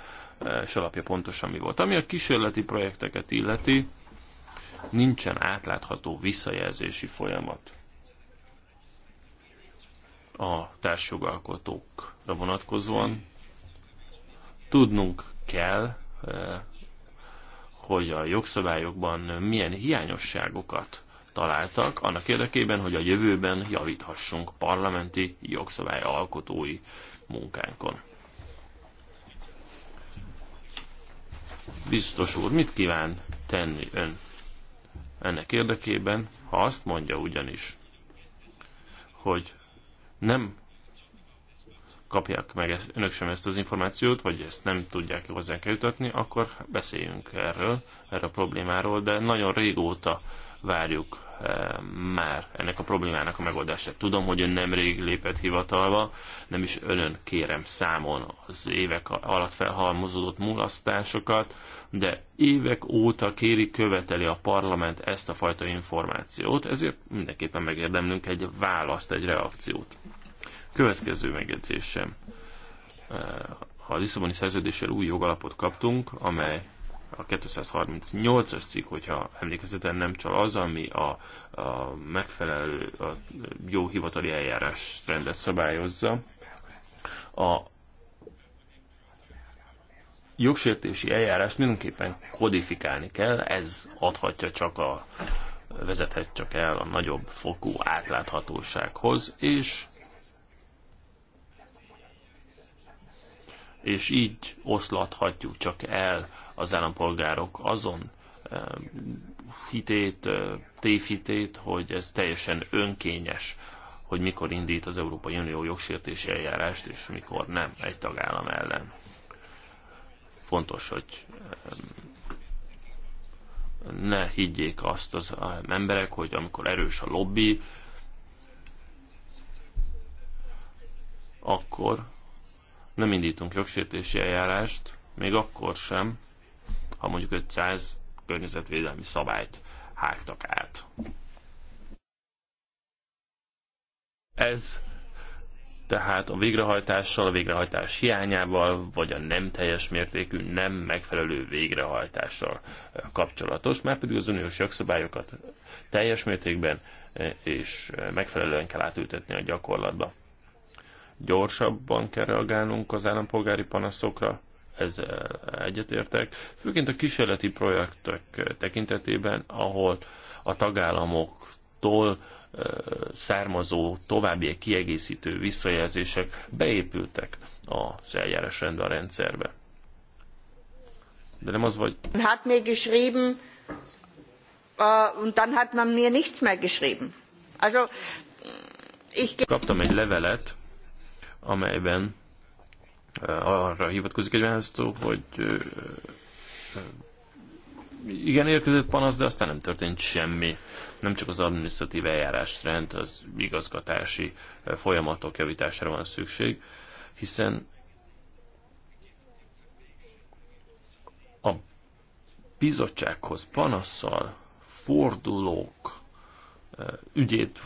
és eh, alapja pontosan mi volt. Ami a kísérleti projekteket illeti, nincsen átlátható visszajelzési folyamat a társjogalkotókra vonatkozóan. Tudnunk kell, eh, hogy a jogszabályokban milyen hiányosságokat találtak, annak érdekében, hogy a jövőben javíthassunk parlamenti jogszabályalkotói munkánkon. Biztos úr, mit kíván tenni ön ennek érdekében, ha azt mondja ugyanis, hogy nem kapják meg önök sem ezt az információt, vagy ezt nem tudják hozzánk eljutatni, akkor beszéljünk erről, erről a problémáról, de nagyon régóta várjuk Eh, már ennek a problémának a megoldását. Tudom, hogy ön nemrég lépett hivatalba, nem is önön kérem számon az évek alatt felhalmozódott mulasztásokat, de évek óta kéri, követeli a parlament ezt a fajta információt, ezért mindenképpen megérdemlünk egy választ, egy reakciót. Következő megjegyzésem. Eh, a Lisszaboni szerződéssel új jogalapot kaptunk, amely a 238-as cikk, hogyha emlékezeten nem csal az, ami a, a megfelelő, a jó hivatali eljárás rendet szabályozza. A jogsértési eljárást mindenképpen kodifikálni kell, ez adhatja csak a vezethet csak el a nagyobb fokú átláthatósághoz, és és így oszlathatjuk csak el az állampolgárok azon eh, hitét, eh, tévhitét, hogy ez teljesen önkényes, hogy mikor indít az Európai Unió jogsértési eljárást, és mikor nem egy tagállam ellen. Fontos, hogy eh, ne higgyék azt az emberek, hogy amikor erős a lobby, akkor nem indítunk jogsértési eljárást, még akkor sem, ha mondjuk 500 környezetvédelmi szabályt hágtak át. Ez tehát a végrehajtással, a végrehajtás hiányával, vagy a nem teljes mértékű, nem megfelelő végrehajtással kapcsolatos, mert pedig az uniós jogszabályokat teljes mértékben eh, és eh, megfelelően kell átültetni a gyakorlatba. Gyorsabban kell reagálnunk az állampolgári panaszokra, ezzel egyetértek, főként a kísérleti projektek tekintetében, ahol a tagállamoktól származó további kiegészítő visszajelzések beépültek az eljárásrend a rendszerbe. De nem az vagy... Hat mir geschrieben, uh, und dann hat man mir nichts mehr geschrieben. Also, ich... Kaptam egy levelet, amelyben arra hivatkozik egy választó, hogy igen, érkezett panasz, de aztán nem történt semmi. Nem csak az administratív eljárásrend, az igazgatási folyamatok javítására van szükség, hiszen a bizottsághoz panasszal fordulók ügyét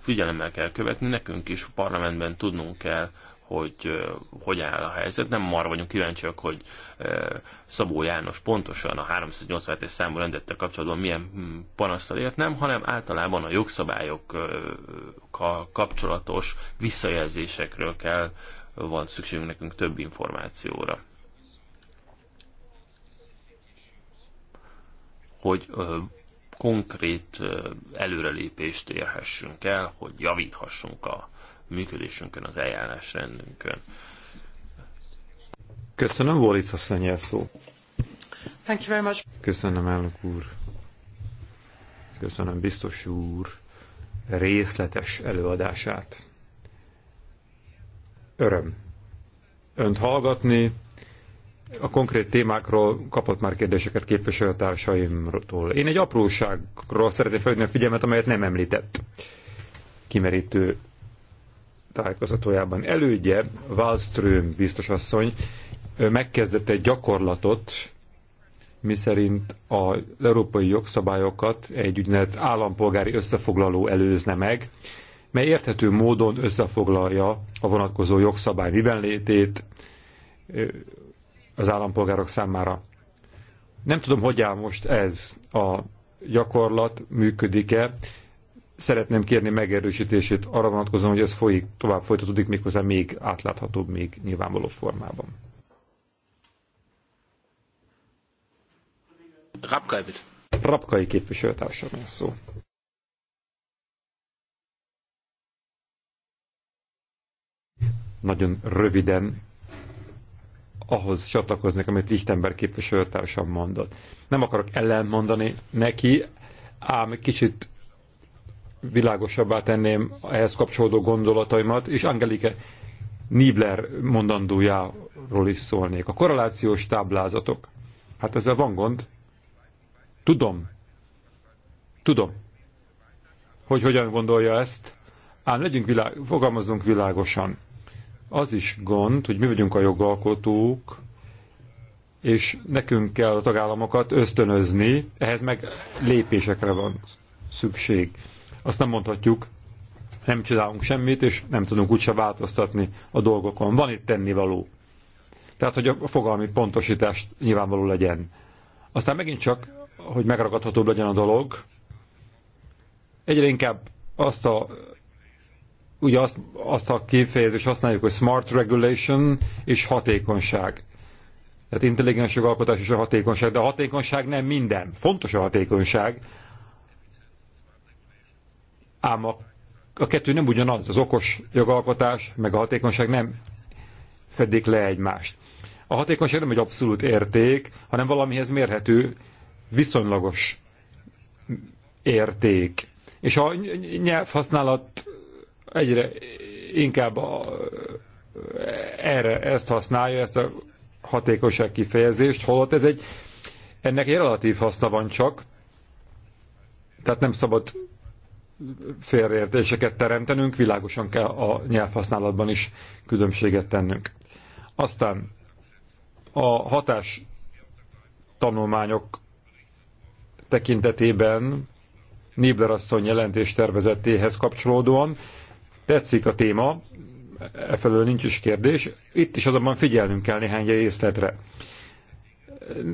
figyelemmel kell követni, nekünk is a parlamentben tudnunk kell hogy hogy áll a helyzet. Nem arra vagyunk kíváncsiak, hogy Szabó János pontosan a 387-es számú rendettel kapcsolatban milyen hm, panasztal ért, nem, hanem általában a jogszabályokkal kapcsolatos visszajelzésekről kell, van szükségünk nekünk több információra. Hogy konkrét előrelépést érhessünk el, hogy javíthassunk a működésünkön, az eljárásrendünkön. Köszönöm, Wallis asszony szó. Thank you very much. Köszönöm, elnök úr. Köszönöm, biztos úr részletes előadását. Öröm önt hallgatni. A konkrét témákról kapott már kérdéseket képviselőtársaimtól. Én egy apróságról szeretném felhívni a figyelmet, amelyet nem említett. Kimerítő tájékozatójában elődje, Wallström biztosasszony megkezdett egy gyakorlatot, miszerint az európai jogszabályokat egy úgynevezett állampolgári összefoglaló előzne meg, mely érthető módon összefoglalja a vonatkozó jogszabály miben az állampolgárok számára. Nem tudom, hogy áll most ez a gyakorlat, működik-e, szeretném kérni megerősítését arra vonatkozóan, hogy ez folyik, tovább folytatódik méghozzá még átláthatóbb, még nyilvánvaló formában. Rapkai, Rapkai képviselőtársam szó. Nagyon röviden ahhoz csatlakoznék, amit Lichtenberg képviselőtársam mondott. Nem akarok ellentmondani neki, ám kicsit világosabbá tenném ehhez kapcsolódó gondolataimat, és Angelike Nibler mondandójáról is szólnék. A korrelációs táblázatok. Hát ezzel van gond. Tudom. Tudom, hogy hogyan gondolja ezt. Ám legyünk világ, fogalmazunk világosan. Az is gond, hogy mi vagyunk a jogalkotók, és nekünk kell a tagállamokat ösztönözni, ehhez meg lépésekre van szükség azt nem mondhatjuk, nem csinálunk semmit, és nem tudunk úgyse változtatni a dolgokon. Van itt tennivaló. Tehát, hogy a fogalmi pontosítást nyilvánvaló legyen. Aztán megint csak, hogy megragadhatóbb legyen a dolog, egyre inkább azt a ugye azt, azt a kifejezést használjuk, hogy smart regulation és hatékonyság. Tehát intelligens jogalkotás és a hatékonyság, de a hatékonyság nem minden. Fontos a hatékonyság, Ám a, a kettő nem ugyanaz, az okos jogalkotás meg a hatékonyság nem fedik le egymást. A hatékonyság nem egy abszolút érték, hanem valamihez mérhető, viszonylagos érték. És a nyelvhasználat egyre inkább a, erre ezt használja, ezt a hatékonyság kifejezést, holott ez egy, ennek egy relatív haszna van csak, tehát nem szabad félreértéseket teremtenünk, világosan kell a nyelvhasználatban is különbséget tennünk. Aztán a hatás tanulmányok tekintetében Nibler asszony jelentés tervezetéhez kapcsolódóan tetszik a téma, efelől nincs is kérdés, itt is azonban figyelnünk kell néhány részletre.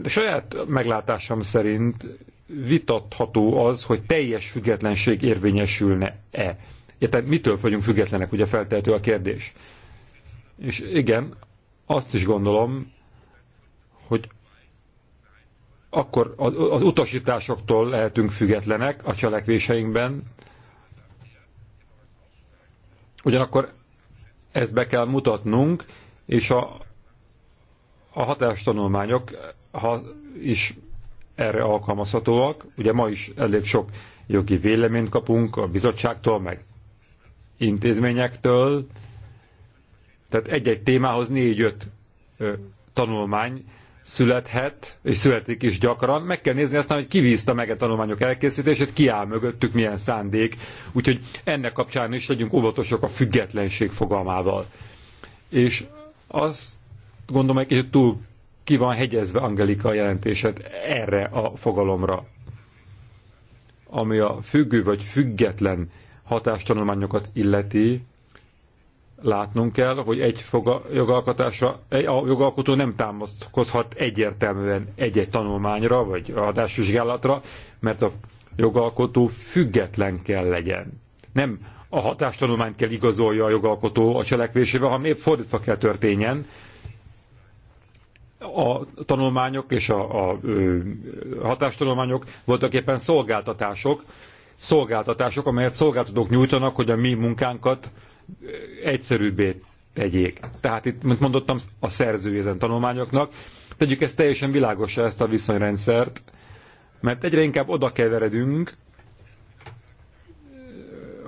Saját meglátásom szerint vitatható az, hogy teljes függetlenség érvényesülne-e. Érted, mitől vagyunk függetlenek, ugye feltehető a kérdés. És igen, azt is gondolom, hogy akkor az utasításoktól lehetünk függetlenek a cselekvéseinkben, ugyanakkor ezt be kell mutatnunk, és a, a hatástanulmányok ha is erre alkalmazhatóak. Ugye ma is elég sok jogi véleményt kapunk a bizottságtól, meg intézményektől. Tehát egy-egy témához négy-öt tanulmány születhet, és születik is gyakran. Meg kell nézni aztán, hogy kivízta meg a tanulmányok elkészítését, ki áll mögöttük, milyen szándék. Úgyhogy ennek kapcsán is legyünk óvatosak a függetlenség fogalmával. És azt gondolom, egy kicsit túl ki van hegyezve Angelika jelentésed erre a fogalomra, ami a függő vagy független hatástanulmányokat illeti, látnunk kell, hogy egy foga, jogalkotásra, a jogalkotó nem támaszkozhat egyértelműen egy-egy tanulmányra, vagy adásvizsgálatra, mert a jogalkotó független kell legyen. Nem a hatástanulmányt kell igazolja a jogalkotó a cselekvésével, hanem épp fordítva kell történjen, a tanulmányok és a, a a hatástanulmányok voltak éppen szolgáltatások, szolgáltatások, amelyet szolgáltatók nyújtanak, hogy a mi munkánkat egyszerűbbé tegyék. Tehát itt, mint mondottam, a szerző ezen tanulmányoknak. Tegyük ezt teljesen világosra, ezt a viszonyrendszert, mert egyre inkább oda keveredünk,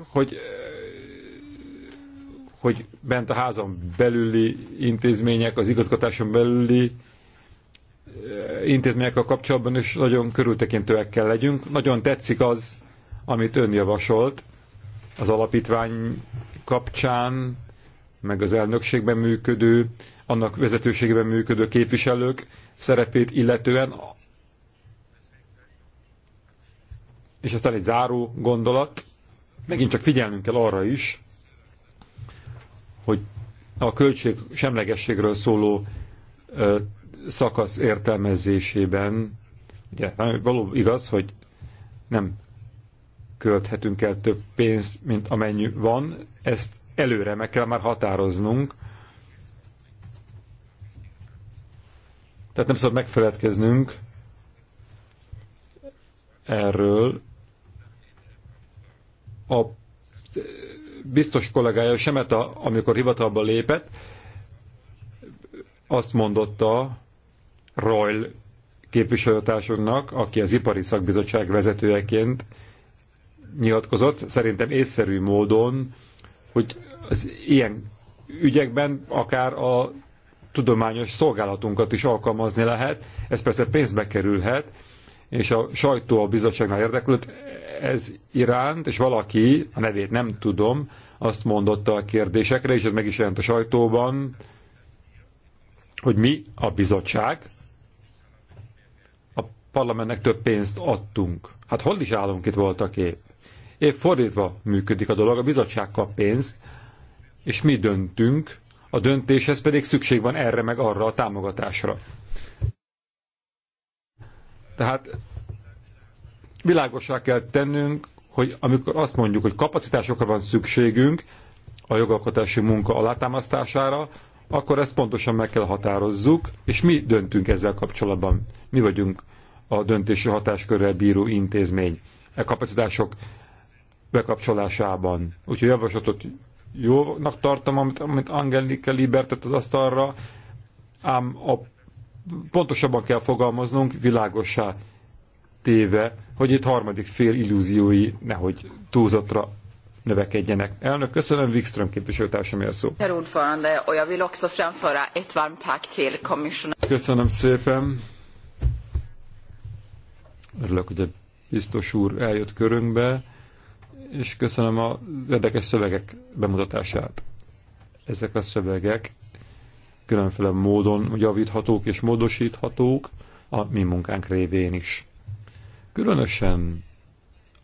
hogy hogy bent a házon belüli intézmények, az igazgatáson belüli intézményekkel kapcsolatban is nagyon körültekintőek kell legyünk. Nagyon tetszik az, amit ön javasolt az alapítvány kapcsán, meg az elnökségben működő, annak vezetőségben működő képviselők szerepét illetően. És aztán egy záró gondolat, megint csak figyelnünk kell arra is, hogy a költség semlegességről szóló szakasz értelmezésében, ugye hát valóban igaz, hogy nem költhetünk el több pénzt, mint amennyi van, ezt előre meg kell már határoznunk. Tehát nem szabad megfeledkeznünk erről. A biztos kollégája Semeta, amikor hivatalba lépett, azt mondotta, Royal képviselőtársunknak, aki az Ipari Szakbizottság vezetőjeként nyilatkozott, szerintem észszerű módon, hogy az ilyen ügyekben akár a tudományos szolgálatunkat is alkalmazni lehet, ez persze pénzbe kerülhet, és a sajtó a bizottságnál érdeklőd ez iránt, és valaki, a nevét nem tudom, azt mondotta a kérdésekre, és ez meg is jelent a sajtóban, hogy mi a bizottság parlamentnek több pénzt adtunk. Hát hol is állunk itt voltak épp? Épp fordítva működik a dolog, a bizottság kap pénzt, és mi döntünk, a döntéshez pedig szükség van erre meg arra a támogatásra. Tehát világosá kell tennünk, hogy amikor azt mondjuk, hogy kapacitásokra van szükségünk a jogalkotási munka alátámasztására, akkor ezt pontosan meg kell határozzuk, és mi döntünk ezzel kapcsolatban. Mi vagyunk a döntési hatáskörrel bíró intézmény e kapacitások bekapcsolásában. Úgyhogy javaslatot jónak tartom, amit, amit Angelika tett az asztalra, ám a, pontosabban kell fogalmaznunk, világossá téve, hogy itt harmadik fél illúziói nehogy túlzatra növekedjenek. Elnök, köszönöm, Wikström képviselőtársam él szó. Köszönöm szépen. Örülök, hogy a biztos úr eljött körünkbe, és köszönöm a érdekes szövegek bemutatását. Ezek a szövegek különféle módon javíthatók és módosíthatók a mi munkánk révén is. Különösen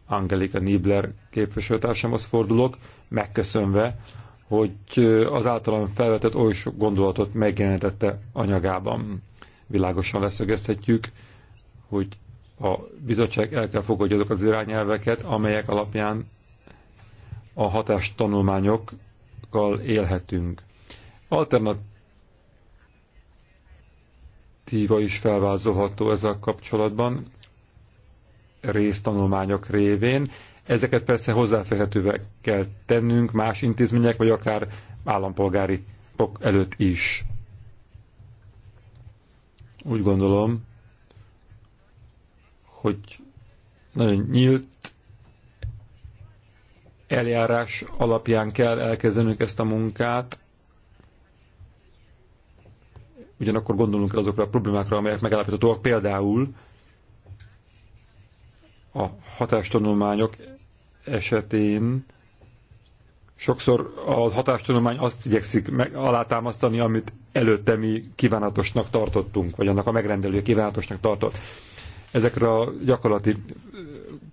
Angelika Nibler képviselőtársamhoz fordulok, megköszönve, hogy az általam felvetett oly sok gondolatot megjelenítette anyagában. Világosan leszögezhetjük, hogy a bizottság el kell fogadja azokat az irányelveket, amelyek alapján a hatástanulmányokkal élhetünk. Alternatíva is felvázolható ezzel kapcsolatban, résztanulmányok révén. Ezeket persze hozzáférhetővé kell tennünk más intézmények, vagy akár állampolgári pok előtt is. Úgy gondolom, hogy nagyon nyílt eljárás alapján kell elkezdenünk ezt a munkát, ugyanakkor gondolunk el azokra a problémákra, amelyek megállapíthatóak, például a hatástanulmányok esetén sokszor a hatástanulmány azt igyekszik meg, alátámasztani, amit előtte mi kívánatosnak tartottunk, vagy annak a megrendelője kívánatosnak tartott ezekre a gyakorlati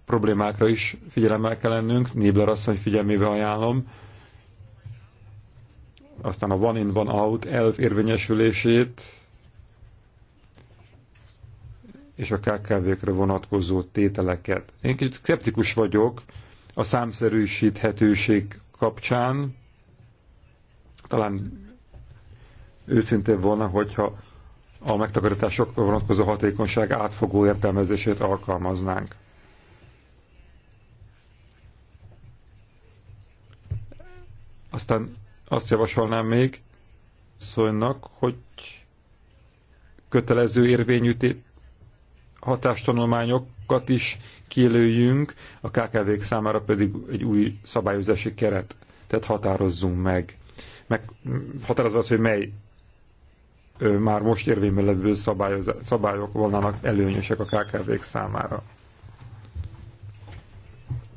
problémákra is figyelemmel kell lennünk, Nébler asszony figyelmébe ajánlom. Aztán a one in, one out elv érvényesülését, és a KKV-kre vonatkozó tételeket. Én kicsit szeptikus vagyok a számszerűsíthetőség kapcsán. Talán őszintén volna, hogyha a megtakarítások vonatkozó hatékonyság átfogó értelmezését alkalmaznánk. Aztán azt javasolnám még szólnak, hogy kötelező érvényű hatástanulmányokat is kilőjünk, a kkv számára pedig egy új szabályozási keret, tehát határozzunk meg. meg határozva az, hogy mely már most érvényben levő szabályok volnának előnyösek a KKV-k számára.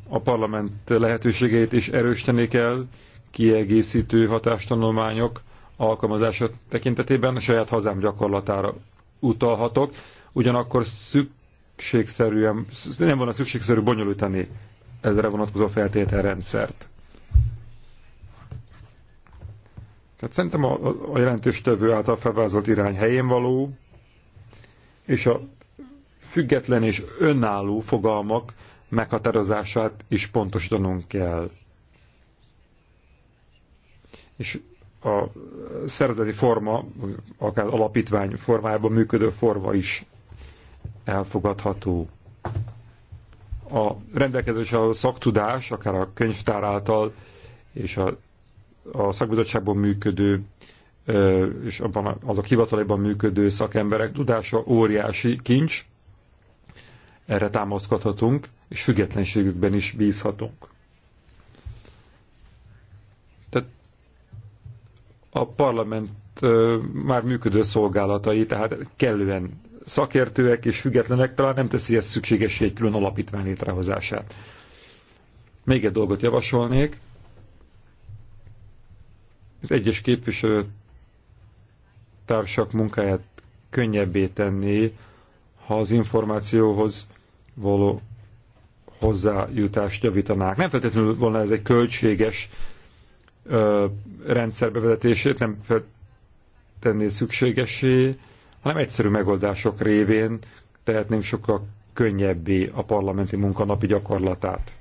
A parlament lehetőségeit is erősíteni kell, kiegészítő hatástanulmányok alkalmazása tekintetében a saját hazám gyakorlatára utalhatok, ugyanakkor szükségszerűen, nem volna szükségszerű bonyolítani ezre vonatkozó feltételrendszert. Tehát szerintem a, a jelentéstevő által felvázolt irány helyén való, és a független és önálló fogalmak meghatározását is pontosítanunk kell. És a szerzeti forma, akár alapítvány formájában működő forma is elfogadható. A rendelkezés a szaktudás, akár a könyvtár által és a a szakbizottságban működő és abban azok hivatalaiban működő szakemberek tudása óriási kincs, erre támaszkodhatunk, és függetlenségükben is bízhatunk. Tehát a parlament már működő szolgálatai, tehát kellően szakértőek és függetlenek, talán nem teszi ezt szükségesé egy külön alapítvány létrehozását. Még egy dolgot javasolnék, az egyes képviselő társak munkáját könnyebbé tenni, ha az információhoz való hozzájutást javítanák. Nem feltétlenül volna ez egy költséges ö, rendszer bevezetését, nem feltenné szükségesé, hanem egyszerű megoldások révén tehetnénk sokkal könnyebbé a parlamenti munkanapi gyakorlatát.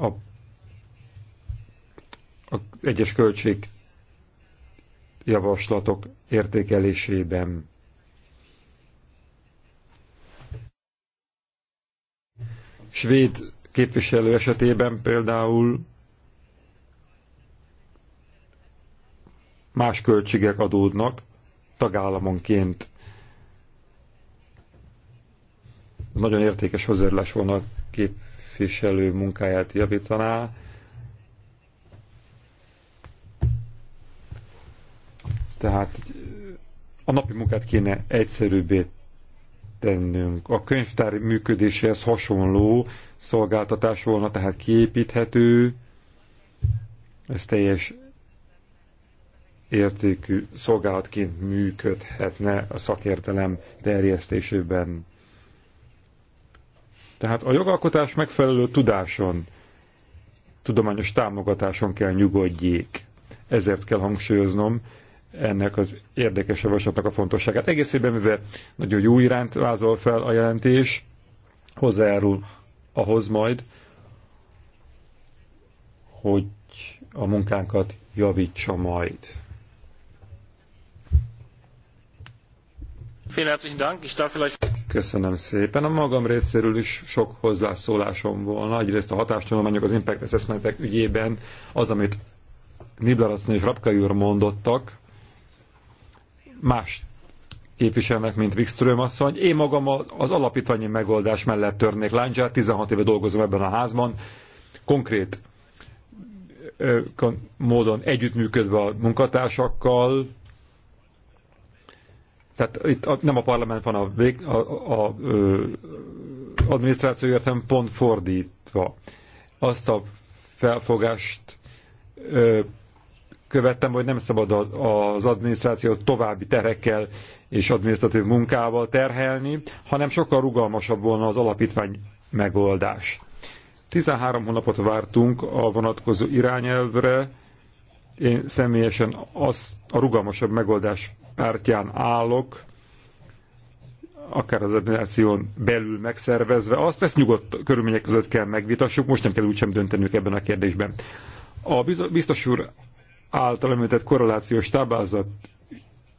A az egyes költség javaslatok értékelésében. Svéd képviselő esetében például más költségek adódnak tagállamonként. Nagyon értékes hozzájárulás volna a képviselő munkáját javítaná. Tehát a napi munkát kéne egyszerűbbé tennünk. A könyvtár működéséhez hasonló szolgáltatás volna, tehát kiépíthető, ez teljes értékű szolgálatként működhetne a szakértelem terjesztésében. Tehát a jogalkotás megfelelő tudáson, tudományos támogatáson kell nyugodjék. Ezért kell hangsúlyoznom, ennek az érdekes javaslatnak a fontosságát. Egészében mivel nagyon jó iránt vázol fel a jelentés, hozzájárul ahhoz majd, hogy a munkánkat javítsa majd. Köszönöm szépen. A magam részéről is sok hozzászólásom volna. Egyrészt a hatástanulmányok az Impact Assessmentek ügyében az, amit Nibler asszony és Rapkai úr mondottak, más képviselnek, mint Wikström asszony. Én magam az alapítványi megoldás mellett törnék láncsát, 16 éve dolgozom ebben a házban, konkrét módon együttműködve a munkatársakkal, tehát itt nem a parlament van a, vég, a, a, a adminisztráció értem pont fordítva. Azt a felfogást ö, követtem, hogy nem szabad az adminisztrációt további terekkel és adminisztratív munkával terhelni, hanem sokkal rugalmasabb volna az alapítvány megoldás. 13 hónapot vártunk a vonatkozó irányelvre, én személyesen az a rugalmasabb megoldás pártján állok, akár az adminisztráción belül megszervezve, azt ezt nyugodt körülmények között kell megvitassuk, most nem kell úgysem döntenünk ebben a kérdésben. A biztos úr által említett korrelációs táblázat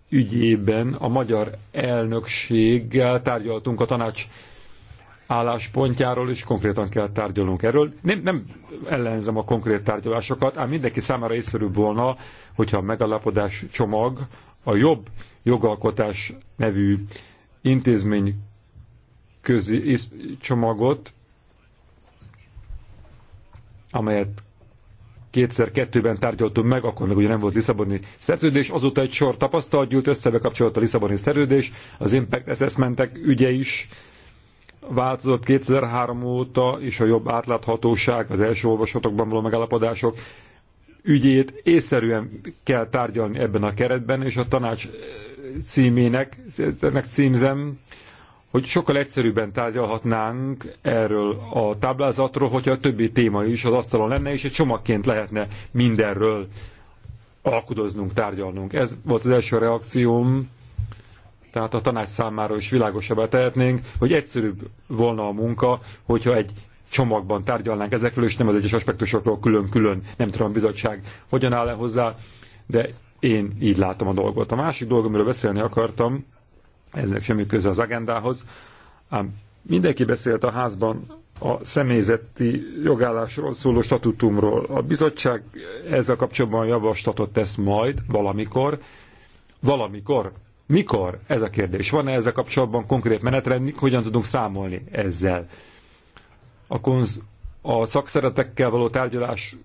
ügyében a magyar elnökséggel tárgyaltunk a tanács álláspontjáról is konkrétan kell tárgyalunk erről. Nem, nem ellenzem a konkrét tárgyalásokat, ám mindenki számára észszerűbb volna, hogyha a megalapodás csomag a jobb jogalkotás nevű intézmény közi csomagot, amelyet 2002-ben tárgyaltunk meg, akkor még ugye nem volt Lisszaboni szerződés, azóta egy sor tapasztalat gyűlt össze, a Lisszaboni szerződés, az Impact Assessmentek ügye is változott 2003 óta, és a jobb átláthatóság, az első olvasatokban való megállapodások ügyét észszerűen kell tárgyalni ebben a keretben, és a tanács címének, ennek címzem, hogy sokkal egyszerűbben tárgyalhatnánk erről a táblázatról, hogyha a többi téma is az asztalon lenne, és egy csomagként lehetne mindenről alkudoznunk, tárgyalnunk. Ez volt az első reakcióm, tehát a tanács számára is világosabbá tehetnénk, hogy egyszerűbb volna a munka, hogyha egy csomagban tárgyalnánk ezekről, és nem az egyes aspektusokról külön-külön, nem tudom a bizottság hogyan áll -e hozzá, de én így látom a dolgot. A másik dolog, amiről beszélni akartam, ezek semmi köze az agendához, ám mindenki beszélt a házban a személyzeti jogállásról szóló statutumról. A bizottság ezzel kapcsolatban javaslatot tesz majd valamikor. Valamikor? Mikor? Ez a kérdés. Van-e ezzel kapcsolatban konkrét menetrend? Hogyan tudunk számolni ezzel? A, konz, a szakszeretekkel való tárgyalás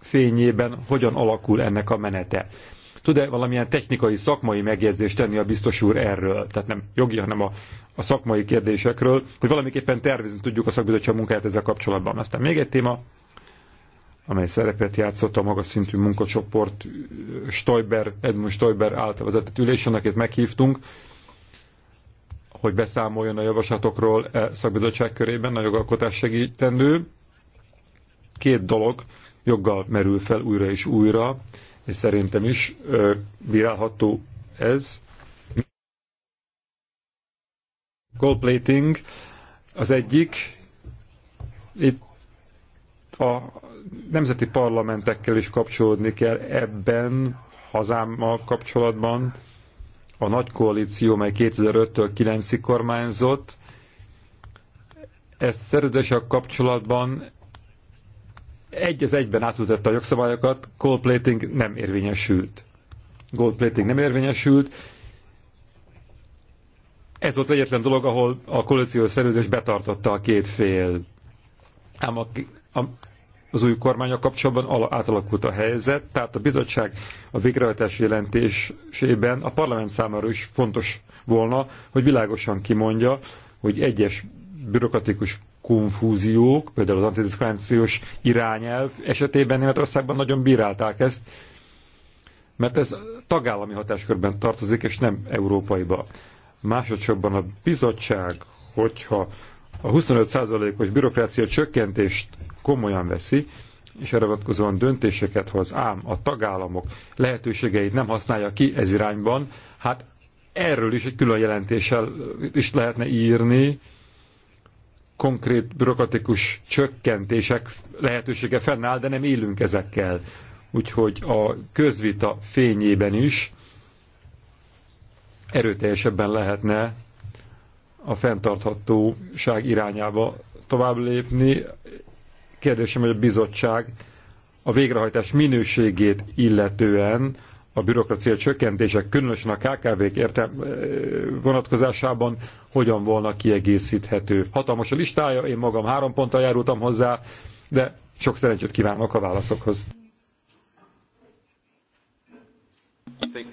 fényében hogyan alakul ennek a menete? Tud-e valamilyen technikai, szakmai megjegyzést tenni a biztos úr erről? Tehát nem jogi, hanem a, a szakmai kérdésekről, hogy valamiképpen tervezni tudjuk a szakbizottság munkáját ezzel kapcsolatban. Aztán még egy téma, amely szerepet játszott a magas szintű munkacsoport Stoiber, Edmund Stoiber által vezetett ülésen, akit meghívtunk, hogy beszámoljon a javaslatokról e szakbizottság körében, a jogalkotás segítendő. Két dolog joggal merül fel újra és újra, és szerintem is ö, bírálható ez. Gold plating az egyik, itt a nemzeti parlamentekkel is kapcsolódni kell ebben, hazámmal kapcsolatban. A nagy koalíció, mely 2005-től 9-ig kormányzott, ez szerződéssel kapcsolatban egy az egyben átültette a jogszabályokat, gold plating nem érvényesült. Gold plating nem érvényesült. Ez volt egyetlen dolog, ahol a koalíciós szerződés betartotta a két fél. Ám a, a, az új kormánya kapcsolatban ala, átalakult a helyzet, tehát a bizottság a végrehajtási jelentésében a parlament számára is fontos volna, hogy világosan kimondja, hogy egyes bürokratikus konfúziók, például az antidiszkriminációs irányelv esetében Németországban nagyon bírálták ezt, mert ez tagállami hatáskörben tartozik, és nem európaiba. Másodszorban a bizottság, hogyha a 25%-os bürokrácia csökkentést komolyan veszi, és erre vonatkozóan döntéseket hoz, ám a tagállamok lehetőségeit nem használja ki ez irányban, hát erről is egy külön jelentéssel is lehetne írni, konkrét bürokratikus csökkentések lehetősége fennáll, de nem élünk ezekkel. Úgyhogy a közvita fényében is erőteljesebben lehetne a fenntarthatóság irányába tovább lépni. Kérdésem, hogy a bizottság a végrehajtás minőségét illetően a bürokrácia csökkentése, különösen a KKV-k vonatkozásában hogyan volna kiegészíthető. Hatalmas a listája, én magam három ponttal járultam hozzá, de sok szerencsét kívánok a válaszokhoz. Uh,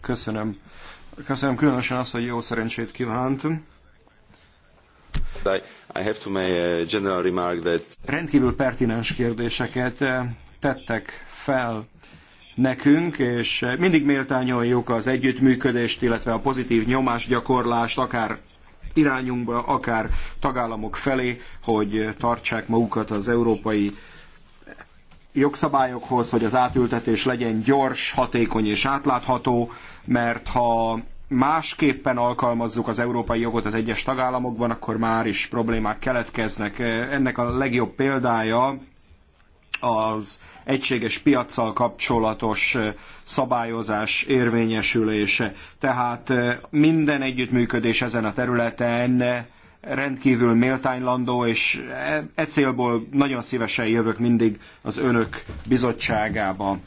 Köszönöm. Köszönöm különösen azt, hogy jó szerencsét kívánt. I, I have to make a general remark that... Rendkívül pertinens kérdéseket eh, tettek fel nekünk, és mindig méltányoljuk az együttműködést, illetve a pozitív nyomásgyakorlást, akár irányunkba, akár tagállamok felé, hogy tartsák magukat az európai jogszabályokhoz, hogy az átültetés legyen gyors, hatékony és átlátható, mert ha másképpen alkalmazzuk az európai jogot az egyes tagállamokban, akkor már is problémák keletkeznek. Ennek a legjobb példája az egységes piaccal kapcsolatos szabályozás érvényesülése. Tehát minden együttműködés ezen a területen rendkívül méltánylandó, és e célból nagyon szívesen jövök mindig az önök bizottságába.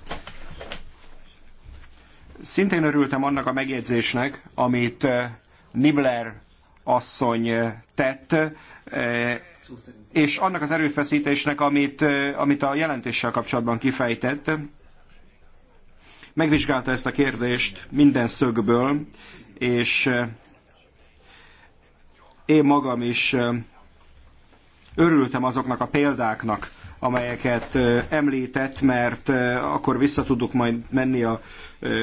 Szintén örültem annak a megjegyzésnek, amit Nibler asszony tett, és annak az erőfeszítésnek, amit, amit a jelentéssel kapcsolatban kifejtett, megvizsgálta ezt a kérdést minden szögből, és én magam is örültem azoknak a példáknak, amelyeket említett, mert akkor vissza tudok majd menni a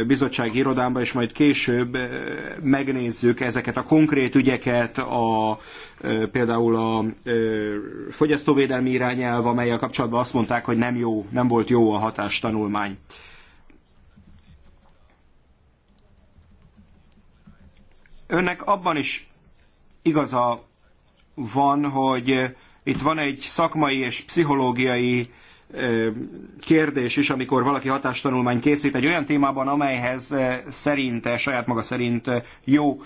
bizottsági irodámba, és majd később megnézzük ezeket a konkrét ügyeket, a, például a fogyasztóvédelmi irányelv, amelyel kapcsolatban azt mondták, hogy nem jó, nem volt jó a hatástanulmány. Önnek abban is igaza van, hogy itt van egy szakmai és pszichológiai kérdés is, amikor valaki hatástanulmány készít egy olyan témában, amelyhez szerinte, saját maga szerint jó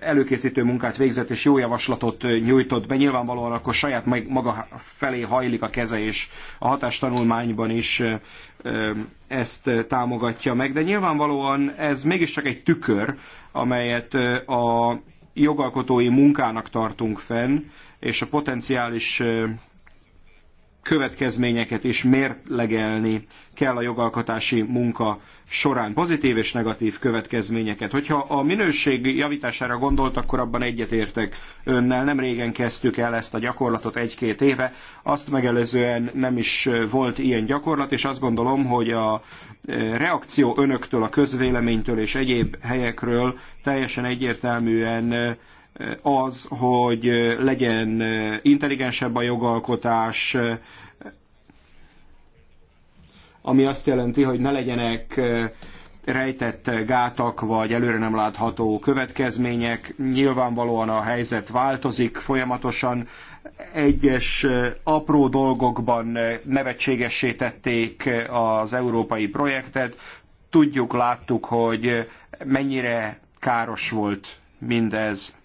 előkészítő munkát végzett és jó javaslatot nyújtott be, nyilvánvalóan akkor saját maga felé hajlik a keze, és a hatástanulmányban is ezt támogatja meg, de nyilvánvalóan ez mégiscsak egy tükör, amelyet a jogalkotói munkának tartunk fenn, és a potenciális következményeket is mérlegelni kell a jogalkotási munka során pozitív és negatív következményeket. Hogyha a minőség javítására gondolt, akkor abban egyetértek önnel. Nem régen kezdtük el ezt a gyakorlatot egy-két éve, azt megelőzően nem is volt ilyen gyakorlat, és azt gondolom, hogy a reakció önöktől, a közvéleménytől és egyéb helyekről teljesen egyértelműen az, hogy legyen intelligensebb a jogalkotás, ami azt jelenti, hogy ne legyenek rejtett gátak vagy előre nem látható következmények. Nyilvánvalóan a helyzet változik folyamatosan. Egyes apró dolgokban nevetségessé tették az európai projektet. Tudjuk, láttuk, hogy mennyire káros volt mindez.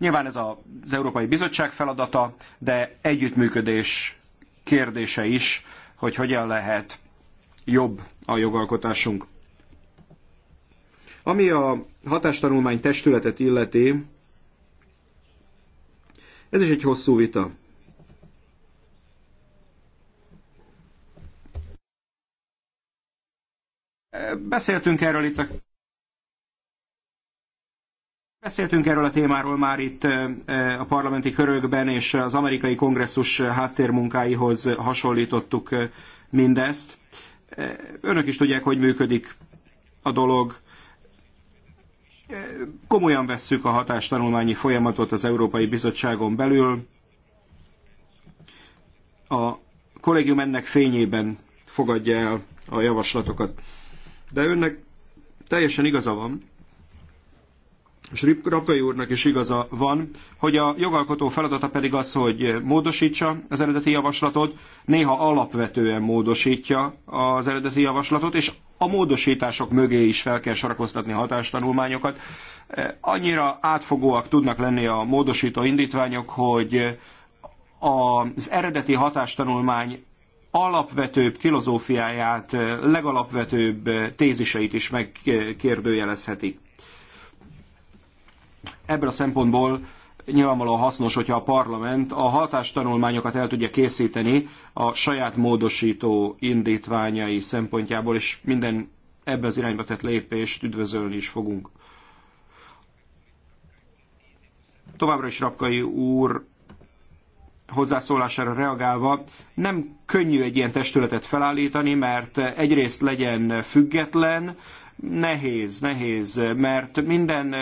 Nyilván ez az Európai Bizottság feladata, de együttműködés kérdése is, hogy hogyan lehet jobb a jogalkotásunk. Ami a hatástanulmány testületet illeti, ez is egy hosszú vita. Beszéltünk erről itt a Beszéltünk erről a témáról már itt a parlamenti körökben, és az amerikai kongresszus háttérmunkáihoz hasonlítottuk mindezt. Önök is tudják, hogy működik a dolog. Komolyan vesszük a hatástanulmányi folyamatot az Európai Bizottságon belül. A kollégium ennek fényében fogadja el a javaslatokat. De önnek teljesen igaza van, és Rapkai úrnak is igaza van, hogy a jogalkotó feladata pedig az, hogy módosítsa az eredeti javaslatot, néha alapvetően módosítja az eredeti javaslatot, és a módosítások mögé is fel kell sorakoztatni hatástanulmányokat. Eh, annyira átfogóak tudnak lenni a módosító indítványok, hogy az eredeti hatástanulmány alapvetőbb filozófiáját, eh, legalapvetőbb eh, téziseit is megkérdőjelezhetik. Ebből a szempontból nyilvánvalóan hasznos, hogyha a parlament a hatástanulmányokat el tudja készíteni a saját módosító indítványai szempontjából, és minden ebbe az irányba tett lépést üdvözölni is fogunk. Továbbra is Rapkai úr hozzászólására reagálva, nem könnyű egy ilyen testületet felállítani, mert egyrészt legyen független, Nehéz, nehéz, mert minden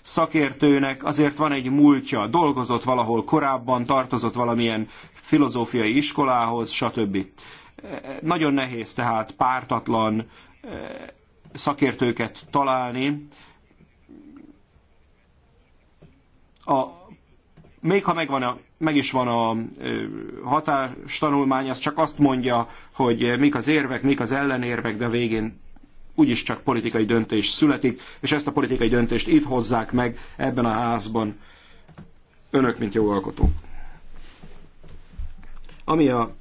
szakértőnek azért van egy múltja, dolgozott valahol korábban, tartozott valamilyen filozófiai iskolához, stb. Nagyon nehéz tehát pártatlan szakértőket találni. A, még ha megvan a, meg is van a hatástanulmány, az csak azt mondja, hogy mik az érvek, mik az ellenérvek, de a végén úgyis csak politikai döntés születik, és ezt a politikai döntést itt hozzák meg ebben a házban önök, mint jogalkotók. Ami a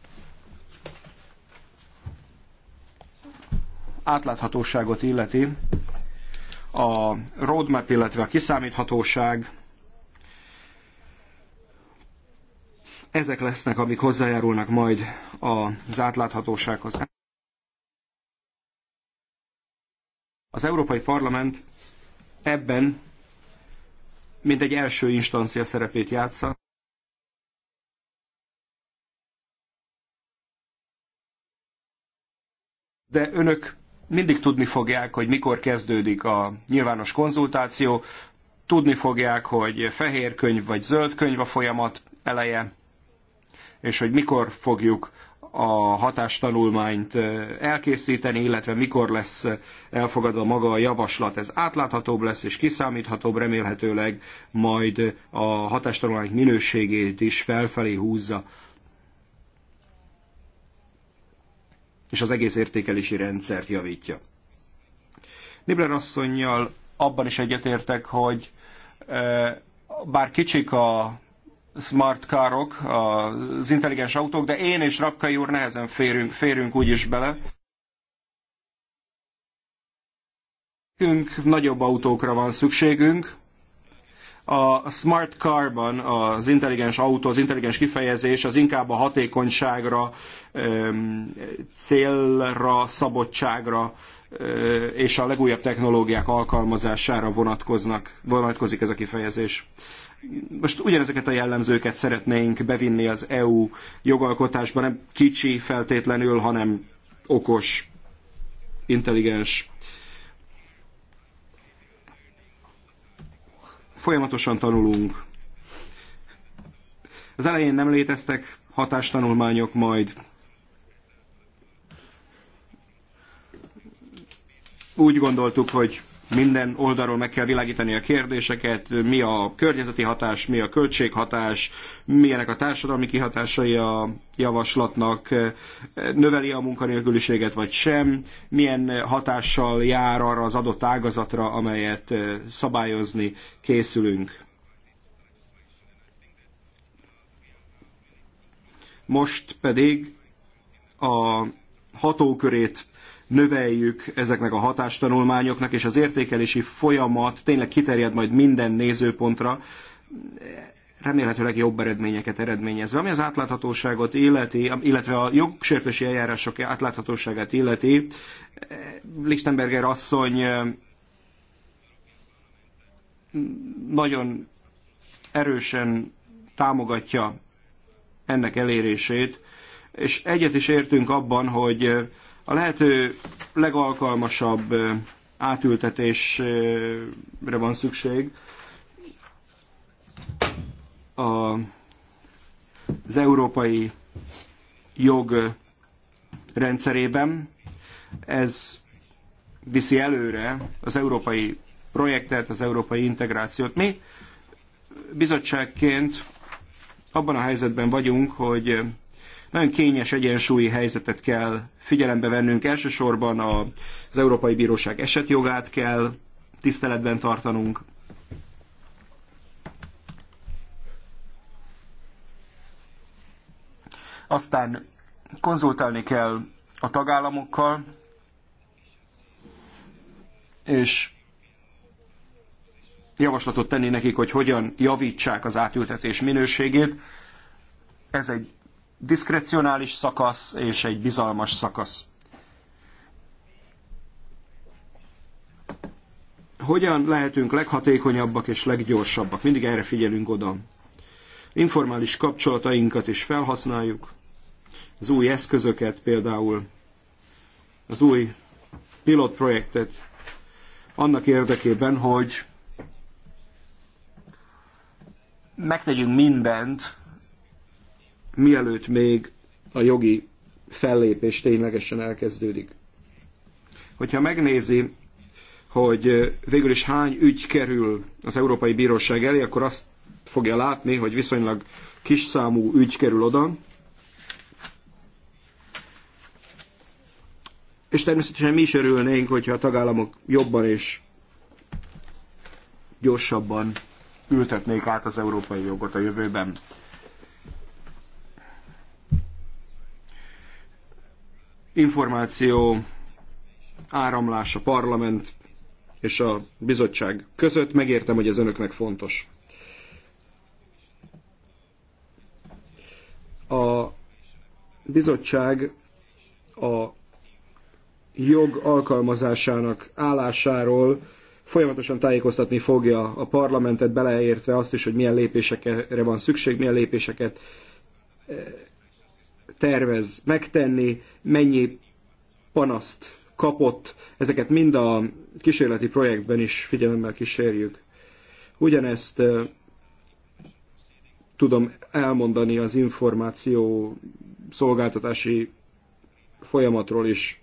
átláthatóságot illeti, a roadmap, illetve a kiszámíthatóság, ezek lesznek, amik hozzájárulnak majd az átláthatósághoz. Az Európai Parlament ebben mint egy első instancia szerepét játsza. De önök mindig tudni fogják, hogy mikor kezdődik a nyilvános konzultáció, tudni fogják, hogy fehér könyv vagy zöld könyv a folyamat eleje, és hogy mikor fogjuk a hatástanulmányt elkészíteni, illetve mikor lesz elfogadva maga a javaslat. Ez átláthatóbb lesz és kiszámíthatóbb, remélhetőleg majd a hatástanulmány minőségét is felfelé húzza. És az egész értékelési rendszert javítja. Nibler asszonynal abban is egyetértek, hogy bár kicsik a smart károk, az intelligens autók, de én és Rapkai úr nehezen férünk, férünk úgyis bele. Nekünk nagyobb autókra van szükségünk. A smart carban az intelligens autó, az intelligens kifejezés az inkább a hatékonyságra, célra, szabottságra és a legújabb technológiák alkalmazására vonatkoznak, vonatkozik ez a kifejezés most ugyanezeket a jellemzőket szeretnénk bevinni az EU jogalkotásba, nem kicsi feltétlenül, hanem okos, intelligens, folyamatosan tanulunk. Az elején nem léteztek hatástanulmányok, majd úgy gondoltuk, hogy minden oldalról meg kell világítani a kérdéseket, mi a környezeti hatás, mi a költséghatás, milyenek a társadalmi kihatásai a javaslatnak, növeli a munkanélküliséget vagy sem, milyen hatással jár arra az adott ágazatra, amelyet eh, szabályozni készülünk. Most pedig a hatókörét növeljük ezeknek a hatástanulmányoknak, és az értékelési folyamat tényleg kiterjed majd minden nézőpontra, remélhetőleg jobb eredményeket eredményezve. Ami az átláthatóságot illeti, illetve a jogsértési eljárások átláthatóságát illeti, Lichtenberger asszony eh, nagyon erősen támogatja ennek elérését, és egyet is értünk abban, hogy eh, a lehető legalkalmasabb átültetésre van szükség a, az európai jog rendszerében. Ez viszi előre az európai projektet, az európai integrációt. Mi bizottságként abban a helyzetben vagyunk, hogy nagyon kényes egyensúlyi helyzetet kell figyelembe vennünk. Elsősorban az Európai Bíróság esetjogát kell tiszteletben tartanunk. Aztán konzultálni kell a tagállamokkal, és javaslatot tenni nekik, hogy hogyan javítsák az átültetés minőségét. Ez egy diszkrecionális szakasz és egy bizalmas szakasz. Hogyan lehetünk leghatékonyabbak és leggyorsabbak? Mindig erre figyelünk oda. Informális kapcsolatainkat is felhasználjuk, az új eszközöket például, az új pilotprojektet annak érdekében, hogy megtegyünk mindent, mielőtt még a jogi fellépés ténylegesen elkezdődik. Hogyha megnézi, hogy végül is hány ügy kerül az Európai Bíróság elé, akkor azt fogja látni, hogy viszonylag kis számú ügy kerül oda, És természetesen mi is örülnénk, hogyha a tagállamok jobban és gyorsabban ültetnék át az európai jogot a jövőben. információ áramlás a parlament és a bizottság között. Megértem, hogy ez önöknek fontos. A bizottság a jog alkalmazásának állásáról folyamatosan tájékoztatni fogja a parlamentet, beleértve azt is, hogy milyen lépésekre van szükség, milyen lépéseket tervez megtenni, mennyi panaszt kapott, ezeket mind a kísérleti projektben is figyelemmel kísérjük. Ugyanezt tudom elmondani az információ szolgáltatási folyamatról is.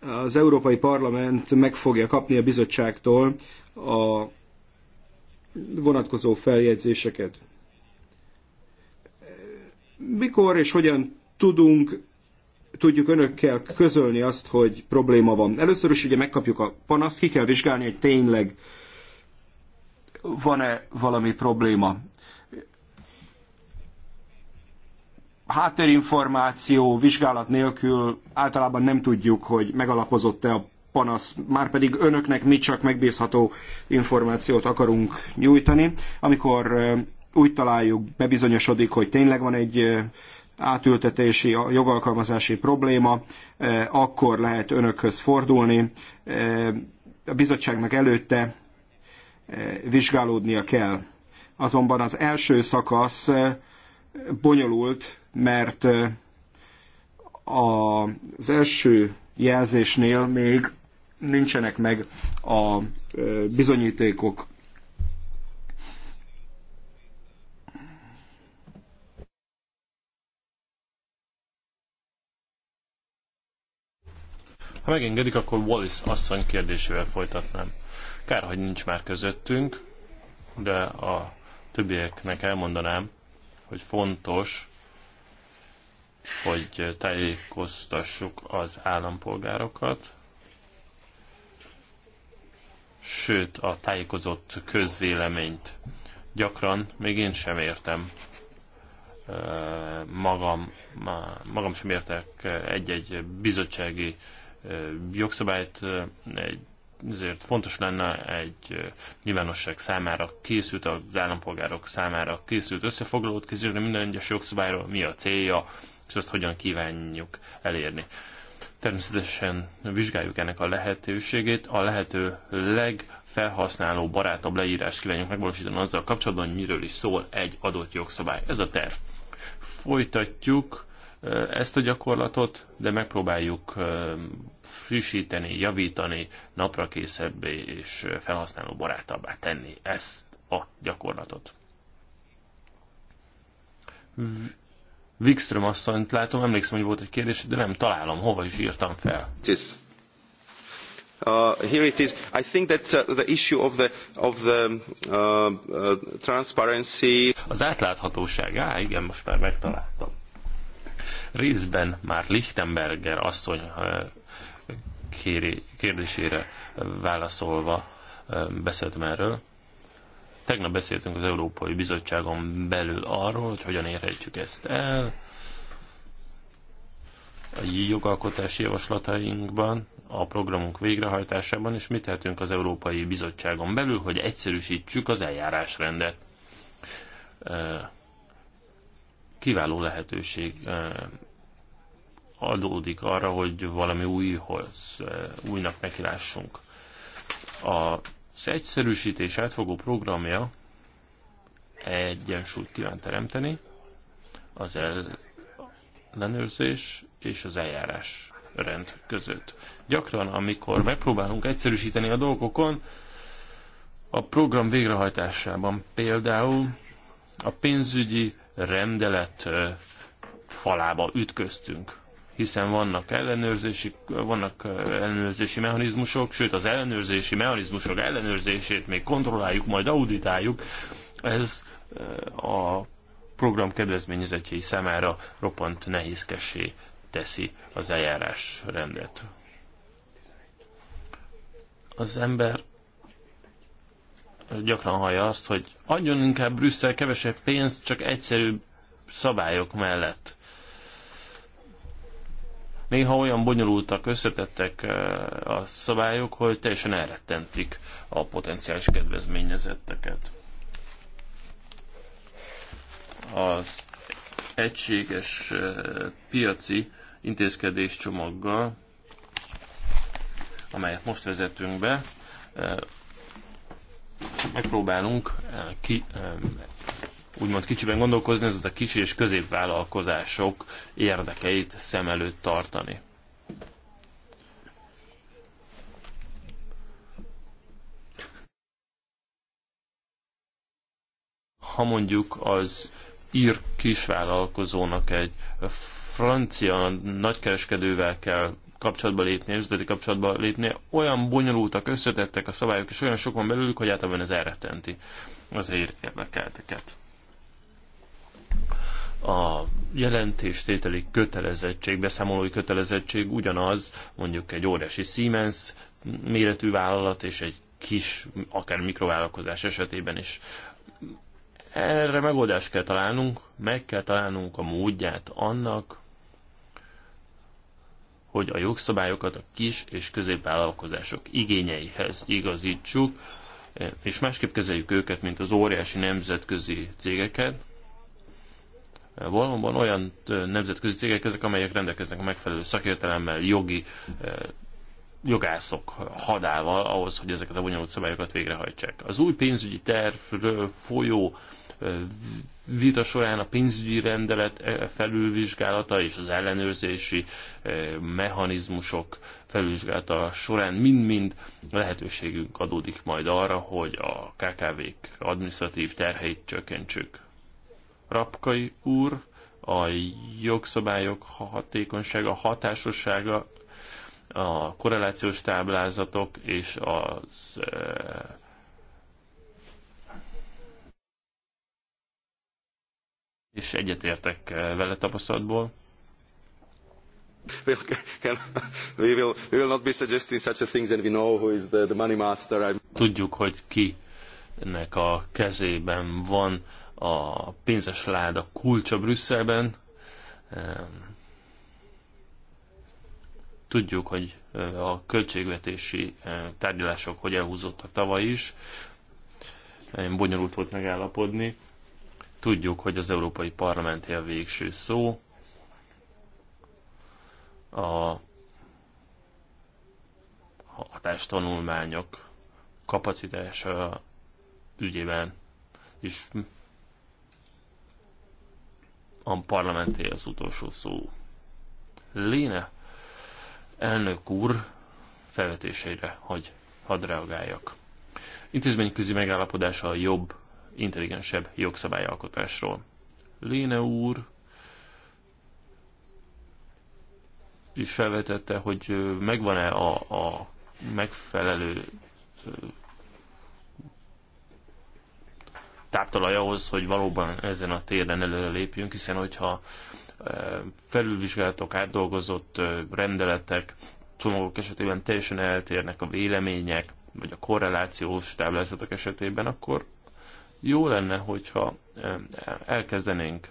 Az Európai Parlament meg fogja kapni a bizottságtól a vonatkozó feljegyzéseket. Mikor és hogyan tudunk, tudjuk önökkel közölni azt, hogy probléma van? Először is ugye megkapjuk a panaszt, ki kell vizsgálni, hogy tényleg van-e valami probléma. háttérinformáció, vizsgálat nélkül általában nem tudjuk, hogy megalapozott-e a panasz, már pedig önöknek mi csak megbízható információt akarunk nyújtani. Amikor úgy találjuk, bebizonyosodik, hogy tényleg van egy átültetési, jogalkalmazási probléma, akkor lehet önökhöz fordulni. A bizottságnak előtte vizsgálódnia kell. Azonban az első szakasz bonyolult, mert az első jelzésnél még nincsenek meg a bizonyítékok. Ha megengedik, akkor Wallis asszony kérdésével folytatnám. Kár, hogy nincs már közöttünk, de a többieknek elmondanám, hogy fontos, hogy tájékoztassuk az állampolgárokat, sőt a tájékozott közvéleményt. Gyakran még én sem értem magam, magam sem értek egy-egy bizottsági jogszabályt, egy, ezért fontos lenne egy nyilvánosság számára készült, az állampolgárok számára készült összefoglalót készíteni minden egyes jogszabályról, mi a célja, és azt hogyan kívánjuk elérni. Természetesen vizsgáljuk ennek a lehetőségét, a lehető legfelhasználó barátabb leírás kívánjuk megvalósítani azzal kapcsolatban, hogy miről is szól egy adott jogszabály. Ez a terv. Folytatjuk eh, ezt a gyakorlatot, de megpróbáljuk eh, frissíteni, javítani, készebbé és felhasználó barátabbá tenni ezt a gyakorlatot Wikström asszonyt látom, emlékszem, hogy volt egy kérdés, de nem találom, hova is írtam fel. Yes. Uh, here it is. I think that uh, the issue of the, of the um, uh, uh, transparency... Az átláthatóság, á, igen, most már megtaláltam. Részben már Lichtenberger asszony uh, kéri, kérdésére válaszolva uh, beszéltem erről. Tegnap beszéltünk az Európai Bizottságon belül arról, hogy hogyan érhetjük ezt el. A jogalkotási javaslatainkban, a programunk végrehajtásában, és mit tehetünk az Európai Bizottságon belül, hogy egyszerűsítsük az eljárásrendet. Kiváló lehetőség adódik arra, hogy valami újhoz, újnak nekilássunk. A az egyszerűsítés átfogó programja egyensúlyt kíván teremteni az ellenőrzés és az eljárás rend között. Gyakran, amikor megpróbálunk egyszerűsíteni a dolgokon, a program végrehajtásában például a pénzügyi rendelet falába ütköztünk hiszen vannak ellenőrzési, vannak ellenőrzési mechanizmusok, sőt az ellenőrzési mechanizmusok ellenőrzését még kontrolláljuk, majd auditáljuk. Ez a program kedvezményezetjei számára roppant nehézkesé teszi az eljárás rendet. Az ember gyakran hallja azt, hogy adjon inkább Brüsszel kevesebb pénzt, csak egyszerűbb szabályok mellett. Néha olyan bonyolultak, összetettek eh, a szabályok, hogy teljesen elrettentik a potenciális kedvezményezetteket. Az egységes eh, piaci intézkedés csomaggal, amelyet most vezetünk be, eh, megpróbálunk ki úgymond kicsiben gondolkozni, ez a kicsi és középvállalkozások érdekeit szem előtt tartani. Ha mondjuk az ír kisvállalkozónak egy francia nagykereskedővel kell kapcsolatba lépnie, üzleti kapcsolatba lépni, olyan bonyolultak, összetettek a szabályok, és olyan sok van belőlük, hogy általában ez elretenti az ér érdekelteket a jelentéstételi kötelezettség, beszámolói kötelezettség ugyanaz, mondjuk egy óriási Siemens méretű vállalat és egy kis, akár mikrovállalkozás esetében is. Erre megoldást kell találnunk, meg kell találnunk a módját annak, hogy a jogszabályokat a kis és középvállalkozások igényeihez igazítsuk, és másképp kezeljük őket, mint az óriási nemzetközi cégeket, valóban olyan nemzetközi cégek ezek, amelyek rendelkeznek a megfelelő szakértelemmel, jogi jogászok hadával ahhoz, hogy ezeket a bonyolult szabályokat végrehajtsák. Az új pénzügyi tervről folyó vita során a pénzügyi rendelet felülvizsgálata és az ellenőrzési mechanizmusok felülvizsgálata során mind-mind lehetőségünk adódik majd arra, hogy a KKV-k adminisztratív terheit csökkentsük. Rapkai úr, a jogszabályok hatékonysága, hatásossága, a korrelációs táblázatok és az és egyetértek vele tapasztalatból. We'll, can, we, will, we will not be suggesting such a things and we know who is the, the money master. Tudjuk, hogy ki nek a kezében van a pénzes láda kulcsa Brüsszelben. Tudjuk, hogy a költségvetési tárgyalások hogy elhúzottak tavaly is. Nagyon bonyolult volt megállapodni. Tudjuk, hogy az Európai Parlamenti a végső szó. A hatástanulmányok kapacitása ügyében is a parlamenté az utolsó szó. Léne elnök úr felvetéseire, hogy hadd reagáljak. Intézményközi megállapodása a jobb, intelligensebb jogszabályalkotásról. Léne úr is felvetette, hogy megvan-e a, a megfelelő táptalaj ahhoz, hogy valóban ezen a téren előre lépjünk, hiszen hogyha e, felülvizsgálatok, átdolgozott e, rendeletek, csomagok esetében teljesen eltérnek a vélemények, vagy a korrelációs táblázatok esetében, akkor jó lenne, hogyha e, elkezdenénk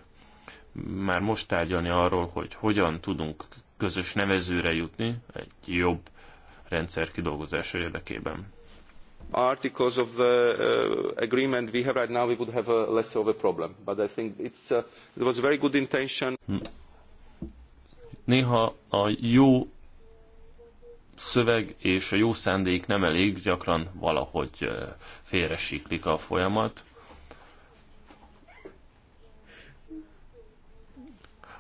már most tárgyalni arról, hogy hogyan tudunk közös nevezőre jutni egy jobb rendszer kidolgozása érdekében articles of the uh, agreement we have right now, we would have a uh, less of a problem. But I think it's, uh, it was a very good intention. Hm. Néha a jó szöveg és a jó szándék nem elég, gyakran valahogy uh, félresiklik a folyamat.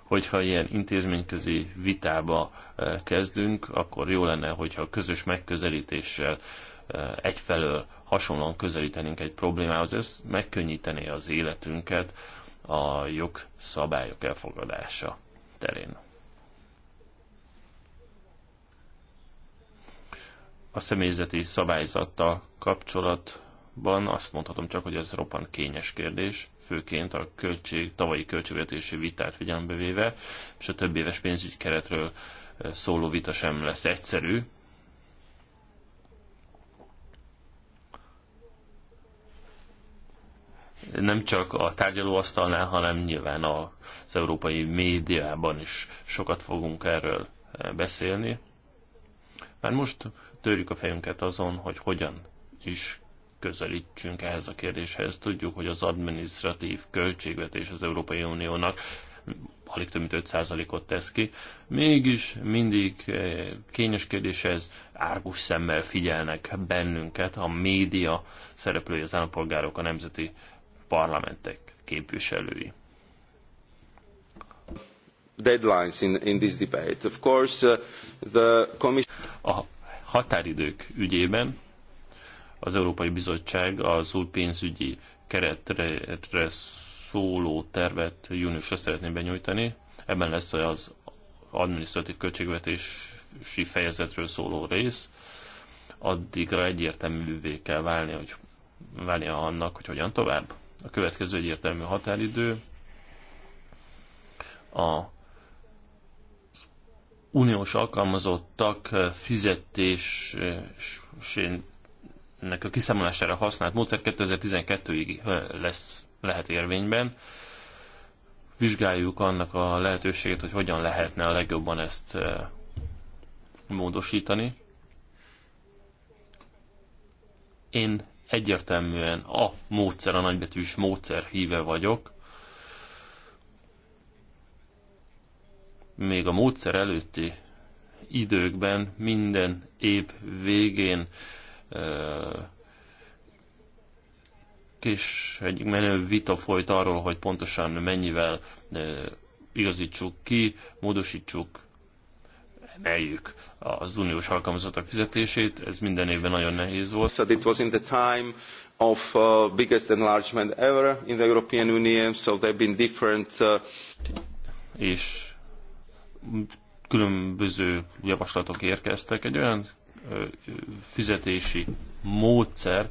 Hogyha ilyen intézményközi vitába kezdünk, akkor jó lenne, hogyha közös megközelítéssel egyfelől hasonlóan közelítenénk egy problémához, ez megkönnyítené az életünket a jogszabályok elfogadása terén. A személyzeti szabályzattal kapcsolatban azt mondhatom csak, hogy ez roppant kényes kérdés, főként a költség, tavalyi költségvetési vitát figyelembe véve, és a több éves pénzügyi keretről szóló vita sem lesz egyszerű, nem csak a tárgyalóasztalnál, hanem nyilván az európai médiában is sokat fogunk erről beszélni. Már most törjük a fejünket azon, hogy hogyan is közelítsünk ehhez a kérdéshez. Tudjuk, hogy az administratív költségvetés az Európai Uniónak alig több mint 5%-ot tesz ki. Mégis mindig eh, kényes kérdés ez, árgus szemmel figyelnek bennünket, a média szereplői, az állampolgárok, a nemzeti parlamentek képviselői. Deadlines in, in this debate. Of course, uh, the commission... A határidők ügyében az Európai Bizottság az új pénzügyi keretre szóló tervet júniusra szeretné benyújtani. Ebben lesz az administratív költségvetési fejezetről szóló rész. Addigra egyértelművé kell válni, hogy válnia annak, hogy hogyan tovább. A következő egyértelmű határidő a uniós alkalmazottak fizetésének a kiszámolására használt módszer 2012-ig lesz, lehet érvényben. Vizsgáljuk annak a lehetőséget, hogy hogyan lehetne a legjobban ezt módosítani. Én egyértelműen a módszer, a nagybetűs módszer híve vagyok. Még a módszer előtti időkben minden év végén kis egy menő vita folyt arról, hogy pontosan mennyivel igazítsuk ki, módosítsuk emeljük az uniós alkalmazottak fizetését, ez minden évben nagyon nehéz volt. So it was in the time of uh, biggest enlargement ever in the European Union, so there have been different... Uh... És különböző javaslatok érkeztek. Egy olyan uh, fizetési módszer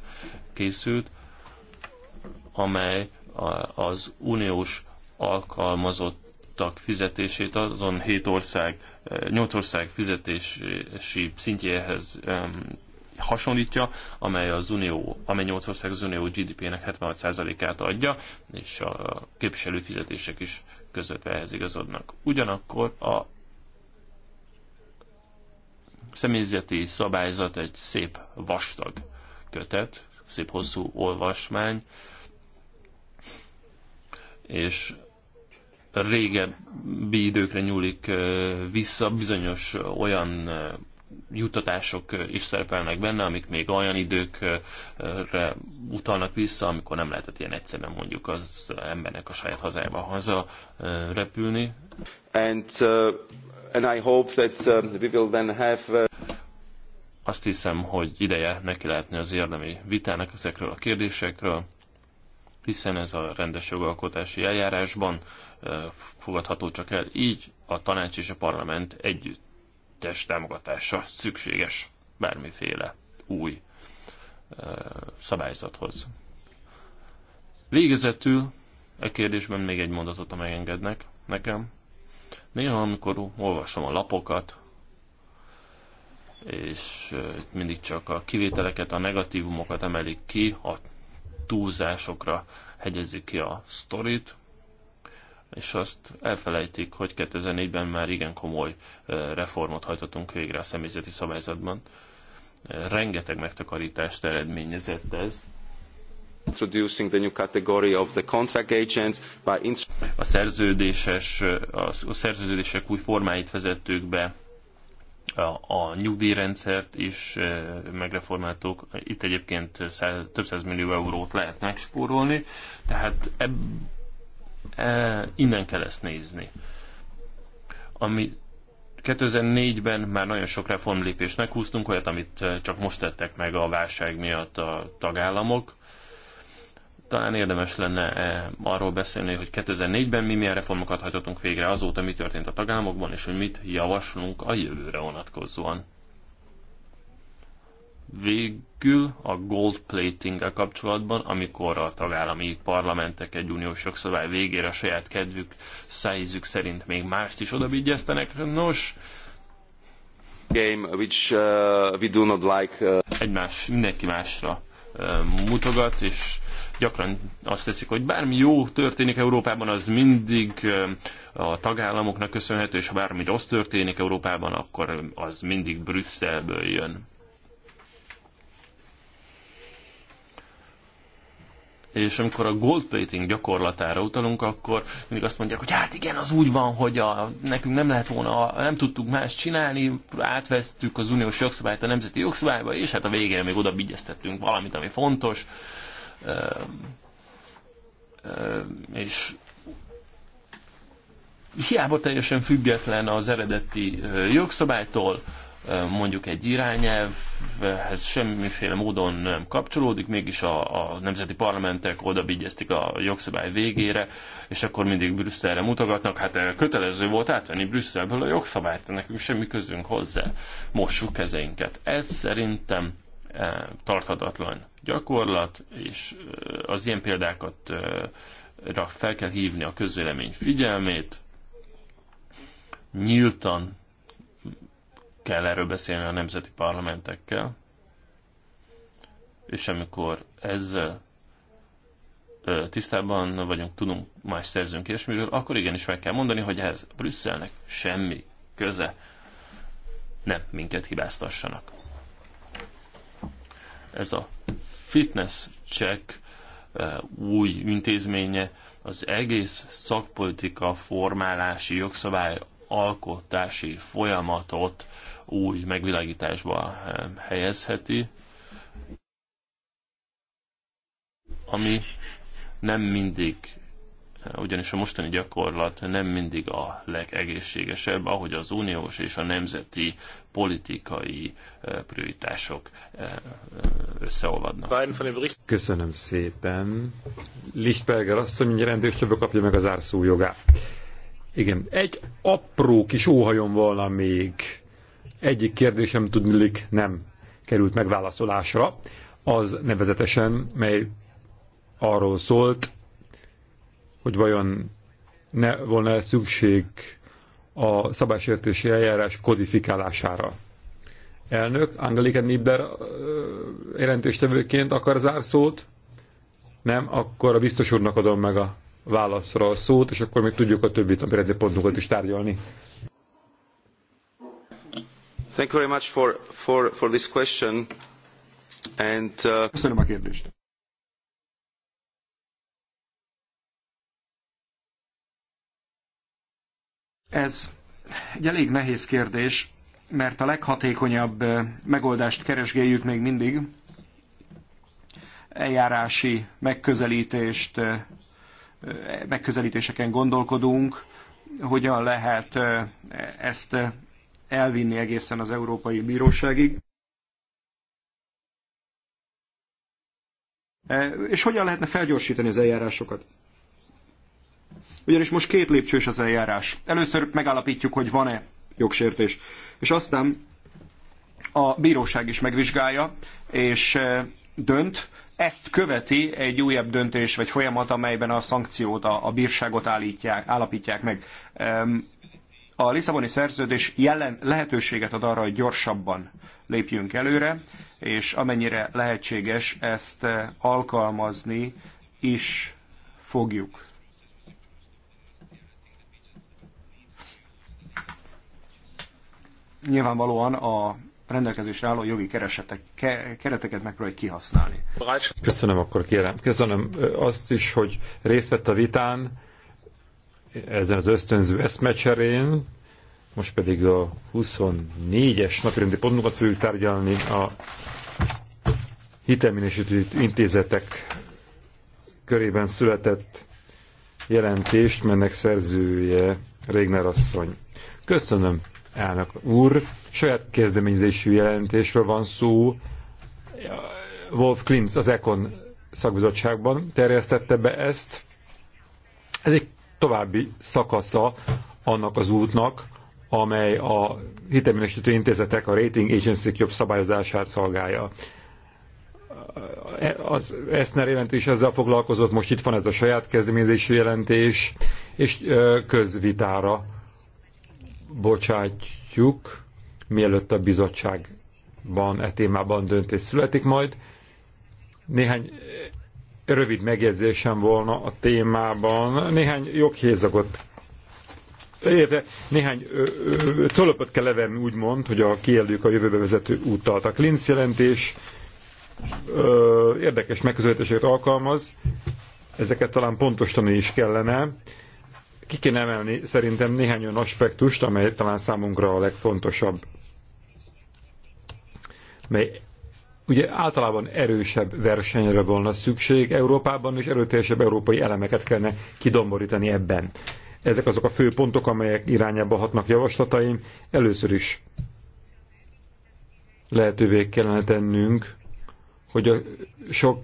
készült, amely a, az uniós alkalmazottak fizetését azon hét ország nyolc ország fizetési szintjéhez hasonlítja, amely az Unió, amely 8 ország az Unió GDP-nek 76%-át adja, és a képviselő fizetések is közvetve ehhez igazodnak. Ugyanakkor a személyzeti szabályzat egy szép vastag kötet, szép hosszú olvasmány, és régebbi időkre nyúlik vissza, bizonyos olyan juttatások is szerepelnek benne, amik még olyan időkre utalnak vissza, amikor nem lehetett ilyen egyszerűen mondjuk az embernek a saját hazájába haza repülni. And, uh, and I hope that uh, we will then have uh, Azt hiszem, hogy ideje neki lehetne az érdemi vitának ezekről a kérdésekről, hiszen ez a rendes jogalkotási eljárásban fogadható csak el, így a tanács és a parlament együttes támogatása szükséges bármiféle új szabályzathoz. Végezetül e kérdésben még egy mondatot, ha megengednek nekem. Néha, amikor olvasom a lapokat, és mindig csak a kivételeket, a negatívumokat emelik ki, a túlzásokra hegyezik ki a sztorit, és azt elfelejtik, hogy 2004-ben már igen komoly reformot hajtottunk végre a személyzeti szabályzatban. Rengeteg megtakarítást eredményezett ez. Introducing the new category of the contract agents by a szerződéses, a szerződések új formáit vezettük be, a, a nyugdíjrendszert is megreformáltuk. Itt egyébként száz, több száz millió eurót lehet megspórolni, tehát ebb, e, innen kell ezt nézni. Ami 2004-ben már nagyon sok reformlépést meghúztunk, olyat, amit e, csak most tettek meg a válság miatt a tagállamok. Talán érdemes lenne e, arról beszélni, hogy 2004-ben mi milyen reformokat hajtottunk végre azóta, mi történt a tagállamokban, és hogy mit javaslunk a jövőre vonatkozóan. Végül a gold plating kapcsolatban, amikor a tagállami parlamentek egy uniós jogszabály végére a saját kedvük, szájízük szerint még mást is odabigyeztenek, nos, game which uh, we do not like. Uh... Egymás, mindenki másra uh, mutogat, és gyakran azt teszik, hogy bármi jó történik Európában, az mindig uh, a tagállamoknak köszönhető, és ha bármi rossz történik Európában, akkor az mindig Brüsszelből jön. és amikor a gold plating gyakorlatára utalunk, akkor mindig azt mondják, hogy hát igen, az úgy van, hogy a, nekünk nem lehet volna, a, nem tudtuk más csinálni, átvesztük az uniós jogszabályt a nemzeti jogszabályba, és hát a végére még oda bigyeztettünk valamit, ami fontos, ö, ö, és hiába teljesen független az eredeti jogszabálytól, mondjuk egy irányelvhez semmiféle módon nem kapcsolódik, mégis a, a nemzeti parlamentek oda a jogszabály végére, és akkor mindig Brüsszelre mutogatnak, hát eh, kötelező volt átvenni Brüsszelből a jogszabályt, nekünk semmi közünk hozzá, mossuk kezeinket. Ez szerintem eh, tarthatatlan gyakorlat, és eh, az ilyen példákat fel kell hívni a közvélemény figyelmét, nyíltan kell erről beszélni a nemzeti parlamentekkel, és amikor ezzel tisztában vagyunk, tudunk, más szerzünk miről, akkor igenis meg kell mondani, hogy ez Brüsszelnek semmi köze. Nem minket hibáztassanak. Ez a fitness check új intézménye az egész szakpolitika formálási, jogszabály alkotási folyamatot új megvilágításba eh, helyezheti, ami nem mindig, eh, ugyanis a mostani gyakorlat nem mindig a legegészségesebb, ahogy az uniós és a nemzeti politikai eh, prioritások összeolvadnak. Köszönöm szépen. Lichtberger asszony, hogy rendőrcsövő kapja meg az árszó jogát. Igen, egy apró kis óhajom volna még egyik kérdésem tudnilik nem került megválaszolásra, az nevezetesen, mely arról szólt, hogy vajon ne volna -e szükség a szabálysértési eljárás kodifikálására. Elnök, Angelika Nibler jelentéstevőként akar zárszót? Nem, akkor a biztos úrnak adom meg a válaszra a szót, és akkor még tudjuk a többi napirendi pontokat is tárgyalni. Thank you very much for, for, for this question. And, uh... Ez egy elég nehéz kérdés, mert a leghatékonyabb megoldást keresgéljük még mindig, eljárási megközelítést, megközelítéseken gondolkodunk, hogyan lehet ezt elvinni egészen az Európai Bíróságig. E, és hogyan lehetne felgyorsítani az eljárásokat? Ugyanis most két lépcsős az eljárás. Először megállapítjuk, hogy van-e jogsértés, és aztán a bíróság is megvizsgálja, és e, dönt, ezt követi egy újabb döntés vagy folyamat, amelyben a szankciót, a, a bírságot állítják, állapítják meg. A Lisszaboni szerződés jelen lehetőséget ad arra, hogy gyorsabban lépjünk előre, és amennyire lehetséges ezt eh, alkalmazni is fogjuk. Nyilvánvalóan a rendelkezésre álló jogi keresetek, ke, kereteket megpróbáljuk kihasználni. Köszönöm akkor kérem. Köszönöm eh, azt is, hogy részt vett a vitán, ezen az ösztönző eszmecserén, most pedig a 24-es napirendi pontunkat fogjuk tárgyalni a hitelminősítő intézetek körében született jelentést, mennek szerzője Régner asszony. Köszönöm, elnök úr. Saját kezdeményezésű jelentésről van szó. Wolf Klintz az Econ szakbizottságban terjesztette be ezt. Ez egy további szakasza annak az útnak, amely a hitelminősítő intézetek, a rating agency jobb szabályozását szolgálja. Az Eszner jelentés ezzel foglalkozott, most itt van ez a saját kezdeményezésű jelentés, és közvitára bocsátjuk, mielőtt a bizottságban e témában döntés születik majd. Néhány rövid megjegyzésem volna a témában. Néhány joghézagot Érte, néhány colopot kell levenni, úgymond, hogy a kijelöljük a jövőbe vezető úttal. A Klinz jelentés ö, érdekes megközelítéseket alkalmaz, ezeket talán pontosítani is kellene. Ki kéne emelni szerintem néhány olyan aspektust, amely talán számunkra a legfontosabb, mely ugye általában erősebb versenyre volna szükség Európában, és erőteljesebb európai elemeket kellene kidomborítani ebben. Ezek azok a fő pontok, amelyek irányába hatnak javaslataim. Először is lehetővé kellene tennünk, hogy a sok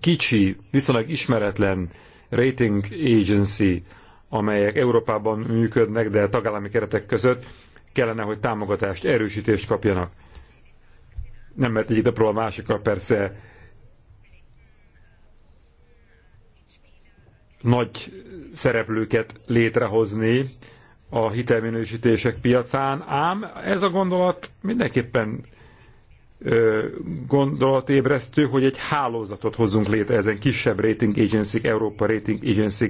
kicsi, viszonylag ismeretlen rating agency, amelyek Európában működnek, de tagállami keretek között, kellene, hogy támogatást, erősítést kapjanak nem mert egyik napról a másikra persze nagy szereplőket létrehozni a hitelminősítések piacán, ám ez a gondolat mindenképpen gondolatébresztő, hogy egy hálózatot hozzunk létre ezen kisebb rating agency, Európa rating agency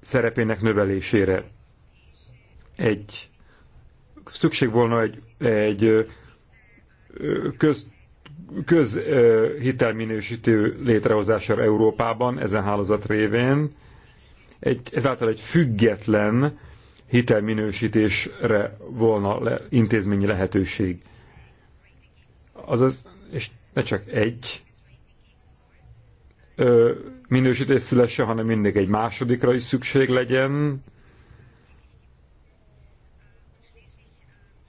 szerepének növelésére. Egy szükség volna egy, egy köz, közhitelminősítő létrehozására Európában ezen hálózat révén, egy, ezáltal egy független hitelminősítésre volna le, intézményi lehetőség. Azaz, és ne csak egy ö, minősítés szülesse, hanem mindig egy másodikra is szükség legyen,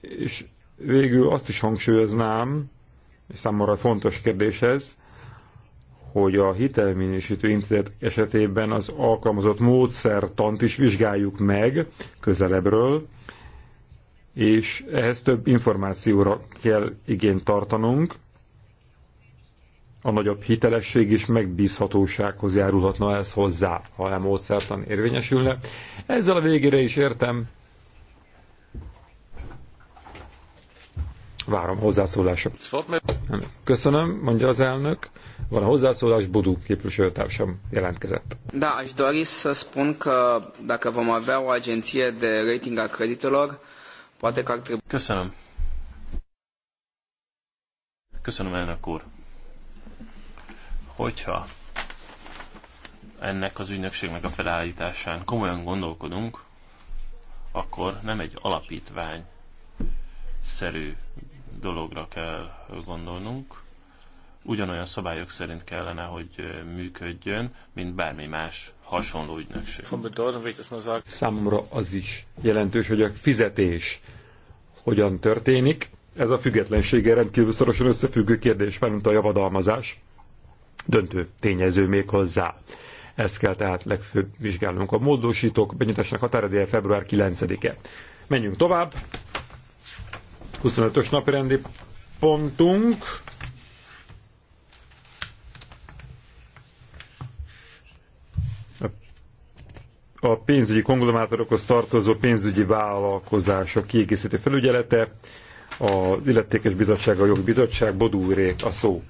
és Végül azt is hangsúlyoznám, és számomra fontos kérdés ez, hogy a hitelminősítő intézet esetében az alkalmazott módszertant is vizsgáljuk meg közelebbről, és ehhez több információra kell igényt tartanunk. A nagyobb hitelesség és megbízhatósághoz járulhatna ez hozzá, ha a módszertan érvényesülne. Ezzel a végére is értem, várom hozzászólások. Köszönöm, mondja az elnök. Van a hozzászólás, Budú képviselőtársam jelentkezett. Da, aș dori să spun că dacă vom avea o agenție de rating a creditelor, poate că ar trebui... Köszönöm. Köszönöm, elnök úr. Hogyha ennek az ügynökségnek a felállításán komolyan gondolkodunk, akkor nem egy alapítvány szerű dologra kell gondolnunk. Ugyanolyan szabályok szerint kellene, hogy működjön, mint bármi más hasonló ügynökség. Számomra az is jelentős, hogy a fizetés hogyan történik. Ez a függetlensége rendkívül szorosan összefüggő kérdés, mert a javadalmazás döntő tényező még hozzá. Ezt kell tehát legfőbb vizsgálnunk. A módosítók benyújtásnak határidője február 9-e. Menjünk tovább. 25-ös napirendi pontunk. A pénzügyi konglomátorokhoz tartozó pénzügyi vállalkozások kiegészítő felügyelete, a illetékes bizottság, a jogbizottság, Bodúré a szó.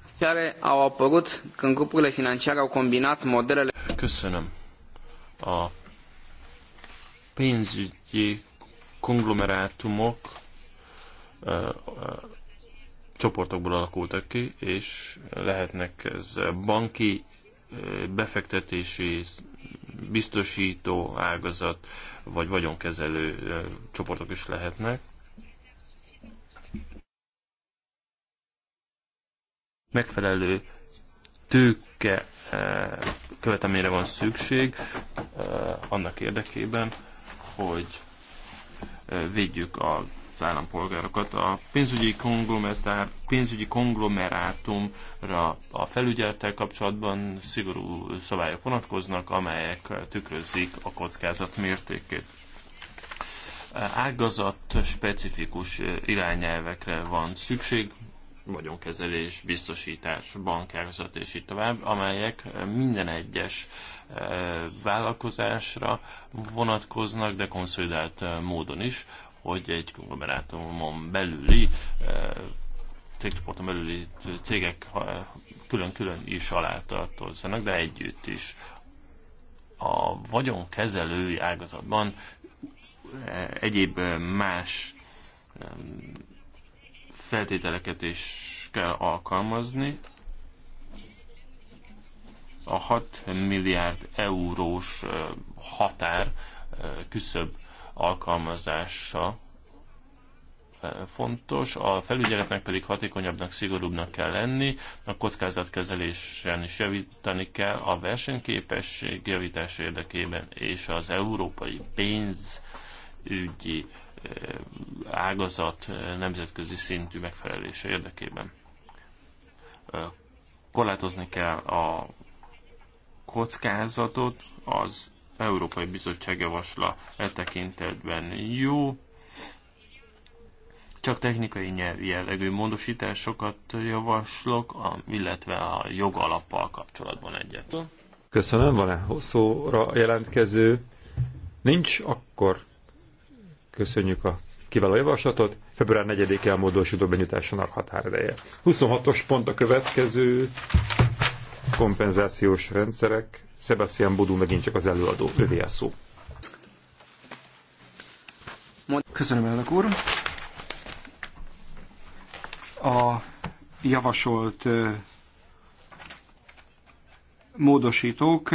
Köszönöm. A pénzügyi konglomerátumok csoportokból alakultak ki, és lehetnek ez banki, befektetési, biztosító ágazat, vagy vagyonkezelő csoportok is lehetnek. Megfelelő tőke követelményre van szükség annak érdekében, hogy védjük a az állampolgárokat a pénzügyi, pénzügyi konglomerátumra a felügyelettel kapcsolatban szigorú szabályok vonatkoznak, amelyek tükrözik a kockázat mértékét ágazat specifikus irányelvekre van szükség, vagyonkezelés, biztosítás, bankágazat és így tovább, amelyek minden egyes e, vállalkozásra vonatkoznak, de konszolidált e, módon is, hogy egy konglomerátumon belüli eh, cégcsoporton belüli cégek külön-külön is alátartozzanak, de együtt is. A vagyonkezelői ágazatban eh, egyéb eh, más feltételeket is kell alkalmazni. A 6 milliárd eurós határ küszöb alkalmazása e, fontos, a felügyeletnek pedig hatékonyabbnak, szigorúbbnak kell lenni, a kockázatkezelésen is javítani kell a versenyképesség javítás érdekében, és az európai pénzügyi e, ágazat e, nemzetközi szintű megfelelése érdekében. Korlátozni kell a kockázatot, az Európai Bizottság javasla e tekintetben jó, csak technikai nyelvi jellegű módosításokat javaslok, illetve a jogalappal kapcsolatban egyet. Köszönöm, van-e szóra jelentkező? Nincs, akkor köszönjük a kiváló javaslatot. Február 4-e a módosító benyújtásának határideje. 26-os pont a következő kompenzációs rendszerek Sebastian Bodú megint csak az előadó, övé a szó. Köszönöm, elnök úr. A javasolt módosítók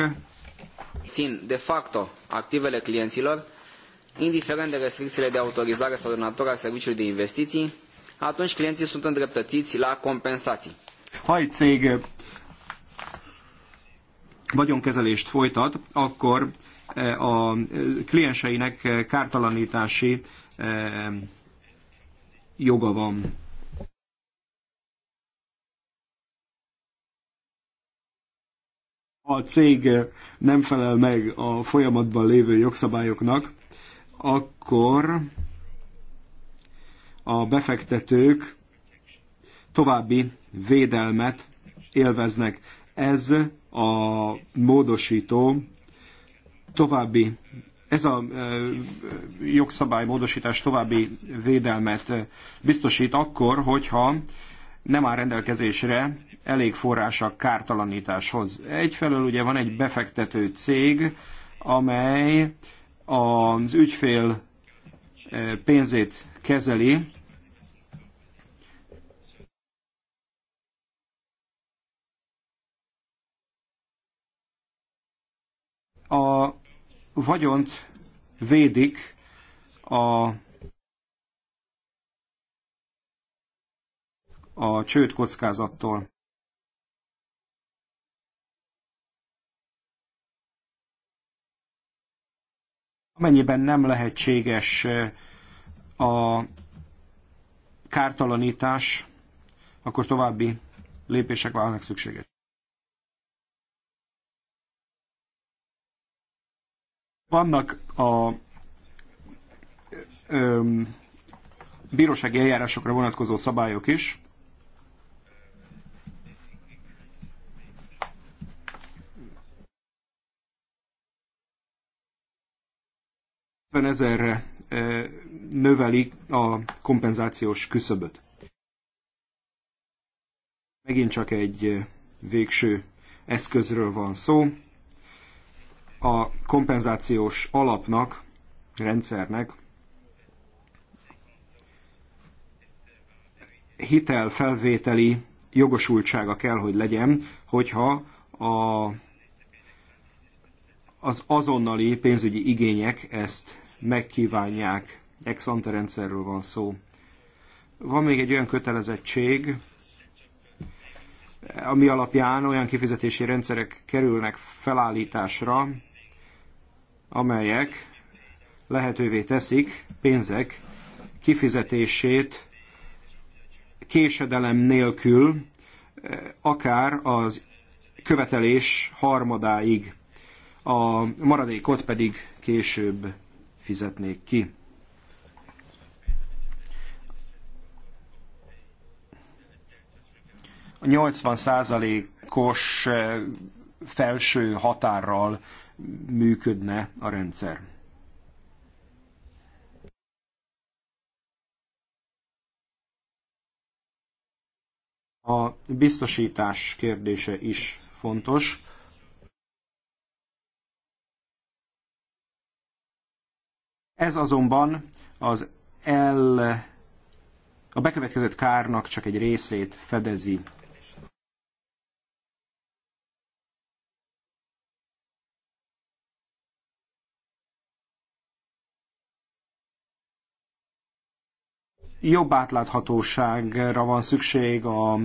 țin de facto activele clienților, indiferent de restricțiile de autorizare sau de natura serviciului de investiții, atunci clienții sunt îndreptățiți la compensații. Hai, egy cég vagyonkezelést folytat, akkor e, a e, klienseinek e, kártalanítási joga van. A cég nem felel meg a folyamatban lévő jogszabályoknak, akkor a befektetők további védelmet élveznek. Ez a módosító további, ez a jogszabály módosítás további védelmet biztosít akkor, hogyha nem áll rendelkezésre elég forrás a kártalanításhoz. Egyfelől ugye van egy befektető cég, amely az ügyfél pénzét kezeli, a vagyont védik a, a csőd kockázattól. Amennyiben nem lehetséges eh, a kártalanítás, akkor további lépések válnak szükséges. Vannak a öm, bírósági eljárásokra vonatkozó szabályok is. ezerre növeli a kompenzációs küszöböt. Megint csak egy végső eszközről van szó, a kompenzációs alapnak, rendszernek hitelfelvételi jogosultsága kell, hogy legyen, hogyha a, az azonnali pénzügyi igények ezt megkívánják. Ex ante rendszerről van szó. Van még egy olyan kötelezettség, ami alapján olyan kifizetési rendszerek kerülnek felállításra, amelyek lehetővé teszik pénzek kifizetését késedelem nélkül, eh, akár az követelés harmadáig, a maradékot pedig később fizetnék ki. A 80 os eh, felső határral működne a rendszer. A biztosítás kérdése is fontos. Ez azonban az el a bekövetkezett kárnak csak egy részét fedezi jobb átláthatóságra van szükség a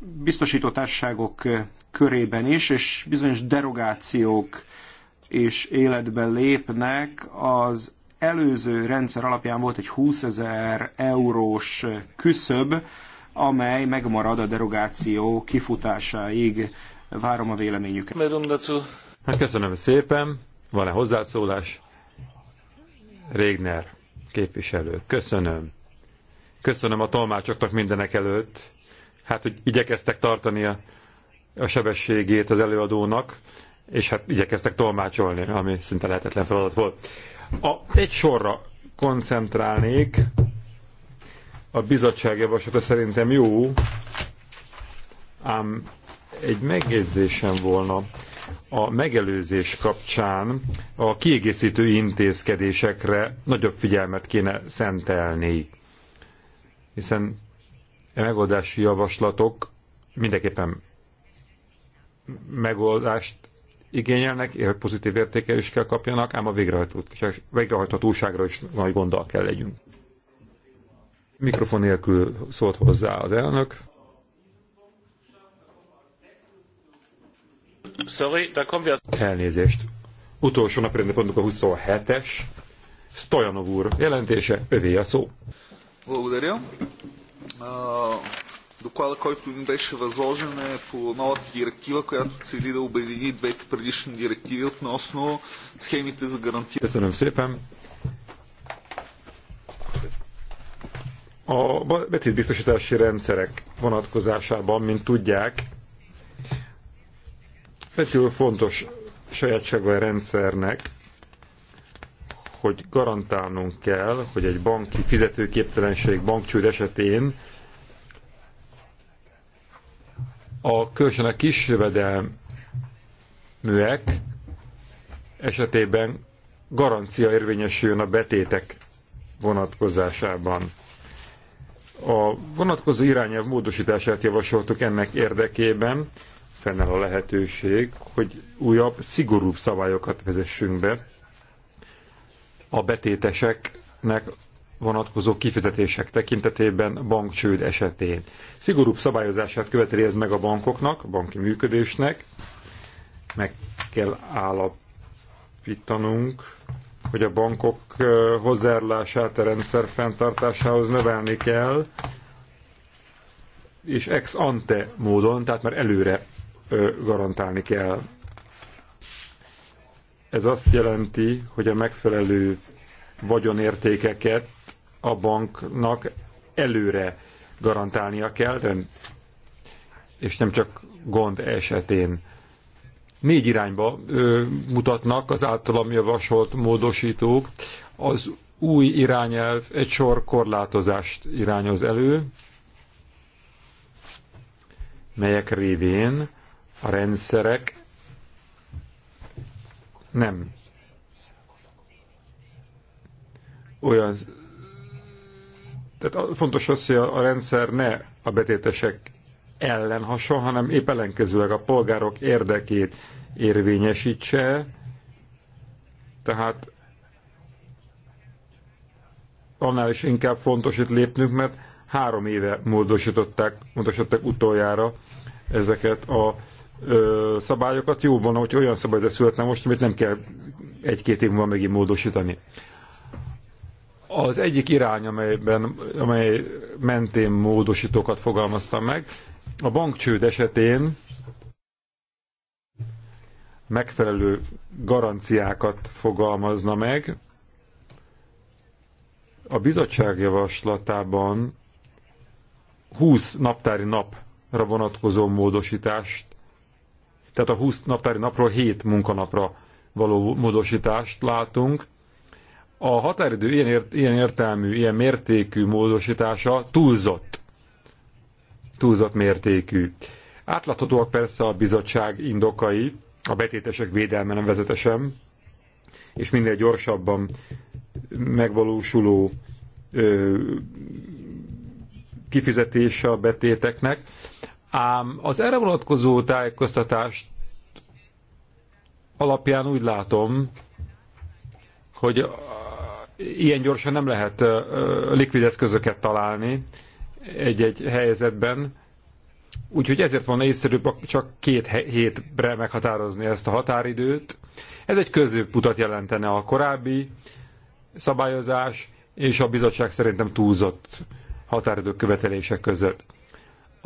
biztosító társaságok körében is, és bizonyos derogációk és életbe lépnek. Az előző rendszer alapján volt egy 20 ezer eurós küszöb, amely megmarad a derogáció kifutásáig. Várom a véleményüket. Hát köszönöm szépen. Van-e hozzászólás? Régner képviselő. Köszönöm. Köszönöm a tolmácsoknak mindenek előtt. Hát, hogy igyekeztek tartani a, a sebességét az előadónak, és hát igyekeztek tolmácsolni, ami szinte lehetetlen feladat volt. A, egy sorra koncentrálnék. A bizottság javaslata szerintem jó, ám egy megjegyzésem volna a megelőzés kapcsán a kiegészítő intézkedésekre nagyobb figyelmet kéne szentelni, hiszen a megoldási javaslatok mindenképpen megoldást igényelnek, pozitív értéke is kell kapjanak, ám a végrehajthatóságra is nagy gonddal kell legyünk. Mikrofon nélkül szólt hozzá az elnök. Sorry, da kommen wir... Elnézést. Utolsó napi pontunk a 27-es. Stojanov úr jelentése, övé a szó. Благодаря. Доклада, който ми беше възложен е по новата директива, която цели да обедини двете предишни директиви относно схемите за гарантиране. A betétbiztosítási rendszerek vonatkozásában, mint tudják, Rendkívül fontos sajátsága a rendszernek, hogy garantálnunk kell, hogy egy banki fizetőképtelenség, bankcsőd esetén a különösen a kis jövedelműek esetében garancia érvényesüljön a betétek vonatkozásában. A vonatkozó irányelv módosítását javasoltuk ennek érdekében, fennáll a lehetőség, hogy újabb, szigorúbb szabályokat vezessünk be a betéteseknek vonatkozó kifizetések tekintetében bankcsőd esetén. Szigorúbb szabályozását követeli ez meg a bankoknak, a banki működésnek. Meg kell állapítanunk, hogy a bankok hozzárulását a rendszer fenntartásához növelni kell, és ex ante módon, tehát már előre garantálni kell. Ez azt jelenti, hogy a megfelelő vagyonértékeket a banknak előre garantálnia kell, és nem csak gond esetén. Négy irányba ö, mutatnak az általam javasolt módosítók. Az új irányelv egy sor korlátozást irányoz elő, melyek révén a rendszerek nem olyan tehát fontos az, hogy a rendszer ne a betétesek ellen hason, hanem épp ellenkezőleg a polgárok érdekét érvényesítse. Tehát annál is inkább fontos itt lépnünk, mert három éve módosították, módosították utoljára ezeket a ö, szabályokat, jó volna, hogy olyan szabályra születne most, amit nem kell egy-két év múlva megint módosítani. Az egyik irány, amelyben, amely mentén módosítókat fogalmaztam meg, a bankcsőd esetén megfelelő garanciákat fogalmazna meg. A bizottság javaslatában 20 naptári napra vonatkozó módosítást tehát a 20 naptári napról 7 munkanapra való módosítást látunk. A határidő ilyen, ért, ilyen értelmű, ilyen mértékű módosítása túlzott. Túlzott mértékű. Átláthatóak persze a bizottság indokai, a betétesek védelme nem vezetesen, és minél gyorsabban megvalósuló ö, kifizetése a betéteknek. Ám az erre vonatkozó tájékoztatást alapján úgy látom, hogy uh, ilyen gyorsan nem lehet uh, likvid eszközöket találni egy-egy helyzetben, úgyhogy ezért van észszerűbb csak két hétre meghatározni ezt a határidőt. Ez egy középutat jelentene a korábbi szabályozás és a bizottság szerintem túlzott határidők követelések között.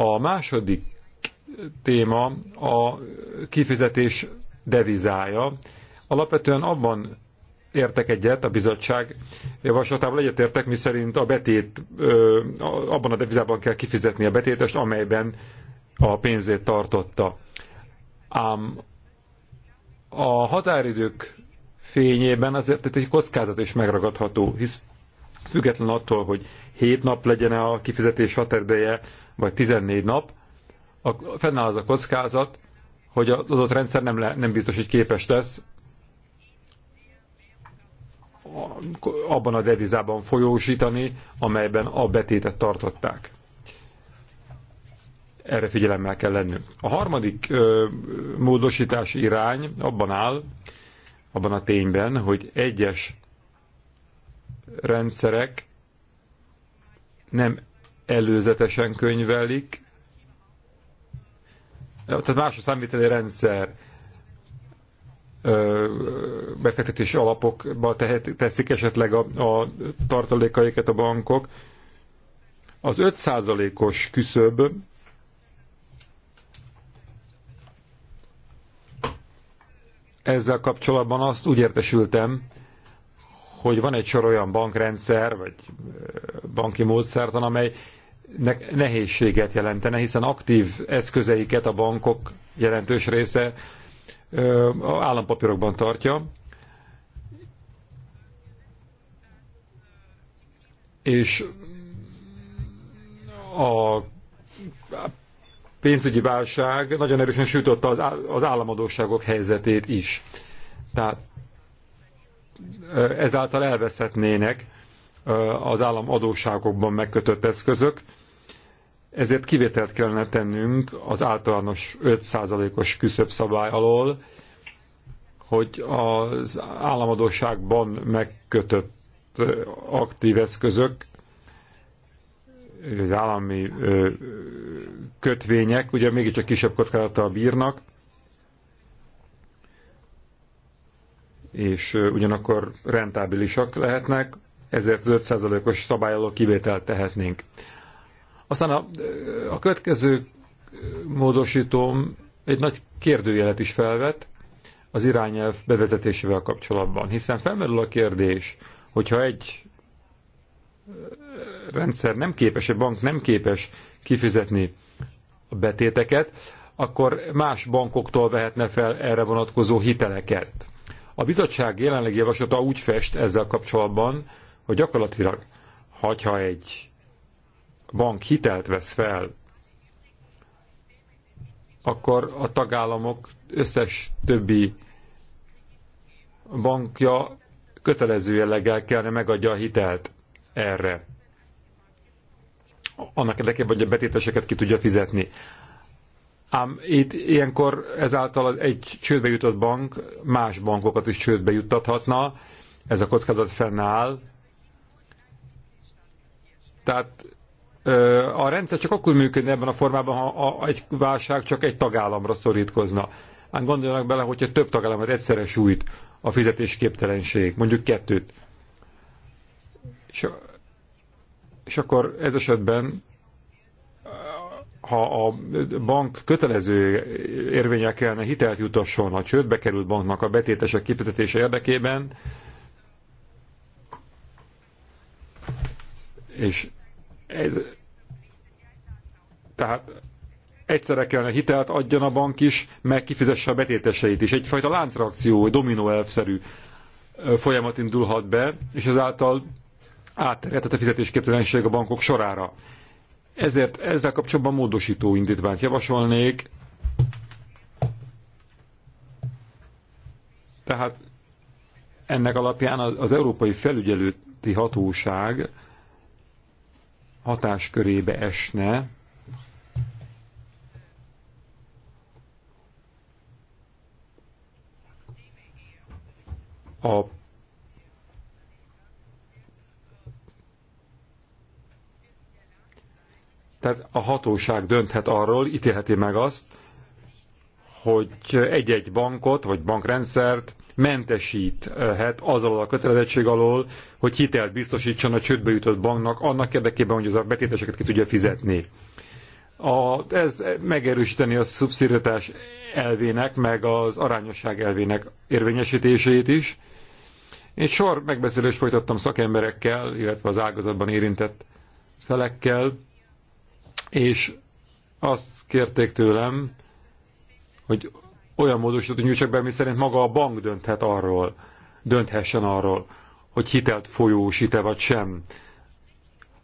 A második téma a kifizetés devizája. Alapvetően abban értek egyet, a bizottság javaslatával egyetértek, miszerint a betét, abban a devizában kell kifizetni a betétest, amelyben a pénzét tartotta. Ám a határidők fényében azért egy kockázat is megragadható, hisz független attól, hogy hét nap legyen a kifizetés határideje, vagy 14 nap, a, fennáll az a kockázat, hogy az adott rendszer nem, le, nem biztos, hogy képes lesz abban a devizában folyósítani, amelyben a betétet tartották. Erre figyelemmel kell lennünk. A harmadik ö, módosítás irány abban áll, abban a tényben, hogy egyes rendszerek nem előzetesen könyvelik, tehát más a számviteli rendszer befektetési alapokba tehet, tetszik esetleg a, a tartalékaiket a bankok. Az 5%-os küszöb ezzel kapcsolatban azt úgy értesültem, hogy van egy sor olyan bankrendszer, vagy banki módszertan, amely nehézséget jelentene, hiszen aktív eszközeiket a bankok jelentős része állampapírokban tartja, és a pénzügyi válság nagyon erősen sütötte az, az államadóságok helyzetét is. Tehát ezáltal elveszhetnének az államadóságokban megkötött eszközök, ezért kivételt kellene tennünk az általános 5%-os küszöbb szabály alól, hogy az államadóságban megkötött aktív eszközök, az állami kötvények, ugye mégiscsak kisebb kockázattal bírnak, és ugyanakkor rentábilisak lehetnek, ezért 5%-os szabályaló kivételt tehetnénk. Aztán a, a következő módosítóm egy nagy kérdőjelet is felvet az irányelv bevezetésével kapcsolatban, hiszen felmerül a kérdés, hogyha egy eh, rendszer nem képes, egy bank nem képes kifizetni a betéteket, akkor más bankoktól vehetne fel erre vonatkozó hiteleket. A bizottság jelenlegi javaslata úgy fest ezzel kapcsolatban, hogy gyakorlatilag, ha egy bank hitelt vesz fel, akkor a tagállamok összes többi bankja kötelező jelleggel kellene megadja a hitelt erre. Annak érdekében, hogy a betéteseket ki tudja fizetni. Ám itt ilyenkor ezáltal egy csődbe jutott bank más bankokat is csődbe juttathatna, ez a kockázat fennáll. Tehát a rendszer csak akkor működne ebben a formában, ha egy válság csak egy tagállamra szorítkozna. Hát gondoljanak bele, hogyha több tagállamot egyszerre sújt a fizetésképtelenség, mondjuk kettőt. És, és akkor ez esetben, ha a bank kötelező érvényel kellene hitelt jutasson a csődbe került banknak a betétesek kifizetése érdekében, és ez, tehát egyszerre kellene hitelt adjon a bank is, meg kifizesse a betéteseit is. Egyfajta láncreakció, dominó elvszerű folyamat indulhat be, és ezáltal átterjedhet a fizetésképtelenség a bankok sorára. Ezért ezzel kapcsolatban módosító indítványt javasolnék. Tehát ennek alapján az Európai Felügyelőti Hatóság hatáskörébe esne, a Tehát a hatóság dönthet arról, ítélheti meg azt, hogy egy-egy bankot vagy bankrendszert mentesíthet azzal a kötelezettség alól, hogy hitelt biztosítson a csődbe jutott banknak annak érdekében, hogy az a betéteseket ki tudja fizetni. A, ez megerősíteni a szubszidiatás elvének, meg az arányosság elvének érvényesítését is. Én sor megbeszélést folytattam szakemberekkel, illetve az ágazatban érintett felekkel, és azt kérték tőlem, hogy olyan hogy nyújtsak be, miszerint maga a bank dönthet arról, dönthessen arról, hogy hitelt folyósít-e vagy sem.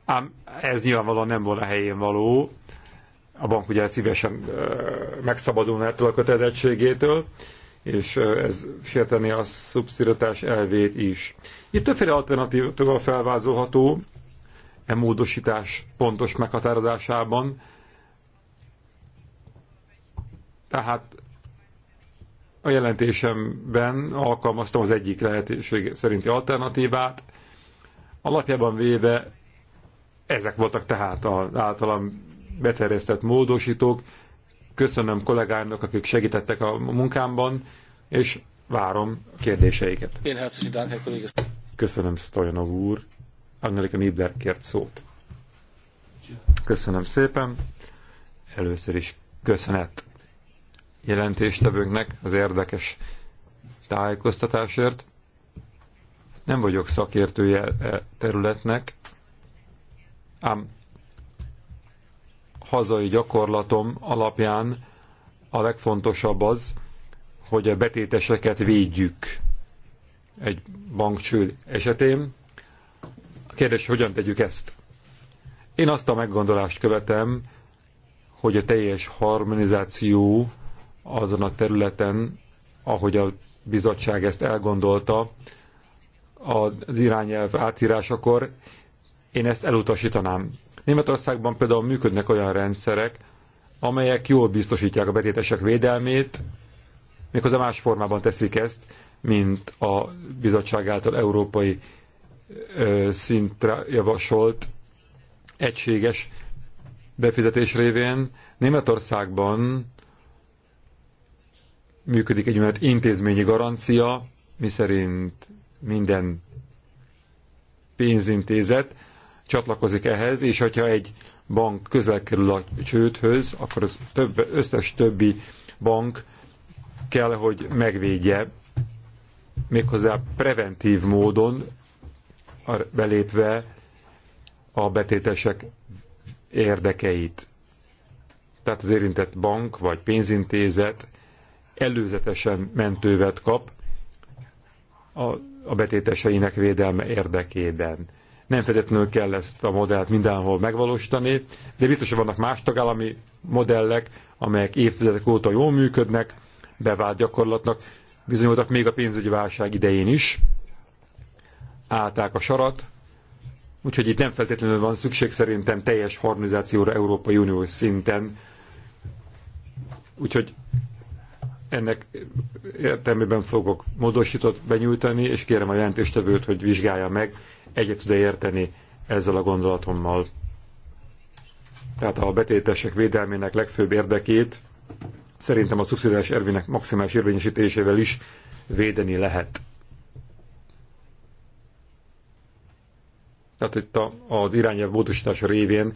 Ám ez nyilvánvalóan nem volna helyén való. A bank ugye szívesen megszabadulna ettől a kötelezettségétől, és ez sérteni a szubszidatás elvét is. Itt többféle alternatívával felvázolható e módosítás pontos meghatározásában. Tehát a jelentésemben alkalmaztam az egyik lehetőség szerinti alternatívát. Alapjában véve ezek voltak tehát az általam beterjesztett módosítók. Köszönöm kollégáimnak, akik segítettek a munkámban, és várom kérdéseiket. Én herzlichen Dank, Herr Köszönöm, Stojanov úr. Angelika Nibler kért szót. Köszönöm szépen. Először is köszönet jelentéstevőnknek az érdekes tájékoztatásért. Nem vagyok szakértője e területnek, ám hazai gyakorlatom alapján a legfontosabb az, hogy a betéteseket védjük egy bankcső esetén. A kérdés, hogyan tegyük ezt? Én azt a meggondolást követem, hogy a teljes harmonizáció azon a területen, ahogy a bizottság ezt elgondolta az irányelv átírásakor, én ezt elutasítanám. Németországban például működnek olyan rendszerek, amelyek jól biztosítják a betétesek védelmét, méghozzá más formában teszik ezt, mint a bizottság által európai ö, szintre javasolt egységes befizetés révén. Németországban működik egy olyan intézményi garancia, miszerint minden pénzintézet csatlakozik ehhez, és hogyha egy bank közel kerül a csődhöz, akkor az több, összes többi bank kell, hogy megvédje méghozzá preventív módon belépve a betétesek érdekeit. Tehát az érintett bank vagy pénzintézet előzetesen mentővet kap a, a betéteseinek védelme érdekében. Nem feltétlenül kell ezt a modellt mindenhol megvalósítani, de biztos, hogy vannak más tagállami modellek, amelyek évtizedek óta jól működnek, bevált gyakorlatnak, bizonyultak még a pénzügyi válság idején is, állták a sarat, úgyhogy itt nem feltétlenül van szükség szerintem teljes harmonizációra Európai Unió szinten, úgyhogy ennek értelmében fogok módosított benyújtani, és kérem a jelentéstevőt, hogy vizsgálja meg, egyet tud -e érteni ezzel a gondolatommal. Tehát a betétesek védelmének legfőbb érdekét szerintem a szubszidiás ervének maximális érvényesítésével is védeni lehet. Tehát itt a, az irányelv módosítása révén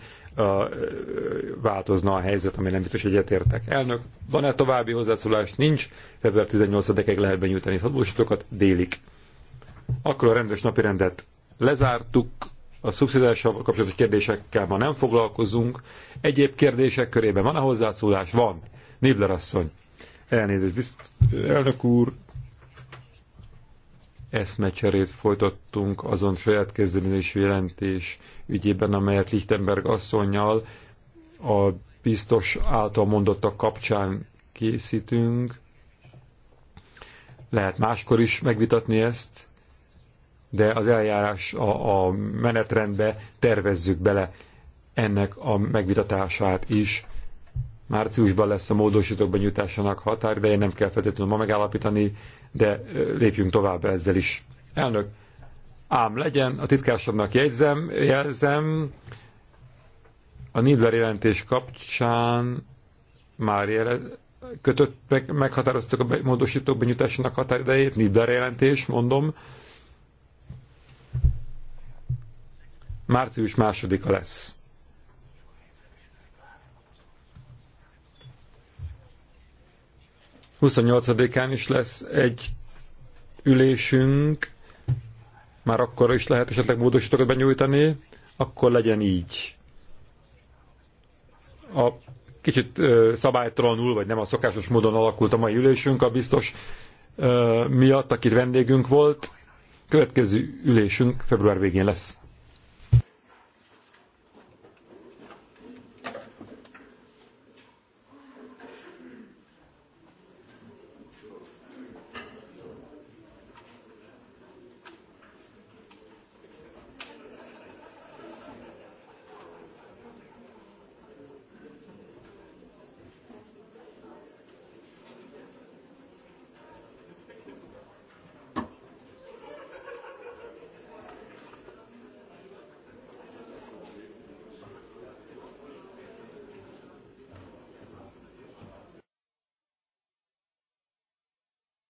változna a helyzet, ami nem biztos, hogy egyetértek. Elnök, van-e további hozzászólás? Nincs. Február 18-ig lehet benyújtani szabadosítókat délig. Akkor a rendes napi rendet lezártuk. A szubszidással kapcsolatos kérdésekkel ma nem foglalkozunk. Egyéb kérdések körében van a hozzászólás? Van. Nibler asszony. Elnézést, bizt, elnök úr, eszmecserét folytattunk azon saját kezdeményezésű jelentés ügyében, amelyet Lichtenberg asszonynal a biztos által mondottak kapcsán készítünk. Lehet máskor is megvitatni ezt, de az eljárás a, a menetrendbe tervezzük bele ennek a megvitatását is. Márciusban lesz a módosítók benyújtásának határideje, nem kell feltétlenül ma megállapítani, de lépjünk tovább ezzel is. Elnök, ám legyen, a titkársamnak jegyzem, jelzem, a Nidler jelentés kapcsán már jele, kötött, meg, meghatároztuk a módosítók benyújtásának határidejét, Nidler jelentés, mondom, március másodika lesz. 28-án is lesz egy ülésünk, már akkor is lehet esetleg módosítókat benyújtani, akkor legyen így. A kicsit ö, szabálytalanul, vagy nem a szokásos módon alakult a mai ülésünk, a biztos ö, miatt, akit vendégünk volt. Következő ülésünk február végén lesz.